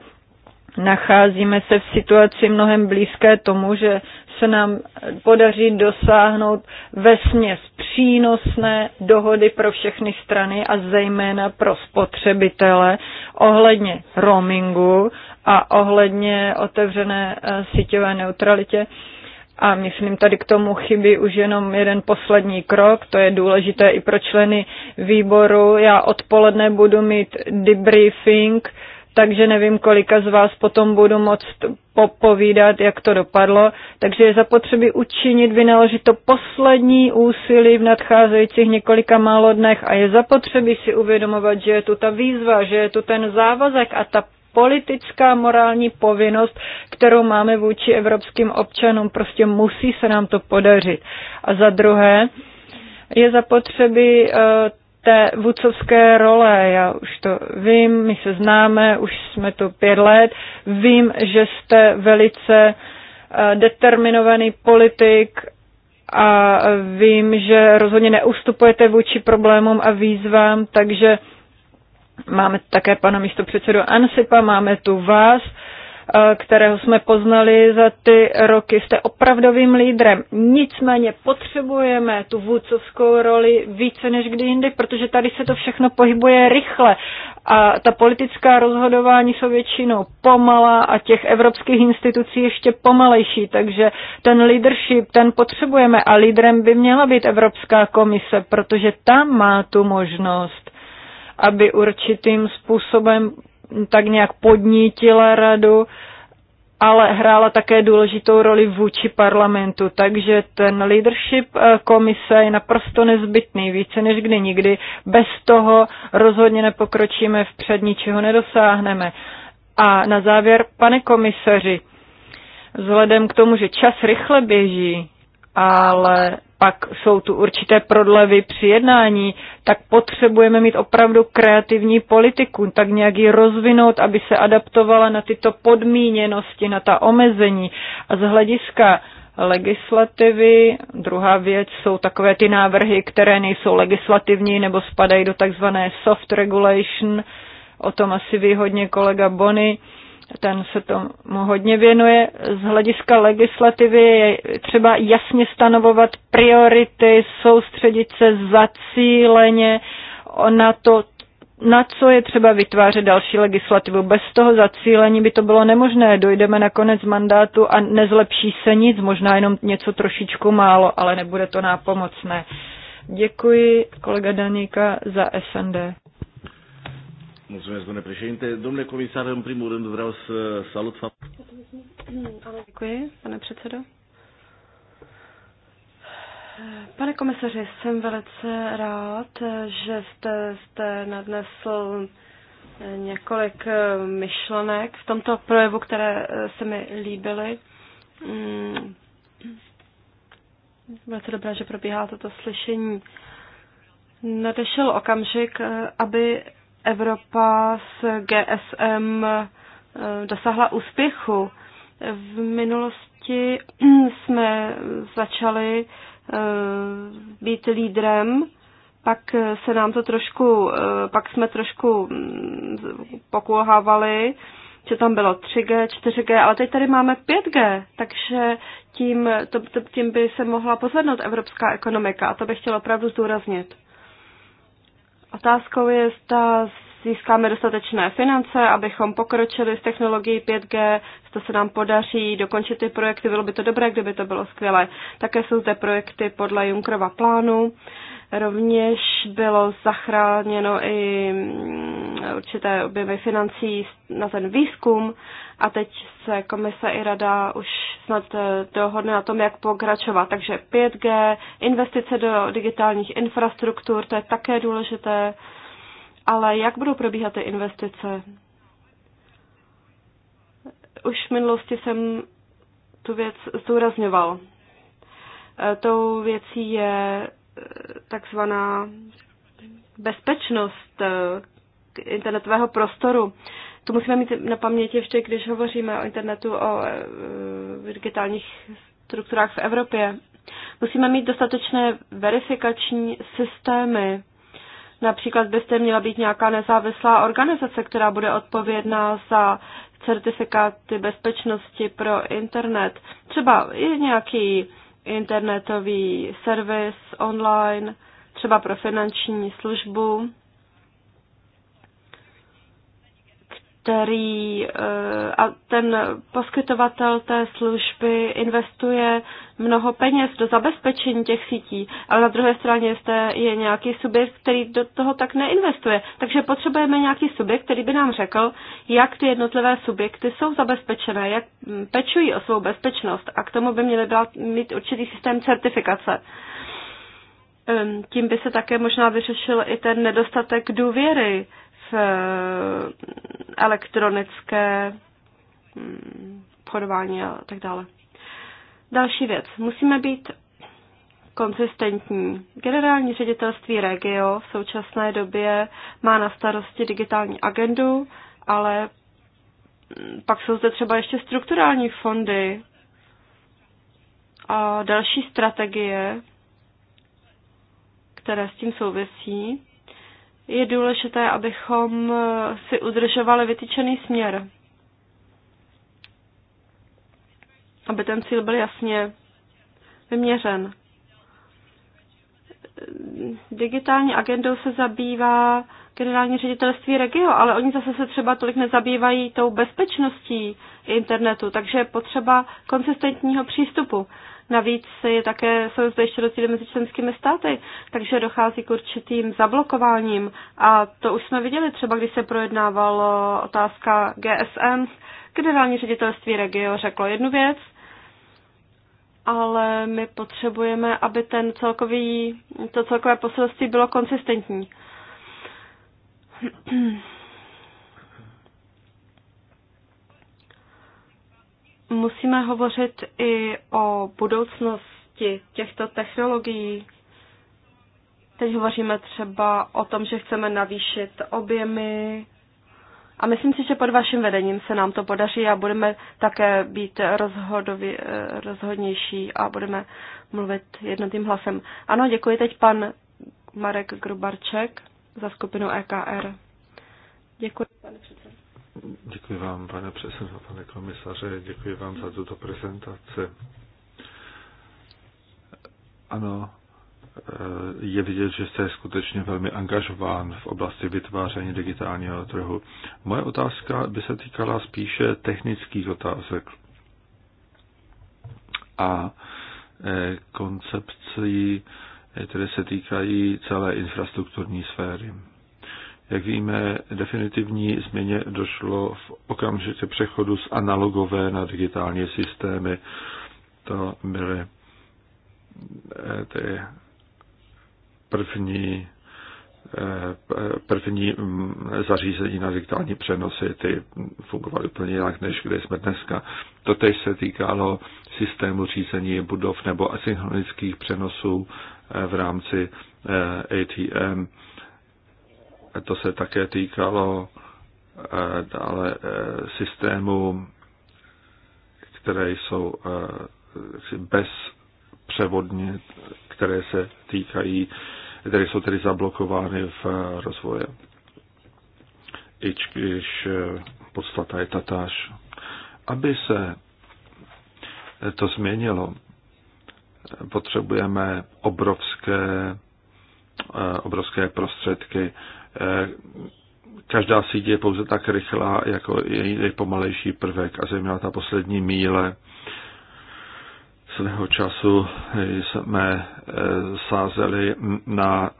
nacházíme se v situaci mnohem blízké tomu, že se nám podaří dosáhnout vesměs přínosné dohody pro všechny strany a zejména pro spotřebitele ohledně roamingu a ohledně otevřené eh, síťové neutralitě. Uh, a myslím, tady k tomu chybí už jenom jeden poslední krok, to je důležité i pro členy výboru. Já odpoledne budu mít debriefing, takže nevím, kolika z vás potom budu moct popovídat, jak to dopadlo. Takže je zapotřebí učinit, vynaložit to poslední úsilí v nadcházejících několika málo dnech a je zapotřebí si uvědomovat, že je tu ta výzva, že je tu ten závazek a ta politická morální povinnost, kterou máme vůči evropským občanům. Prostě musí se nám to podařit. A za druhé, je zapotřebí eh, té vůcovské role. Já už to vím, my se známe, už jsme tu pět let. Vím, že jste velice eh, determinovaný politik a vím, že rozhodně neustupujete vůči problémům a výzvám, takže Máme také pana místopředsedu Ansipa, máme tu vás, eh, kterého jsme poznali za ty roky. Jste opravdovým lídrem. Nicméně potřebujeme tu vůdcovskou roli více než kdy jindy, protože tady se to všechno pohybuje rychle a ta politická rozhodování jsou většinou pomalá a těch evropských institucí ještě pomalejší, takže ten leadership, ten potřebujeme a lídrem by měla být Evropská komise, protože tam má tu možnost aby určitým způsobem tak nějak podnítila radu, ale hrála také důležitou roli vůči parlamentu. Takže ten leadership eh, komise je naprosto nezbytný, více než kdy nikdy. Bez toho rozhodně nepokročíme vpřed, ničeho nedosáhneme. A na závěr, pane komisaři, vzhledem k tomu, že čas rychle běží, ale pak jsou tu určité prodlevy při jednání, tak potřebujeme mít opravdu kreativní politiku, tak nějak ji rozvinout, aby se adaptovala na tyto podmíněnosti, na ta omezení. A z hlediska legislativy, druhá věc jsou takové ty návrhy, které nejsou legislativní nebo spadají do takzvané soft regulation, o tom asi ví hodně kolega Bony. Uh, ten se tomu hodně věnuje. Z hlediska legislativy je třeba jasně stanovovat priority, soustředit se zacíleně na to, na co je třeba vytvářet další legislativu. Bez toho zacílení by to bylo nemožné. Dojdeme na konec mandátu a nezlepší se nic, možná jenom něco trošičku málo, ale nebude to nápomocné. Děkuji kolega Daníka za SND. Mulțumesc, domnule președinte. Domnule comisar, în primul rând vreau să salut faptul... Děkuji, pane předsedo. Pane komisaři, jsem velice rád, že jste, jste nadnesl několik eh, myšlenek v tomto projevu, které eh, se mi líbily. Mm. Velice dobré, že probíhá toto slyšení. Nadešel okamžik, eh, aby Evropa s GSM eh, dosáhla úspěchu. V minulosti jsme začali eh, být lídrem, pak se nám to trošku, eh, pak jsme trošku mm, pokulhávali, že tam bylo 3G, 4G, ale teď tady máme 5G, takže tím, to, tím by se mohla pozvednout evropská ekonomika a to bych chtěla opravdu zdůraznit. Otázkou je, zda získáme dostatečné finance, abychom pokročili s technologií 5G, zda se nám podaří dokončit ty projekty, bylo by to dobré, kdyby to bylo skvělé. Také jsou zde projekty podle Junkrova plánu. Rovněž bylo zachráněno i mm, určité objemy financí na ten výzkum a teď se komise i rada už snad eh, dohodne na tom, jak pokračovat. Takže 5G, investice do digitálních infrastruktur, to je také důležité. Ale jak budou probíhat ty investice? Už v minulosti jsem tu věc zdůrazňoval. Eh, tou věcí je takzvaná bezpečnost eh, internetového prostoru. To musíme mít na paměti ještě, když hovoříme o internetu, o eh, digitálních strukturách v Evropě. Musíme mít dostatečné verifikační systémy. Například byste měla být nějaká nezávislá organizace, která bude odpovědná za certifikáty bezpečnosti pro internet. Třeba i nějaký internetový servis online, třeba pro finanční službu. který eh, a ten poskytovatel té služby investuje mnoho peněz do zabezpečení těch sítí, ale na druhé straně jste, je nějaký subjekt, který do toho tak neinvestuje. Takže potřebujeme nějaký subjekt, který by nám řekl, jak ty jednotlivé subjekty jsou zabezpečené, jak hm, pečují o svou bezpečnost a k tomu by měly mít určitý systém certifikace. Ehm, tím by se také možná vyřešil i ten nedostatek důvěry v eh, elektronické podování hm, a tak dále. Další věc. Musíme být konzistentní. Generální ředitelství Regio v současné době má na starosti digitální agendu, ale hm, pak jsou zde třeba ještě strukturální fondy a další strategie, které s tím souvisí je důležité, abychom si udržovali vytyčený směr. Aby ten cíl byl jasně vyměřen. Digitální agendou se zabývá generální ředitelství regio, ale oni zase se třeba tolik nezabývají tou bezpečností internetu, takže je potřeba konsistentního přístupu. Navíc je také, jsou zde ještě rozdíly mezi členskými státy, takže dochází k určitým zablokováním. A to už jsme viděli třeba, když se projednávala otázka GSM. Generální ředitelství regio řeklo jednu věc, ale my potřebujeme, aby ten celkový, to celkové poselství bylo konsistentní. musíme hovořit i o budoucnosti těchto technologií. Teď hovoříme třeba o tom, že chceme navýšit objemy a myslím si, že pod vaším vedením se nám to podaří a budeme také být rozhodově, eh, rozhodnější a budeme mluvit jednotným hlasem. Ano, děkuji teď pan Marek Grubarček za skupinu EKR. Děkuji, pane předsedo. Děkuji vám, pane předsedo, pane komisaře, děkuji vám za tuto prezentaci. Ano, eh, je vidět, že jste skutečně velmi angažován v oblasti vytváření digitálního trhu. Moje otázka by se týkala spíše technických otázek a eh, koncepcí, eh, které se týkají celé infrastrukturní sféry. Jak víme, definitivní změně došlo v okamžitě přechodu z analogové na digitální systémy. To byly eh, ty první, eh, první mm, zařízení na digitální přenosy, ty fungovaly úplně jinak, než kde jsme dneska. To Totež se týkalo systému řízení budov nebo asynchronických přenosů eh, v rámci ATM to se také týkalo eh, dále eh, systémů, které jsou eh, bez převodně, které se týkají, které jsou tedy zablokovány v rozvoje. I když podstata je tatáž. Aby se to změnilo, potřebujeme obrovské, obrovské prostředky. Eh, každá síť je pouze tak rychlá, jako její nejpomalejší prvek a zejména ta poslední míle svého času jsme eh, sázeli na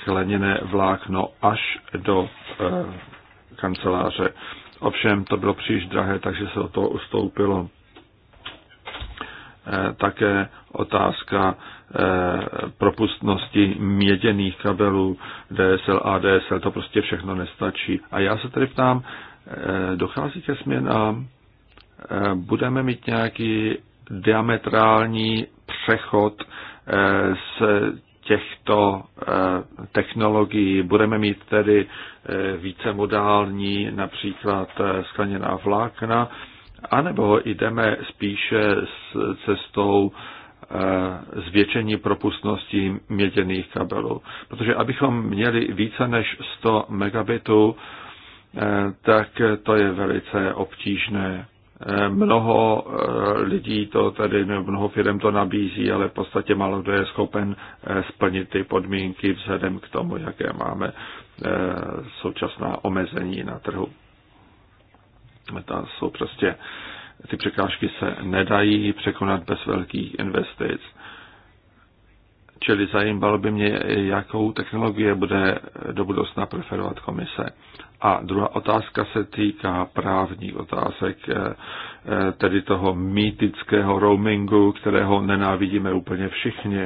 skleněné vlákno až do eh, kanceláře. Ovšem to bylo příliš drahé, takže se od toho ustoupilo. Také otázka eh, propustnosti měděných kabelů DSL a DSL, to prostě všechno nestačí. A já se tady ptám, eh, dochází ke změnám, eh, budeme mít nějaký diametrální přechod z těchto technologií. Budeme mít tedy více modální, například skleněná vlákna, anebo jdeme spíše s cestou Eh, zvětšení propustnosti měděných kabelů. Protože abychom měli více než 100 megabitů, eh, tak to je velice obtížné. Eh, mnoho lidí to tedy, mnoho firm to nabízí, ale v podstatě málo kdo je schopen splnit ty podmínky vzhledem k tomu, jaké máme současná omezení na trhu. To jsou prostě ty překážky se nedají překonat bez velkých investic. Čili zajímalo by mě, jakou technologie bude do budoucna preferovat komise. A druhá otázka se týká právních otázek, eh, eh, tedy toho mýtického roamingu, kterého nenávidíme úplně všichni.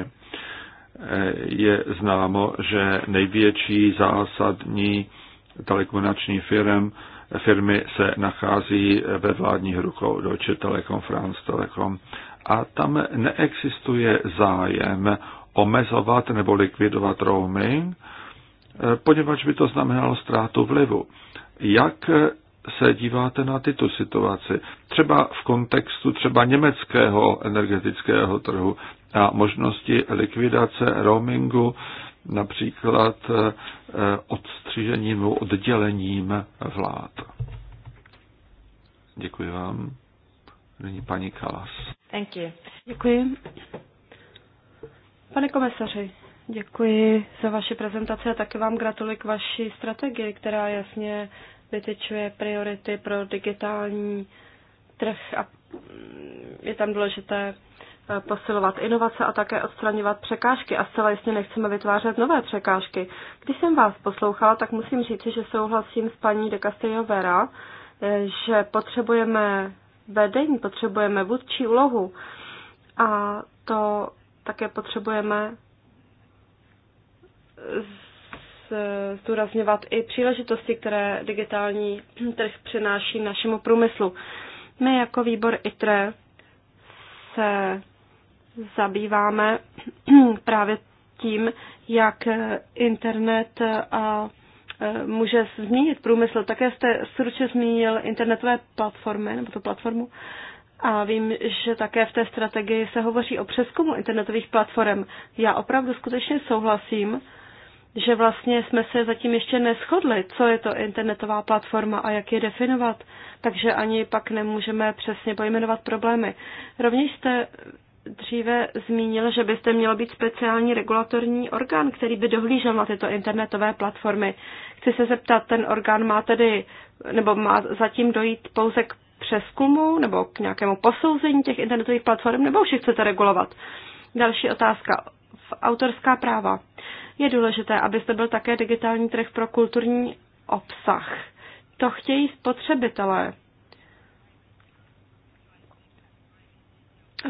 Eh, je známo, že největší zásadní telekomunikační firmy firmy se nachází ve vládních rukou Deutsche Telekom, France Telekom a tam neexistuje zájem omezovat nebo likvidovat roaming, poněvadž by to znamenalo ztrátu vlivu. Jak se díváte na tyto situaci? Třeba v kontextu třeba německého energetického trhu a možnosti likvidace roamingu například eh, eh, odstřižením nebo oddělením vlád. Děkuji vám. Nyní paní Kalas. Thank you. Děkuji. Pane komisaři, děkuji za vaši prezentaci a také vám gratuluji k vaší strategii, která jasně vytyčuje priority pro digitální trh a je tam důležité posilovat inovace a také odstraňovat překážky a zcela jistě nechceme vytvářet nové překážky. Když jsem vás poslouchala, tak musím říct, že souhlasím s paní de Castillo Vera, že potřebujeme vedení, potřebujeme vůdčí úlohu a to také potřebujeme zdůrazňovat i příležitosti, které digitální trh přináší našemu průmyslu. My jako výbor ITRE se zabýváme právě tím, jak internet a eh, může změnit průmysl. Také jste stručně zmínil internetové platformy, nebo tu platformu. A vím, že také v té strategii se hovoří o přeskumu internetových platform. Já opravdu skutečně souhlasím, že vlastně jsme se zatím ještě neschodli, co je to internetová platforma a jak je definovat, takže ani pak nemůžeme přesně pojmenovat problémy. Rovněž jste dříve zmínil, že byste měl být speciální regulatorní orgán, který by dohlížel na tyto internetové platformy. Chci se zeptat, ten orgán má tedy, nebo má zatím dojít pouze k přeskumu nebo k nějakému posouzení těch internetových platform, nebo už je chcete regulovat? Další otázka. V autorská práva. Je důležité, abyste byl také digitální trh pro kulturní obsah. To chtějí spotřebitelé.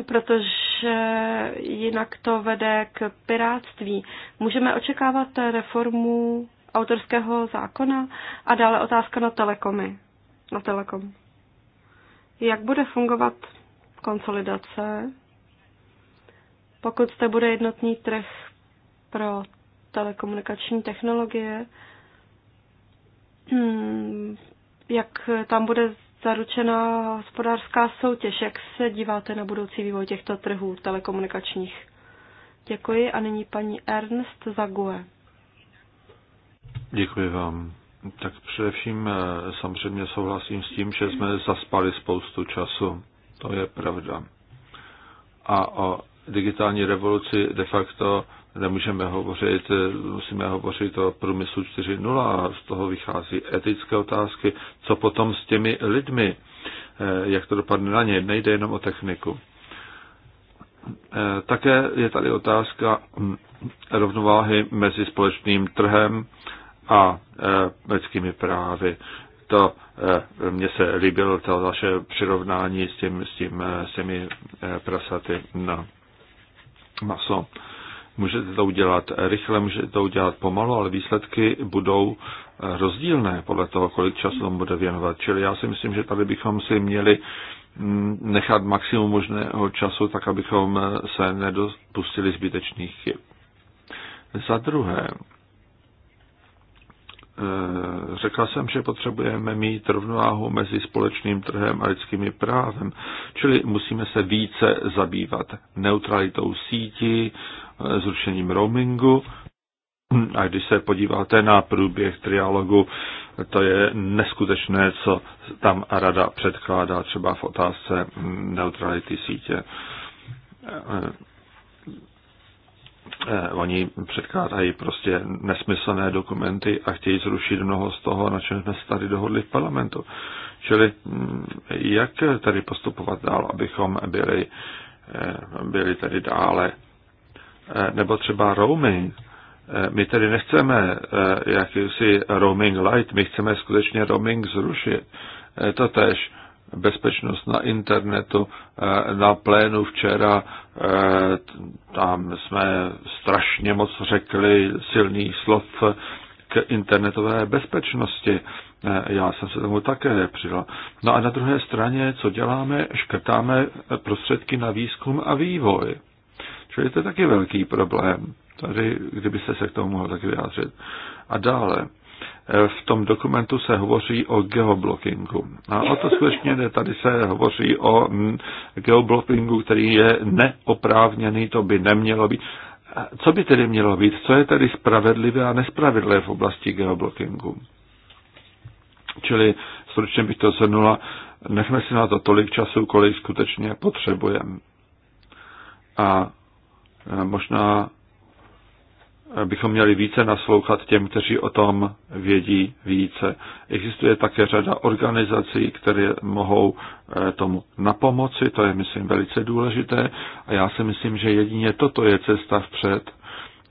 protože jinak to vede k piráctví. Můžeme očekávat reformu autorského zákona a dále otázka na telekomy. Na telekom. Jak bude fungovat konsolidace, pokud to bude jednotný trh pro telekomunikační technologie, hmm, jak tam bude zaručená hospodářská soutěž. Jak se díváte na budoucí vývoj těchto trhů telekomunikačních? Děkuji a nyní paní Ernst Zague. Děkuji vám. Tak především eh, samozřejmě souhlasím s tím, že jsme zaspali spoustu času. To je pravda. A o digitální revoluci de facto nemůžeme hovořit, musíme hovořit o průmyslu 4.0 a z toho vychází etické otázky, co potom s těmi lidmi, eh, jak to dopadne na ně, nejde jenom o techniku. Eh, také je tady otázka hm, rovnováhy mezi společným trhem a eh, lidskými právy. To mně se líbilo, to vaše přirovnání s, tím, s, tím, s těmi prasaty na maso. Můžete to udělat rychle, můžete to udělat pomalu, ale výsledky budou eh, rozdílné podle toho, kolik času tomu bude věnovat. Čili já si myslím, že tady bychom si měli mm, nechat maximum možného času, tak abychom eh, se nedopustili zbytečných chyb. Za druhé, eh, řekla jsem, že potřebujeme mít rovnováhu mezi společným trhem a lidskými právem, čili musíme se více zabývat neutralitou sítí, zrušením roamingu. A když se podíváte na průběh trialogu, to je neskutečné, co tam rada předkládá třeba v otázce neutrality sítě. Eh, oni předkládají prostě nesmyslné dokumenty a chtějí zrušit mnoho z toho, na čem jsme se tady dohodli v parlamentu. Čili mm, jak tady postupovat dál, abychom byli, eh, byli tady dále Eh, nebo třeba roaming. Eh, my tedy nechceme eh, jakýsi roaming light, my chceme skutečně roaming zrušit. To tež bezpečnost na internetu, na plénu včera, tam jsme strašně moc řekli silných slov k internetové bezpečnosti. Já jsem se tomu také přidal. No a na druhé straně, co děláme? Škrtáme prostředky na výzkum a vývoj. Čili to je taky velký problém. Tady, kdyby se k tomu mohl taky vyjádřit. A dále, eh, v tom dokumentu se hovoří o geoblockingu. A o to skutečně ne, tady se hovoří o mm, geoblockingu, který je neoprávněný, to by nemělo být. Co by tedy mělo být? Co je tedy spravedlivé a nespravedlivé v oblasti geoblockingu? Čili stručně bych to zhrnula, nechme si na to tolik času, kolik skutečně potřebujeme. A Eh, možná eh, bychom měli více naslouchat těm, kteří o tom vědí více. Existuje také řada organizací, které mohou eh, tomu napomoci, to je, myslím, velice důležité a já si myslím, že jedině toto je cesta vpřed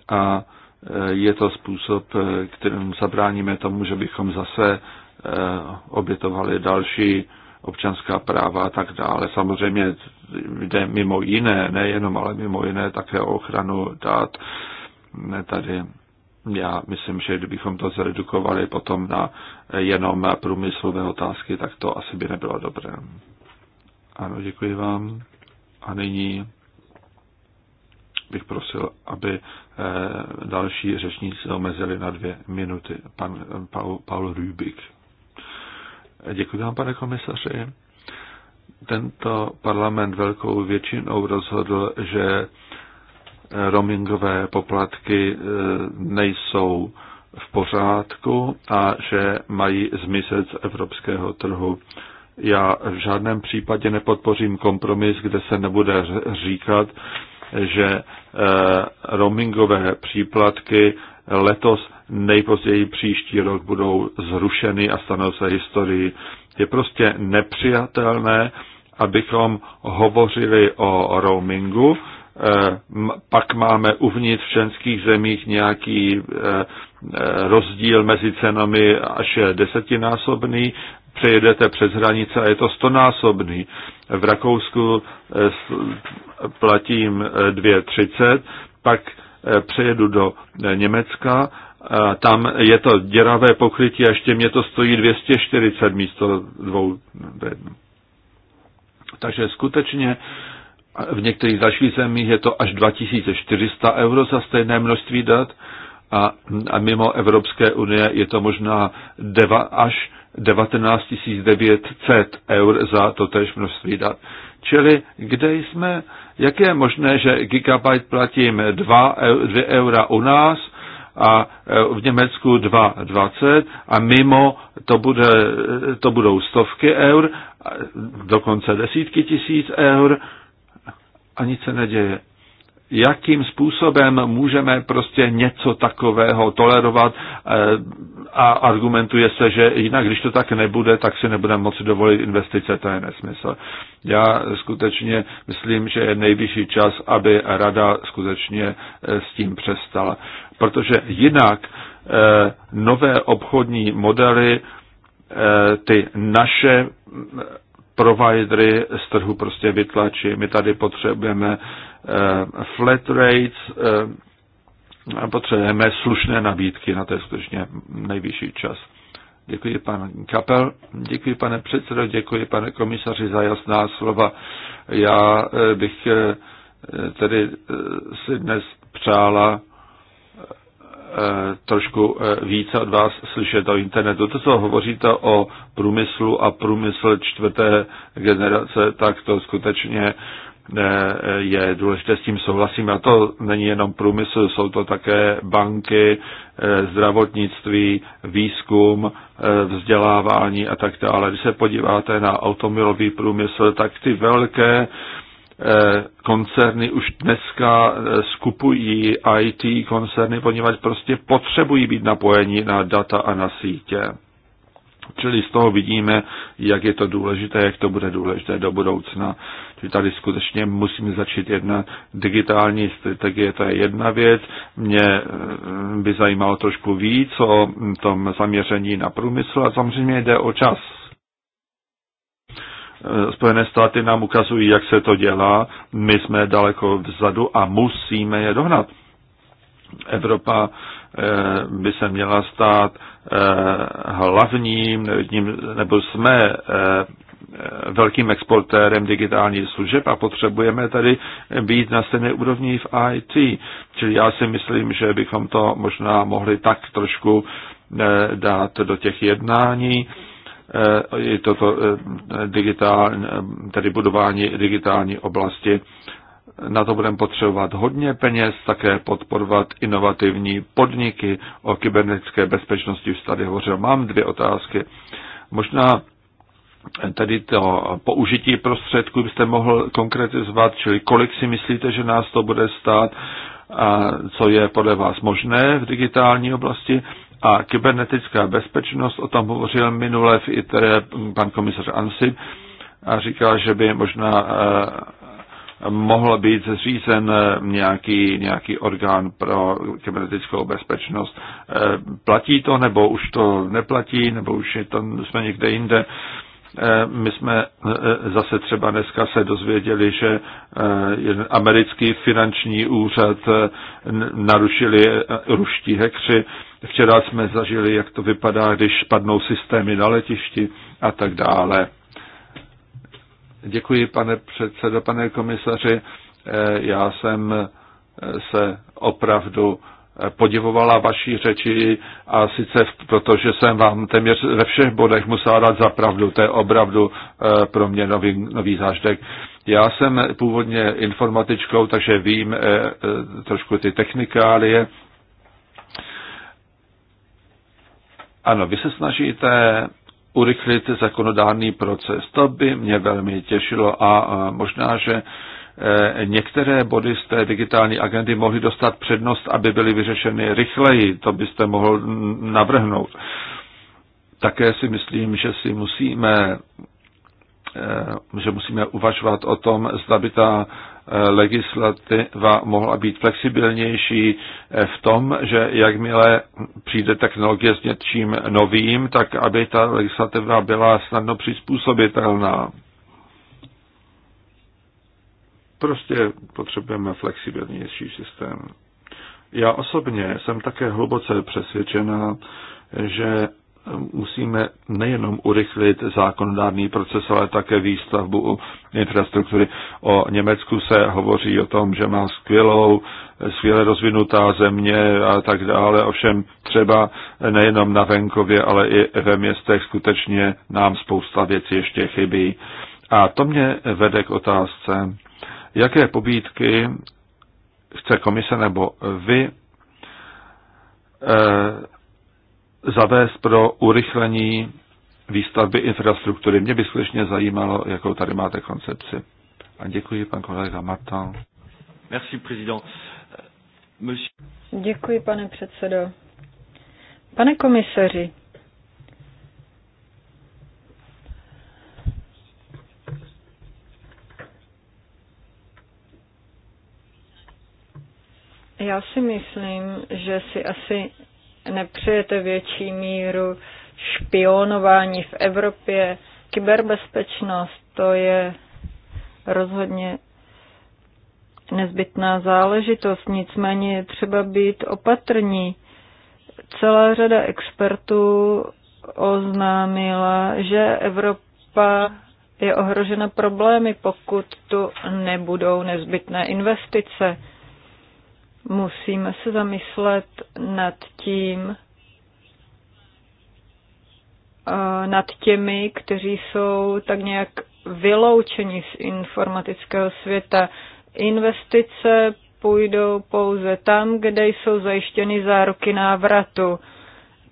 a je to způsob, kterým zabráníme tomu, že bychom zase obětovali další občanská práva a tak dále. Samozřejmě jde mimo jiné, nejenom, ale mimo jiné také o ochranu dát. Ne tady já myslím, že kdybychom to zredukovali potom na jenom průmyslové otázky, tak to asi by nebylo dobré. Ano, děkuji vám. A nyní bych prosil, aby eh, další řečníci omezili na dvě minuty. Pan eh, Paul, Paul Rübig. Děkuji vám, pane komisaři. Tento parlament velkou většinou rozhodl, že roamingové poplatky e, nejsou v pořádku a že mají zmizet z evropského trhu. Já v žádném případě nepodpořím kompromis, kde se nebude říkat, že e, roamingové příplatky letos nejpozději příští rok budou zrušeny a stanou se historii. Je prostě nepřijatelné, abychom hovořili o roamingu, eh, pak máme uvnitř v členských zemích nějaký eh, eh, rozdíl mezi cenami až desetinásobný, přejedete přes hranice a je to stonásobný. V Rakousku platím 2,30, pak přejedu do Německa tam je to děravé pokrytí a ještě mě to stojí 240 místo dvou. Takže skutečně v některých dalších zemích je to až 2400 euro za stejné množství dat a, a mimo Evropské unie je to možná deva, až 19 900 eur za totéž množství dat. Čili kde jsme, jak je možné, že gigabyte platím 2, 2 e, eura u nás a e, v Německu 2,20 a mimo to, bude, to budou stovky eur, dokonce desítky tisíc eur a nic se neděje. Jakým způsobem můžeme prostě něco takového tolerovat e, a argumentuje se, že jinak, když to tak nebude, tak si nebudeme moci dovolit investice, to je nesmysl. Já skutečně myslím, že je nejvyšší čas, aby rada skutečně e, s tím přestala protože jinak eh, nové obchodní modely eh, ty naše providery z trhu prostě vytlačí. My tady potřebujeme eh, flat rates, potřebujeme slušné nabídky, na to je skutečně nejvyšší čas. Děkuji pan Kapel, děkuji pane předsedo, děkuji pane komisaři za jasná slova. Já bych tedy si dnes přála trošku eh, více od vás slyšet o internetu. To, co hovoříte o průmyslu a průmysl čtvrté generace, tak to skutečně eh, je důležité, s tím souhlasím. A to není jenom průmysl, jsou to také banky, eh, zdravotnictví, výzkum, vzdělávání a tak dále. Když se podíváte na automobilový průmysl, tak ty velké Eh, koncerny už dneska eh, skupují IT koncerny, poněvadž prostě potřebují být napojeni na data a na sítě. Čili z toho vidíme, jak je to důležité, jak to bude důležité do budoucna. Čili tady skutečně musíme začít jedna digitální strategie, to je jedna věc. Mě eh, by zajímalo trošku víc o tom zaměření na průmysl a samozřejmě jde o čas Eh, Spojené státy nám ukazují, jak se to dělá, my jsme daleko vzadu a musíme je dohnat. Evropa eh, by se měla stát eh, hlavním, nebo jsme velkým exportérem digitálních služeb a potřebujeme tady být na stejné úrovni v IT. Čili já si myslím, že bychom to možná mohli tak trošku dát do těch jednání Eh, i toto eh, digitální, eh, tedy budování digitální oblasti. Na to budeme potřebovat hodně peněz, také podporovat inovativní podniky o kybernetické bezpečnosti. Už tady hovořil, mám dvě otázky. Možná tedy to použití prostředků byste mohl konkretizovat, čili kolik si myslíte, že nás to bude stát, a co je podle vás možné v digitální oblasti a kybernetická bezpečnost, o tom hovořil minule v ITER pan komisař Ansip a říkal, že by možná eh, mohl být zřízen eh, nějaký, nějaký orgán pro kybernetickou bezpečnost. Eh, platí to, nebo už to neplatí, nebo už je tam, jsme někde jinde. Eh, my jsme eh, eh, zase třeba dneska se dozvěděli, že americký finanční úřad narušili ruští hekři. Včera jsme zažili, jak to vypadá, když padnou systémy na letišti a tak dále. Děkuji, pane předsedo, pane komisaři. Já jsem se opravdu podivovala vaší řeči a sice protože jsem vám téměř ve všech bodech musela dát za pravdu, to je opravdu eh, pro mě nový, nový zážitek. Já jsem původně informatičkou, takže vím eh, eh, trošku ty technikálie. Ano, vy se snažíte urychlit zákonodárný proces. To by mě velmi těšilo a možná, že Eh, některé body z té digitální agendy mohly dostat přednost, aby byly vyřešeny rychleji. To byste mohl navrhnout. Také si myslím, že si musíme eh, že musíme uvažovat o tom, zda by ta eh, legislativa mohla být flexibilnější v tom, že jakmile přijde technologie s něčím novým, tak aby ta legislativa byla snadno přizpůsobitelná. Prostě potřebujeme flexibilnější systém. Já osobně jsem také hluboce přesvědčena, že musíme nejenom urychlit zákonodárný proces, ale také výstavbu infrastruktury. O Německu se hovoří o tom, že má skvělou, skvěle rozvinutá země a tak dále. Ovšem třeba nejenom na venkově, ale i ve městech skutečně nám spousta věcí ještě chybí. A to mě vede k otázce, jaké pobídky chce komise nebo vy eh, zavést pro urychlení výstavby infrastruktury. Mě by skutečně zajímalo, jakou tady máte koncepci. A děkuji, pan kolega Martin. Merci, président. Děkuji, pane předsedo. Pane komisaři, Já si myslím, že si asi nepřejete větší míru špionování v Evropě. Kyberbezpečnost to je rozhodně nezbytná záležitost, nicméně je třeba být opatrní. Celá řada expertů oznámila, že Evropa je ohrožena problémy, pokud tu nebudou nezbytné investice. Musíme se zamyslet nad tím, eh, nad těmi, kteří jsou tak nějak vyloučeni z informatického světa. Investice půjdou pouze tam, kde jsou zajištěny záruky návratu.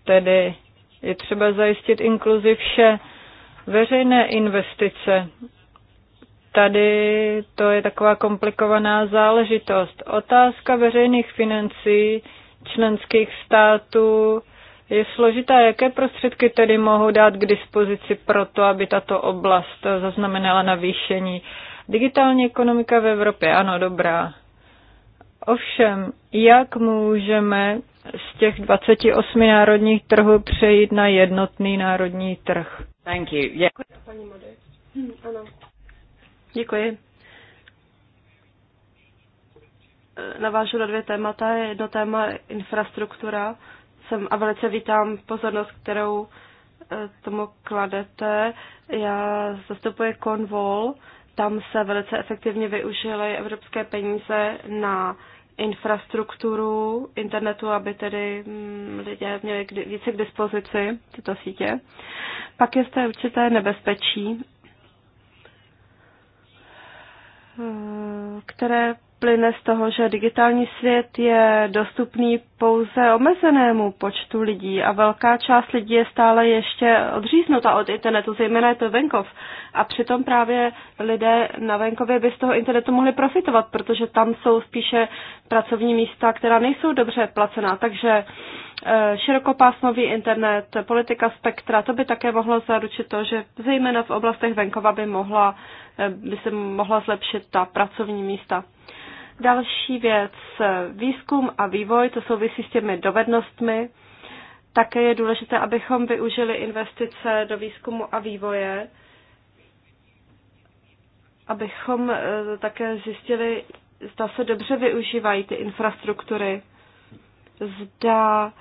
Tedy je třeba zajistit inkluzi vše. Veřejné investice tady to je taková komplikovaná záležitost. Otázka veřejných financí členských států je složitá. Jaké prostředky tedy mohou dát k dispozici pro to, aby tato oblast zaznamenala navýšení? Digitální ekonomika v Evropě, ano, dobrá. Ovšem, jak můžeme z těch 28 národních trhů přejít na jednotný národní trh? Thank you. Yeah. paní Hm, ano. Děkuji. Navážu na dvě témata. Jedno téma infrastruktura. Jsem a velice vítám pozornost, kterou eh, tomu kladete. Já zastupuji Konvol. Tam se velice efektivně využily evropské peníze na infrastrukturu internetu, aby tedy mm, lidé měli více k dispozici tyto sítě. Pak je zde určité nebezpečí které plyne z toho, že digitální svět je dostupný pouze omezenému počtu lidí a velká část lidí je stále ještě odříznuta od internetu, zejména je to venkov. A přitom právě lidé na venkově by z toho internetu mohli profitovat, protože tam jsou spíše pracovní místa, která nejsou dobře placená. Takže uh, Eh, širokopásmový internet, politika spektra, to by také mohlo zaručit to, že zejména v oblastech venkova by, mohla, eh, by se mohla zlepšit ta pracovní místa. Další věc, eh, výzkum a vývoj, to souvisí s těmi dovednostmi. Také je důležité, abychom využili investice do výzkumu a vývoje, abychom také zjistili, zda se dobře využívají ty infrastruktury, zda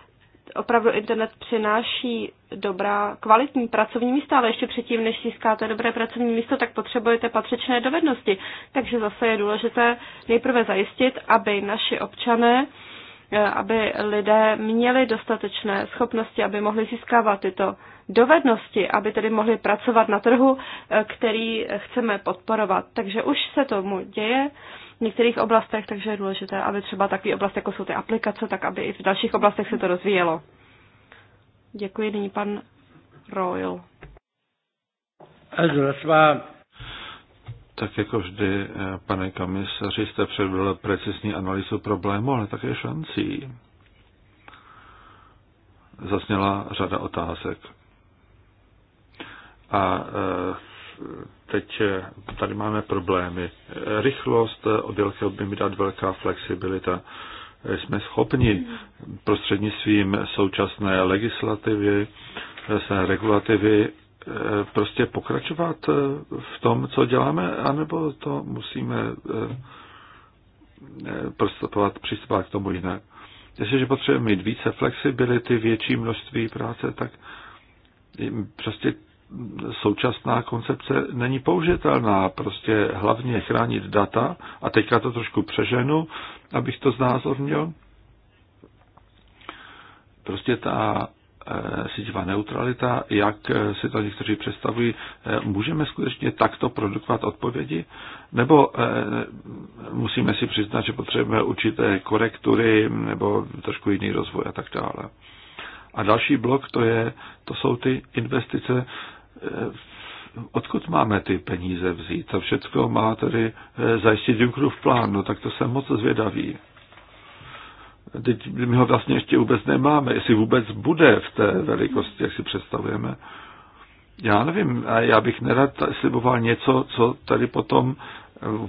opravdu internet přináší dobrá, kvalitní pracovní místa, ale ještě předtím, než získáte dobré pracovní místo, tak potřebujete patřičné dovednosti. Takže zase je důležité nejprve zajistit, aby naši občané, eh, aby lidé měli dostatečné schopnosti, aby mohli získávat tyto dovednosti, aby tedy mohli pracovat na trhu, eh, který chceme podporovat. Takže už se tomu děje některých oblastech, takže je důležité, aby třeba takový oblast, jako jsou ty aplikace, tak aby i v dalších oblastech se to rozvíjelo. Děkuji, nyní pan Royal. Tak jako vždy, pane komisaři, jste předvedl precizní analýzu problému, ale také šancí. Zasněla řada otázek. A e, teď eh, tady máme problémy. Rychlost, eh, od velkého by mi dát velká flexibilita. Eh, jsme schopni prostřednictvím současné legislativy, se regulativy prostě pokračovat v tom, co děláme, anebo to musíme prostupovat, přistupovat k tomu jinak. Jestliže potřebujeme mít více flexibility, větší množství práce, tak prostě současná koncepce není použitelná. Prostě hlavně chránit data, a teďka to trošku přeženu, abych to znázornil. Prostě ta eh, síťová neutralita, jak eh, si to někteří představují, eh, můžeme skutečně takto produkovat odpovědi? Nebo musíme si přiznat, že potřebujeme určité korektury nebo trošku jiný rozvoj a tak dále? A další blok to, je, to jsou ty investice Eh, odkud máme ty peníze vzít? To všechno má tedy eh, zajistit Junckerův plán, no tak to jsem moc zvědavý. Teď my ho vlastně ještě vůbec nemáme, jestli vůbec bude v té velikosti, jak si představujeme. Já nevím, já bych nerad sliboval něco, co tady potom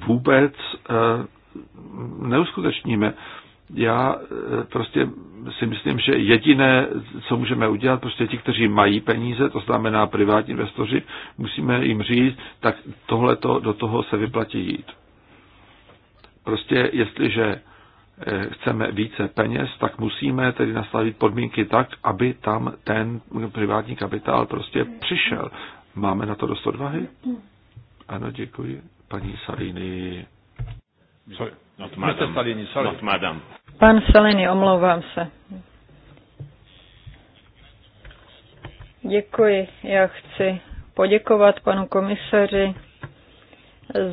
vůbec eh, neuskutečníme já e, prostě si myslím, že jediné, co můžeme udělat, prostě ti, kteří mají peníze, to znamená privátní investoři, musíme jim říct, tak tohleto do toho se vyplatí jít. Prostě jestliže e, chceme více peněz, tak musíme tedy nastavit podmínky tak, aby tam ten privátní kapitál prostě přišel. Máme na to dost odvahy? Ano, děkuji. Paní Salini. Sorry. Not madam. Salini, sorry. Not madam. Pan Salini, omlouvám se. Děkuji. Já chci poděkovat panu komisaři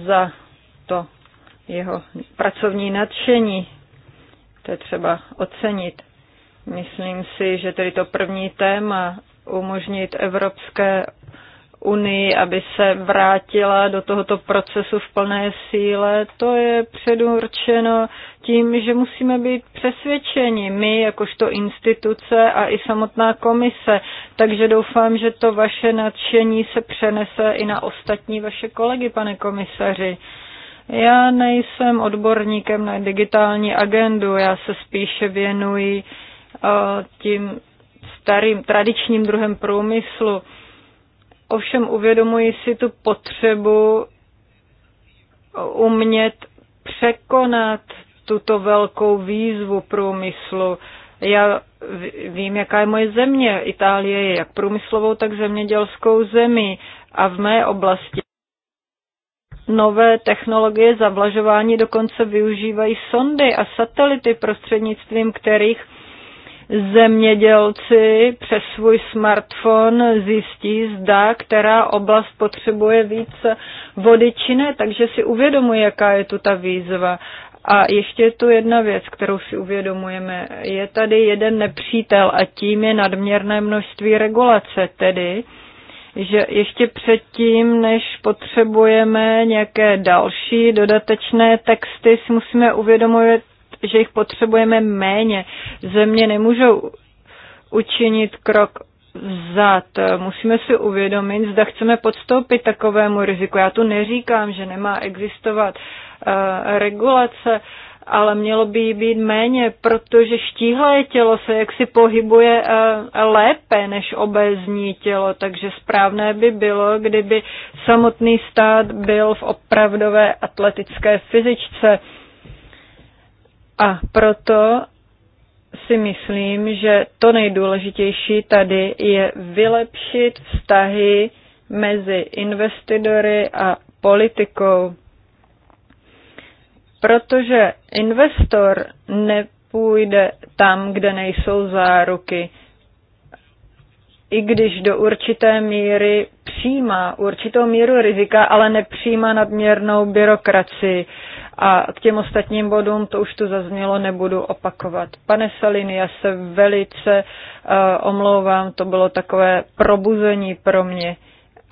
za to jeho pracovní nadšení. To je třeba ocenit. Myslím si, že tedy to první téma umožnit Evropské unii, aby se vrátila do tohoto procesu v plné síle, to je předurčeno tím, že musíme být přesvědčeni my, jakožto instituce a i samotná komise. Takže doufám, že to vaše nadšení se přenese i na ostatní vaše kolegy, pane komisaři. Já nejsem odborníkem na digitální agendu, já se spíše věnuji eh, tím starým tradičním druhem průmyslu Ovšem uvědomuji si tu potřebu umět překonat tuto velkou výzvu průmyslu. Já vím, jaká je moje země. Itálie je jak průmyslovou, tak zemědělskou zemí. A v mé oblasti nové technologie zavlažování dokonce využívají sondy a satelity, prostřednictvím kterých zemědělci přes svůj smartphone zjistí, zda která oblast potřebuje víc vody či ne, takže si uvědomují, jaká je tu ta výzva. A ještě je tu jedna věc, kterou si uvědomujeme. Je tady jeden nepřítel a tím je nadměrné množství regulace, tedy že ještě předtím, než potřebujeme nějaké další dodatečné texty, si musíme uvědomovat, že jich potřebujeme méně. Země nemůžou učinit krok vzad. Musíme si uvědomit, zda chceme podstoupit takovému riziku. Já tu neříkám, že nemá existovat uh, regulace, ale mělo by jí být méně, protože štíhlé tělo se jaksi pohybuje eh, lépe než obezní tělo, takže správné by bylo, kdyby samotný stát byl v opravdové atletické fyzičce. A proto si myslím, že to nejdůležitější tady je vylepšit vztahy mezi investidory a politikou. Protože investor nepůjde tam, kde nejsou záruky, i když do určité míry přijímá určitou míru rizika, ale nepřijímá nadměrnou byrokracii. A k těm ostatním bodům, to už tu zaznělo, nebudu opakovat. Pane Salini, já se velice uh, omlouvám, to bylo takové probuzení pro mě.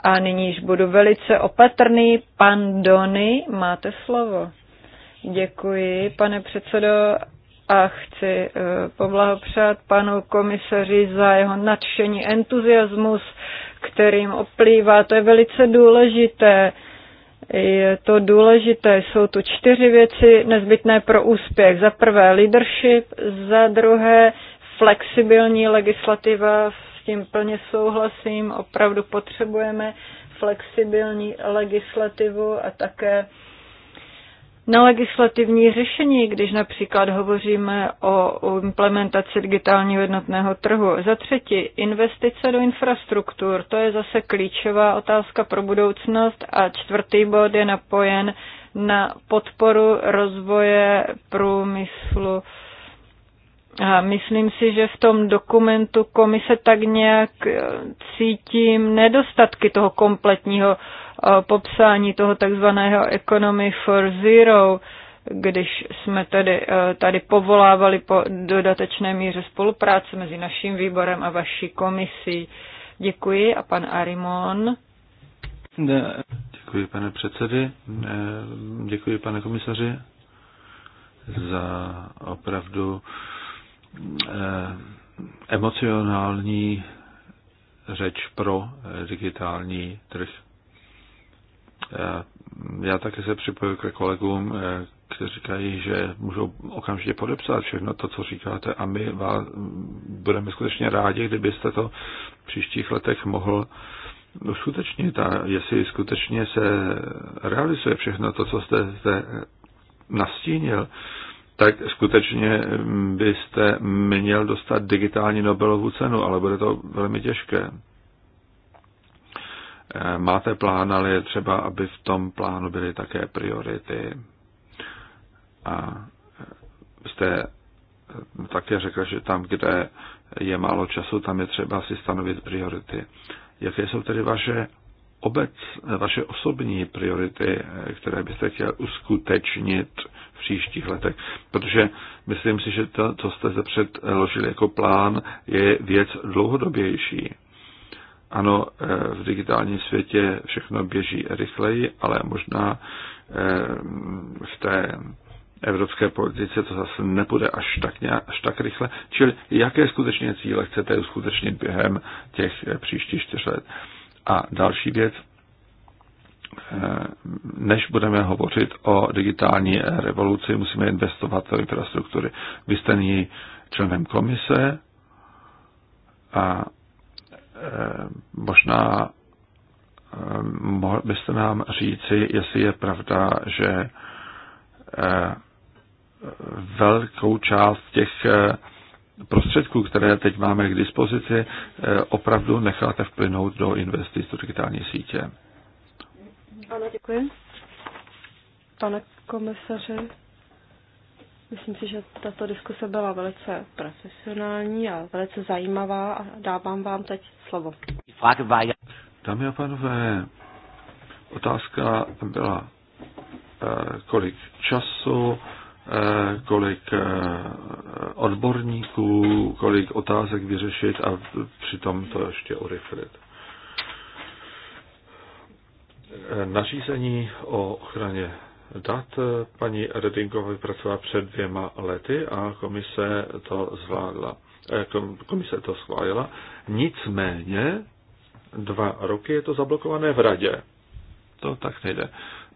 A nyníž budu velice opatrný. Pan Dony, máte slovo. Děkuji, pane předsedo, a chci eh, poblahopřát panu komisaři za jeho nadšení, entuziasmus, kterým oplývá. To je velice důležité je to důležité. Jsou tu čtyři věci nezbytné pro úspěch. Za prvé leadership, za druhé flexibilní legislativa, s tím plně souhlasím, opravdu potřebujeme flexibilní legislativu a také na legislativní řešení, když například hovoříme o implementaci digitálního jednotného trhu. Za třetí, investice do infrastruktur, to je zase klíčová otázka pro budoucnost. A čtvrtý bod je napojen na podporu rozvoje průmyslu. A myslím si, že v tom dokumentu komise tak nějak cítím nedostatky toho kompletního popsání toho takzvaného Economy for Zero, když jsme tady, eh, tady povolávali po dodatečné míře spolupráce mezi naším výborem a vaší komisí. Děkuji a pan Arimon. Děkuji, pane předsedy. Děkuji, pane komisaři, za opravdu eh, emocionální řeč pro digitální trh. Já také se připojuji ke kolegům, eh, kteří říkají, že můžou okamžitě podepsat všechno to, co říkáte a my vás budeme skutečně rádi, kdybyste to v příštích letech mohl uskutečnit a jestli skutečně se realizuje všechno to, co jste, jste nastínil, tak skutečně byste měl dostat digitální Nobelovu cenu, ale bude to velmi těžké. Eh, máte plán, ale je třeba, aby v tom plánu byly také priority. A eh, jste eh, také řekl, že tam, kde je málo času, tam je třeba si stanovit priority. Jaké jsou tedy vaše obec, vaše osobní priority, které byste chtěl uskutečnit v příštích letech. Protože myslím si, že to, co jste se předložili jako plán, je věc dlouhodobější. Ano, eh, v digitálním světě všechno běží rychleji, ale možná eh, v té evropské politice to zase nepůjde až tak, až tak rychle. Čili jaké skutečně cíle chcete uskutečnit během těch eh, příštích čtyř let? A další věc, než budeme hovořit o digitální revoluci, musíme investovat do infrastruktury. Vy jste členem komise a Eh, možná eh, mohl byste nám říci, jestli je pravda, že eh, velkou část těch prostředků, které teď máme k dispozici, opravdu necháte vplynout do investic do digitální sítě. Ano, děkuji. Pane komisaři, Myslím si, že tato diskuse byla velice profesionální a velice zajímavá a dávám vám teď slovo. Dámy a pánové, otázka byla, eh, kolik času, eh, kolik eh, odborníků, kolik otázek vyřešit a přitom to ještě urychlit. Nařízení o ochraně dat paní Redingova vypracovala před dvěma lety a komise to zvládla. Eh, komise to schválila. Nicméně dva roky je to zablokované v radě. To tak nejde.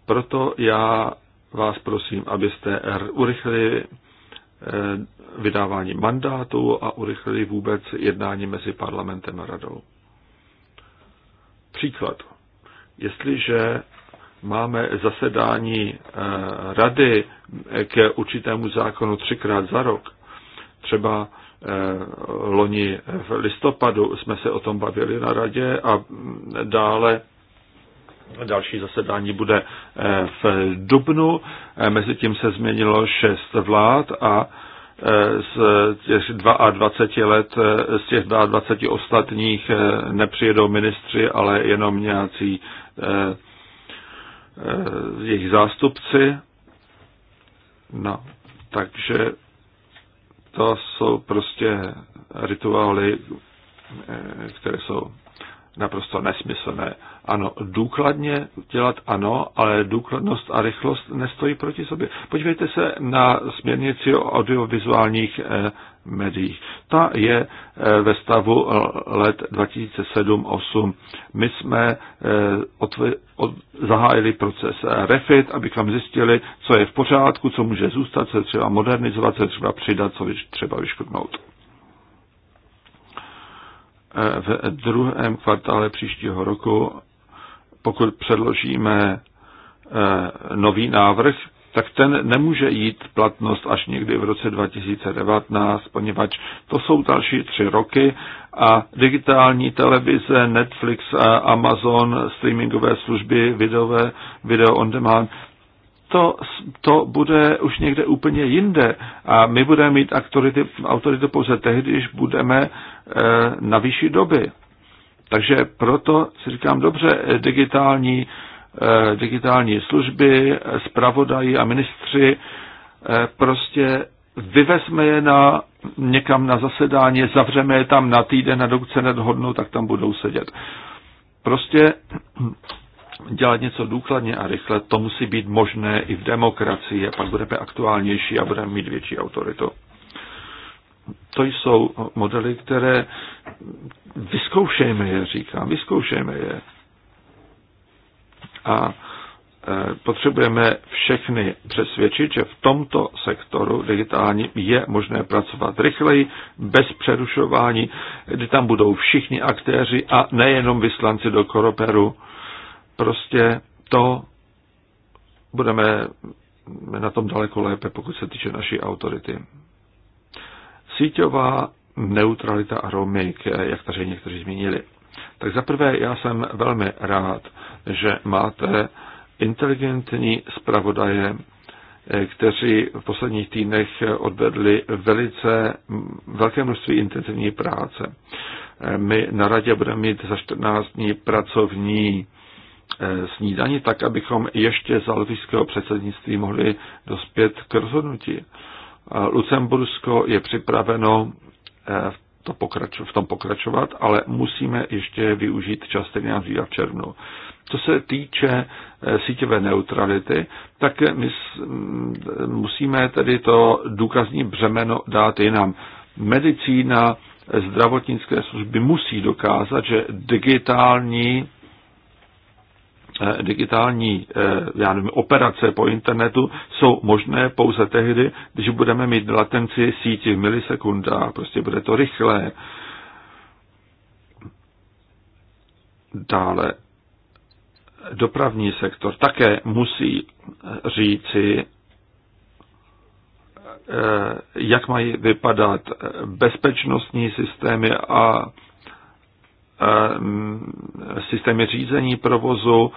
Proto já vás prosím, abyste urychlili eh, vydávání mandátu a urychlili vůbec jednání mezi parlamentem a radou. Příklad. Jestliže máme zasedání eh, rady k určitému zákonu třikrát za rok, třeba eh, loni v listopadu jsme se o tom bavili na radě a mm, dále další zasedání bude eh, v dubnu. Mezitím se změnilo šest vlád a z těch 22 let, z těch 22 ostatních nepřijedou ministři, ale jenom nějací Eh, jejich zástupci. No, takže to jsou prostě rituály, eh, které jsou naprosto nesmyslné. Ano, důkladně dělat ano, ale důkladnost a rychlost nestojí proti sobě. Podívejte se na směrnici o audiovizuálních eh, médiích. Ta je eh, ve stavu let 2007-2008. My jsme eh, zahájili proces eh, refit, abychom zjistili, co je v pořádku, co může zůstat, co je třeba modernizovat, co je třeba přidat, co je třeba vyškrtnout. V druhém kvartále příštího roku, pokud předložíme nový návrh, tak ten nemůže jít platnost až někdy v roce 2019, poněvadž to jsou další tři roky a digitální televize, Netflix, Amazon, streamingové služby, videové, video on demand, to, to bude už někde úplně jinde a my budeme mít autority, autoritu pouze tehdy, když budeme eh, na vyšší doby. Takže proto si říkám, dobře, eh, digitální Eh, digitální služby, zpravodají a ministři, eh, prostě vyvezme je na, někam na zasedání, zavřeme je tam na týden na dokud se nedhodnou, tak tam budou sedět. Prostě dělat něco důkladně a rychle, to musí být možné i v demokracii, a pak budeme aktuálnější a budeme mít větší autoritu. To jsou modely, které vyzkoušejme je, říkám, vyzkoušejme je. A e, potřebujeme všechny přesvědčit, že v tomto sektoru digitální je možné pracovat rychleji, bez přerušování, kdy tam budou všichni aktéři a nejenom vyslanci do Koroperu. Prostě to budeme na tom daleko lépe, pokud se týče naší autority. Síťová neutralita a roaming, jak tady někteří zmínili. Tak zaprvé já jsem velmi rád, že máte inteligentní zpravodaje, kteří v posledních týdnech odvedli velice velké množství intenzivní práce. My na radě budeme mít za 14 dní pracovní eh, snídaní, tak abychom ještě za lotyšského předsednictví mohli dospět k rozhodnutí. Lucembursko je připraveno eh, v to pokrač, v tom pokračovat, ale musíme ještě využít čas, který nás v červnu. Co se týče eh, síťové neutrality, tak my mm, musíme tedy to důkazní břemeno dát jinam. Medicína, zdravotnické služby musí dokázat, že digitální Eh, digitální eh, já nevím, operace po internetu jsou možné pouze tehdy, když budeme mít latenci síti v milisekundách, prostě bude to rychlé. Dále dopravní sektor také musí eh, říci, jak mají vypadat bezpečnostní systémy a Mm, systémy řízení provozu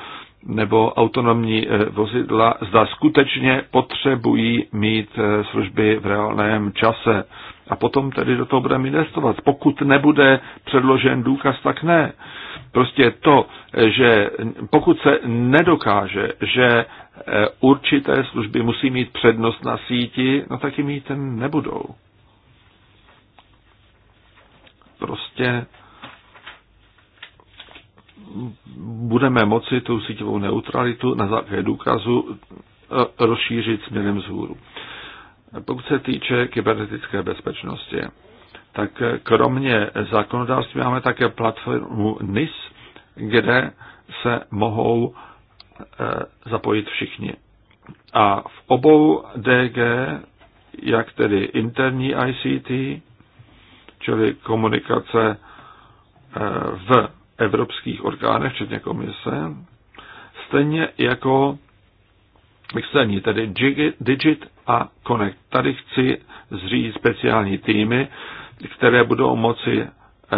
nebo autonomní e, vozidla, zda skutečně potřebují mít e, služby v reálném čase. A potom tedy do toho budeme investovat. Pokud nebude předložen důkaz, tak ne. Prostě to, že pokud se nedokáže, že e, určité služby musí mít přednost na síti, no tak jim mít nebudou. Prostě budeme moci tu síťovou neutralitu na základě důkazu e, rozšířit směrem vzhůru. Pokud se týče kybernetické bezpečnosti, tak kromě zákonodárství máme také platformu NIS, kde se mohou e, zapojit všichni. A v obou DG, jak tedy interní ICT, čili komunikace e, v evropských orgánech, včetně komise, stejně jako externí, tedy Digit a Connect. Tady chci zřídit speciální týmy, které budou moci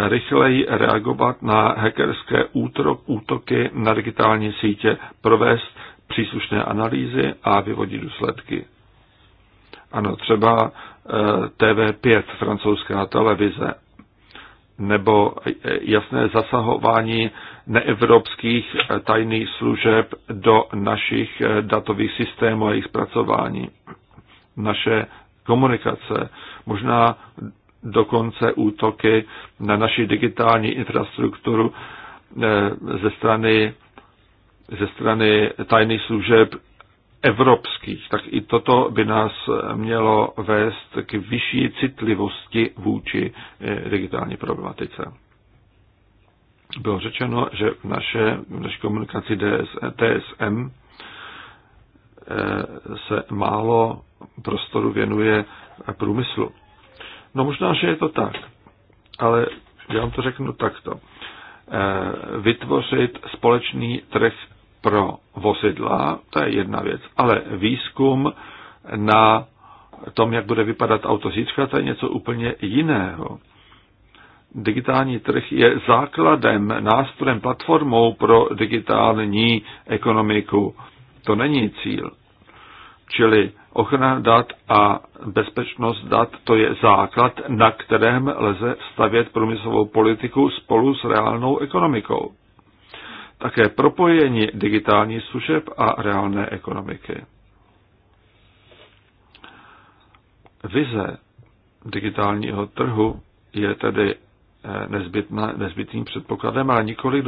rychleji reagovat na hackerské útrok, útoky na digitální sítě, provést příslušné analýzy a vyvodit důsledky. Ano, třeba eh, TV5, francouzská televize, nebo jasné zasahování neevropských tajných služeb do našich datových systémů a jejich zpracování. Naše komunikace, možná dokonce útoky na naši digitální infrastrukturu eh, ze strany, ze strany tajných služeb evropských, tak i toto by nás mělo vést k vyšší citlivosti vůči eh, digitální problematice. Bylo řečeno, že v naše, v naše komunikaci DS, TSM eh, se málo prostoru věnuje průmyslu. No možná, že je to tak, ale já vám to řeknu takto. Eh, vytvořit společný trh pro vozidla, to je jedna věc, ale výzkum na tom, jak bude vypadat auto zítřka, to je něco úplně jiného. Digitální trh je základem, nástrojem, platformou pro digitální ekonomiku. To není cíl. Čili ochrana dat a bezpečnost dat, to je základ, na kterém lze stavět průmyslovou politiku spolu s reálnou ekonomikou také propojení digitální služeb a reálné ekonomiky. Vize digitálního trhu je tedy eh, nezbytná, nezbytným předpokladem, ale nikoli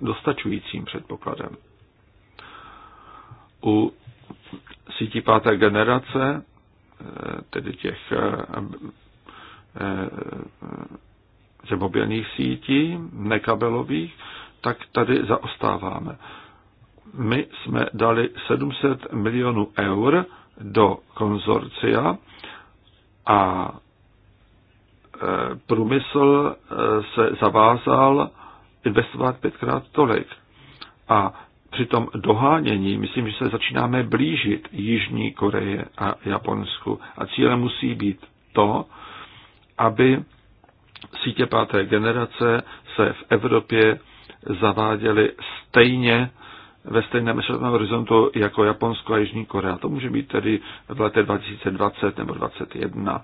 dostačujícím předpokladem. U sítí páté generace, eh, tedy eh, těch mobilních sítí, nekabelových, tak tady zaostáváme. My jsme dali 700 milionů eur do konzorcia a e, průmysl e, se zavázal investovat pětkrát tolik. A při tom dohánění, myslím, že se začínáme blížit Jižní Koreje a Japonsku. A cílem musí být to, aby sítě páté generace se v Evropě zaváděly stejně ve stejném časovém horizontu jako Japonsko a Jižní Korea. To může být tedy v letech 2020 nebo 2021.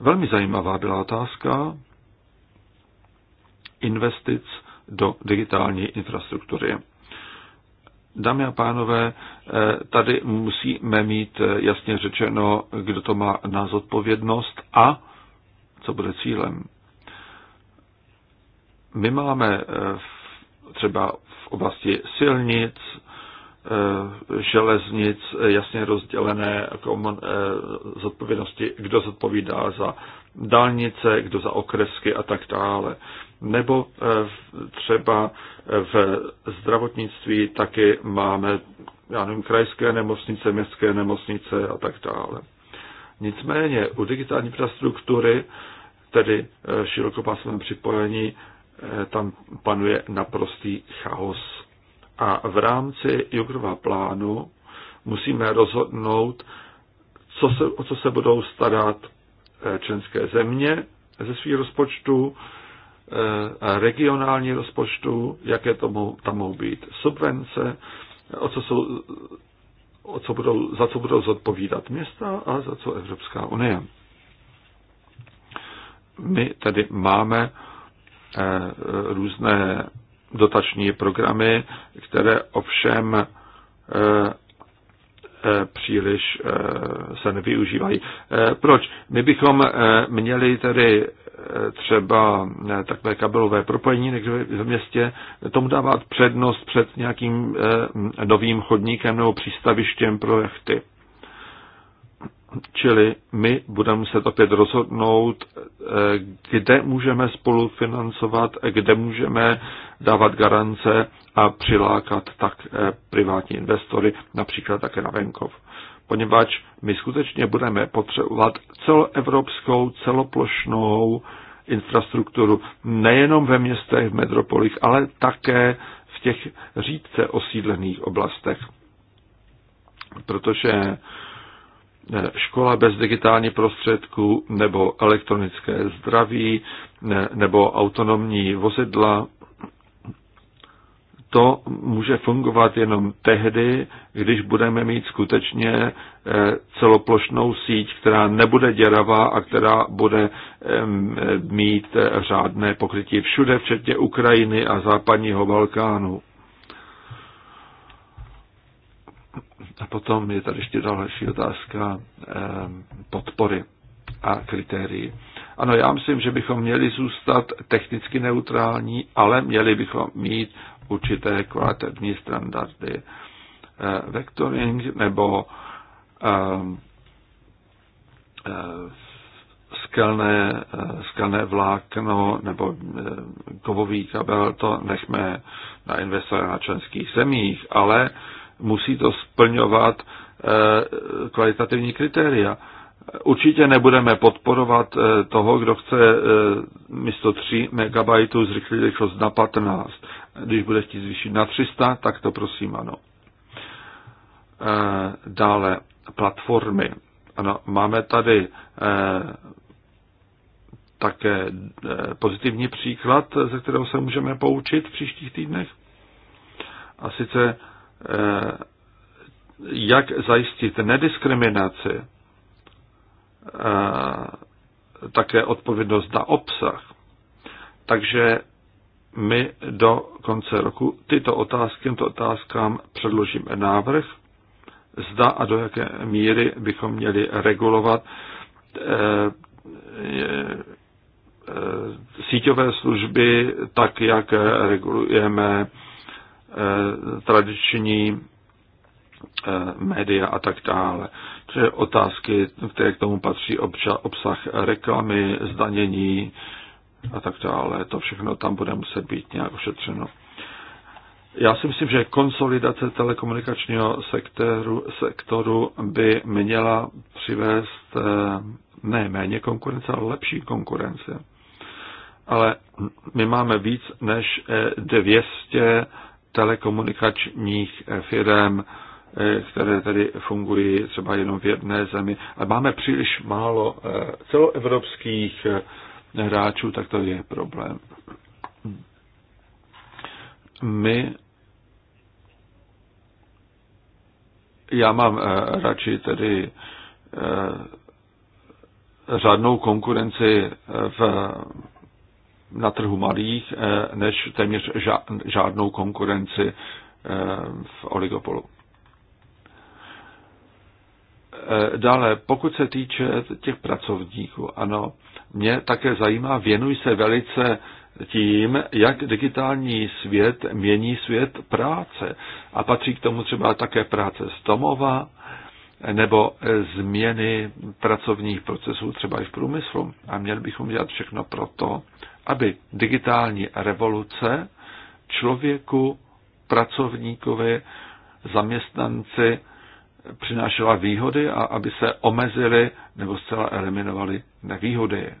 Velmi zajímavá byla otázka investic do digitální infrastruktury. Dámy a pánové, eh, tady musíme mít eh, jasně řečeno, kdo to má na zodpovědnost a co bude cílem. My máme eh, třeba v oblasti silnic, eh, železnic eh, jasně rozdělené zodpovědnosti, kdo zodpovídá za dálnice, kdo za okresky a tak dále. Nebo třeba v zdravotnictví taky máme já nevím, krajské nemocnice, městské nemocnice a tak dále. Nicméně u digitální infrastruktury, tedy širokopásmém připojení, Eh, tam panuje naprostý chaos. A v rámci Jugrova plánu musíme rozhodnout, co se, o co se budou starat eh, členské země ze svých rozpočtů, eh, regionální rozpočtu, jaké tomu, tam mohou být subvence, o co jsou, o co budou, za co budou zodpovídat města a za co Evropská unie. My tady máme Eh, různé dotační programy, které ovšem eh, eh, příliš se nevyužívají. Proč? My bychom měli tedy třeba takové kabelové propojení někde v městě, tomu dávat přednost před nějakým novým chodníkem nebo přístavištěm pro jachty. Čili my budeme muset opět rozhodnout, eh, kde můžeme spolufinancovat, eh, kde můžeme dávat garance a přilákat tak eh, privátní investory, například také na venkov. Poněvadž my skutečně budeme potřebovat celoevropskou, celoplošnou infrastrukturu, nejenom ve městech, v metropolích, ale také v těch řídce osídlených oblastech. Protože Eh, škola bez digitálních prostředků nebo elektronické zdraví eh, nebo autonomní vozidla. To může fungovat jenom tehdy, když budeme mít skutečně eh, celoplošnou síť, která nebude děravá a která bude mít řádné pokrytí všude, včetně Ukrajiny a západního Balkánu. A potom je tady ještě další otázka ehm, podpory a kritérií. Ano, já myslím, že bychom měli zůstat technicky neutrální, ale měli bychom mít určité kvalitativní standardy. Eh, Vectoring nebo ehm, eh, skelné, eh, skelné vlákno nebo kovový kabel, to nechme na investora na členských zemích, ale musí to splňovat eh, kvalitativní kritéria. Určitě nebudeme podporovat eh, toho, kdo chce eh, místo 3 MB zrychlit rychlost na 15. Když bude chtít zvýšit na 300, tak to prosím ano. Dále platformy. Ano, máme tady také pozitivní příklad, ze kterého se můžeme poučit v příštích týdnech. A sice Eh, jak zajistit nediskriminaci, eh, také odpovědnost na obsah. Takže my do konce roku tyto otázky, tyto otázkám předložíme návrh, zda a do jaké míry bychom měli regulovat eh, síťové služby tak, jak regulujeme Eh, tradiční eh, média a tak dále. To je otázky, které k tomu patří obča, obsah reklamy, zdanění a tak dále. To všechno tam bude muset být nějak ošetřeno. Já si myslím, že konsolidace telekomunikačního sektoru, sektoru by měla přivést eh, ne méně konkurence, ale lepší konkurence. Ale my máme víc než 200 telekomunikačních firm, eh, které tady fungují třeba jenom v jedné zemi. A máme příliš málo eh, celoevropských eh, hráčů, tak to je problém. My já mám radši tedy řádnou konkurenci v na trhu malých eh, než téměř žádnou konkurenci eh, v oligopolu. Eh, dále, pokud se týče těch pracovníků, ano, mě také zajímá, věnuj se velice tím, jak digitální svět mění svět práce. A patří k tomu třeba také práce z domova nebo změny pracovních procesů třeba i v průmyslu. A měli bychom dělat všechno proto, aby digitální revoluce člověku, pracovníkovi, zaměstnanci přinášela výhody a aby se omezily nebo zcela eliminovaly nevýhody.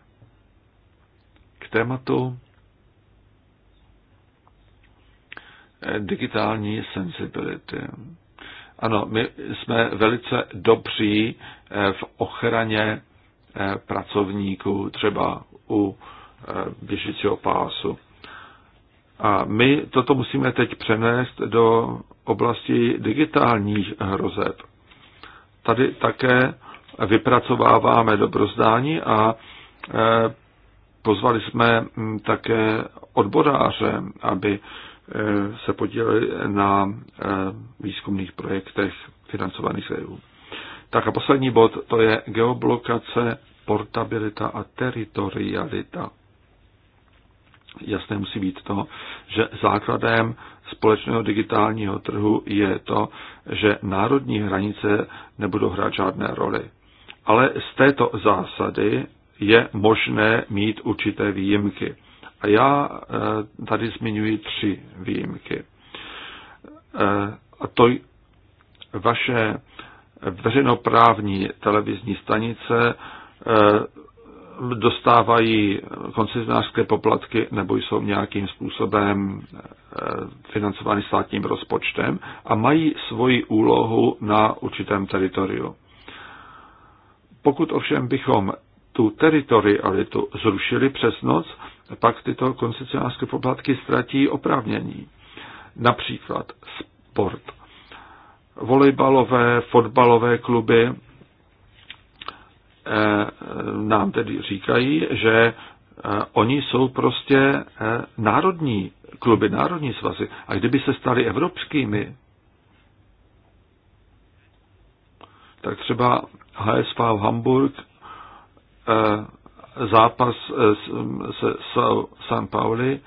K tématu eh, digitální sensibility. Ano, my jsme velice dobří eh, v ochraně eh, pracovníků, třeba u Eh, běžícího pásu. A my toto musíme teď přenést do oblasti digitálních hrozeb. Tady také vypracováváme dobrozdání a eh, pozvali jsme hm, také odboráře, aby eh, se podíleli na výzkumných projektech financovaných z EU. Tak a poslední bod, to je geoblokace, portabilita a teritorialita jasné musí být to, že základem společného digitálního trhu je to, že národní hranice nebudou hrát žádné roli. Ale z této zásady je možné mít určité výjimky. A já eh, tady zmiňuji tři výjimky. Eh, a to vaše veřejnoprávní televizní stanice eh, dostávají koncesionářské poplatky nebo jsou nějakým způsobem eh, financovány státním rozpočtem a mají svoji úlohu na určitém teritoriu. Pokud ovšem bychom tu teritorialitu zrušili přes noc, pak tyto koncesionářské poplatky ztratí oprávnění. Například sport. Volejbalové, fotbalové kluby Eh, nám tedy říkají, že eh, oni jsou prostě eh, národní kluby, národní svazy. A kdyby se stali evropskými, tak třeba HSV Hamburg, zápas se San Pauli,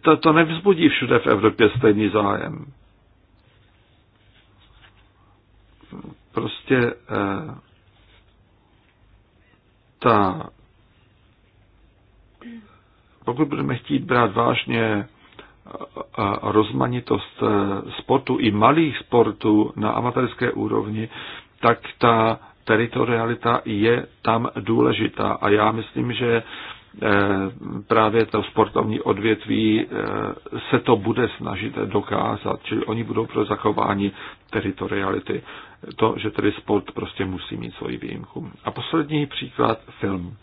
to, to nevzbudí všude v Evropě stejný zájem. Prostě ta, pokud budeme chtít brát vážně rozmanitost eh, sportu i malých sportů na amatérské úrovni, tak ta teritorialita je tam důležitá. A já myslím, že Eh, právě to sportovní odvětví eh, se to bude snažit dokázat, čili oni budou pro zachování teritoriality. To, že tedy sport prostě musí mít svoji výjimku. A poslední příklad, film.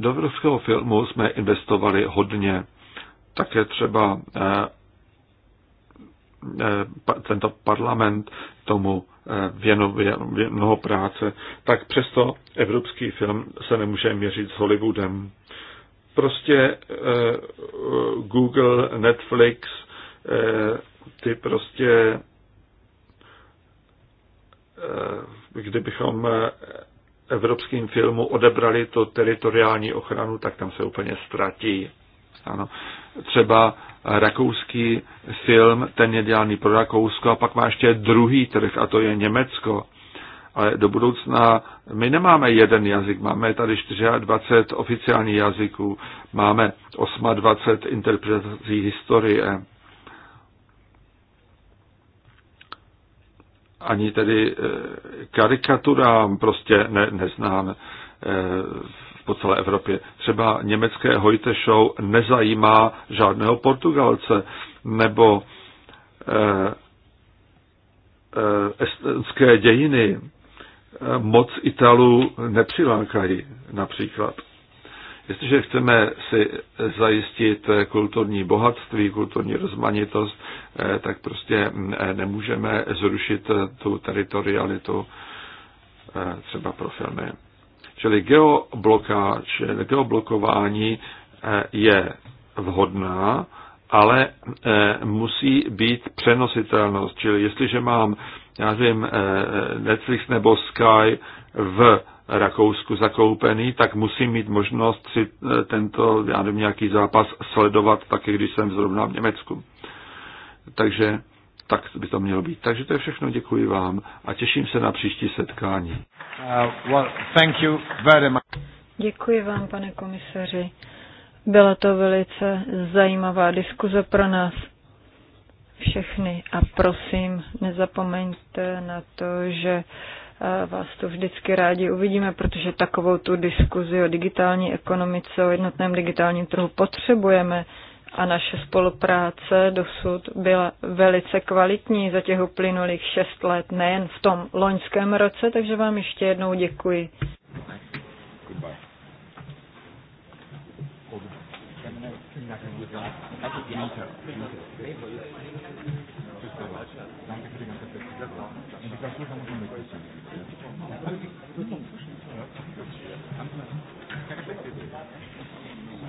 Do evropského filmu jsme investovali hodně. Také třeba eh, tento parlament tomu Eh, věnuje mnoho práce, tak přesto evropský film se nemůže měřit s Hollywoodem. Prostě eh, Google, Netflix, eh, ty prostě kdybychom evropským filmu odebrali to teritoriální ochranu, tak tam se úplně ztratí. Ano. Třeba rakouský film, ten je dělaný pro Rakousko a pak má ještě druhý trh a to je Německo. Ale do budoucna my nemáme jeden jazyk, máme tady 24 oficiálních jazyků, máme 28 interpretací historie. Ani tedy eh, karikaturám prostě ne, neznám eh, po celé Evropě. Třeba německé Hojte Show nezajímá žádného Portugalce, nebo eh, eh, estenské dějiny moc Italů nepřilákají například. Jestliže chceme si zajistit kulturní bohatství, kulturní rozmanitost, eh, tak prostě nemůžeme zrušit tu teritorialitu třeba pro filmy. Čili geoblokáč, geoblokování eh, je vhodná, ale eh, musí být přenositelnost. Čili jestliže mám, já vím, eh, Netflix nebo Sky v Rakousku zakoupený, tak musím mít možnost si tento, já nevím, nějaký zápas sledovat, taky když jsem zrovna v Německu. Takže tak by to mělo být. Takže to je všechno, děkuji vám a těším se na příští setkání. Uh, well, thank you very much. Děkuji vám, pane komisaři. Byla to velice zajímavá diskuze pro nás všechny a prosím, nezapomeňte na to, že uh, vás tu vždycky rádi uvidíme, protože takovou tu diskuzi o digitální ekonomice, o jednotném digitálním trhu potřebujeme a naše spolupráce dosud byla velice kvalitní za těch uplynulých šest let, nejen v tom loňském roce, takže vám ještě jednou děkuji.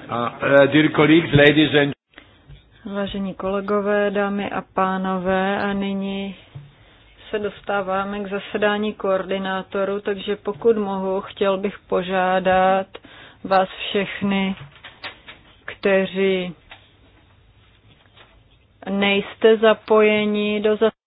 Uh, uh, dear colleagues, ladies and Vážení kolegové, dámy a pánové, a nyní se dostáváme k zasedání koordinátoru, takže pokud mohu, chtěl bych požádat vás všechny, kteří nejste zapojeni do zasedání,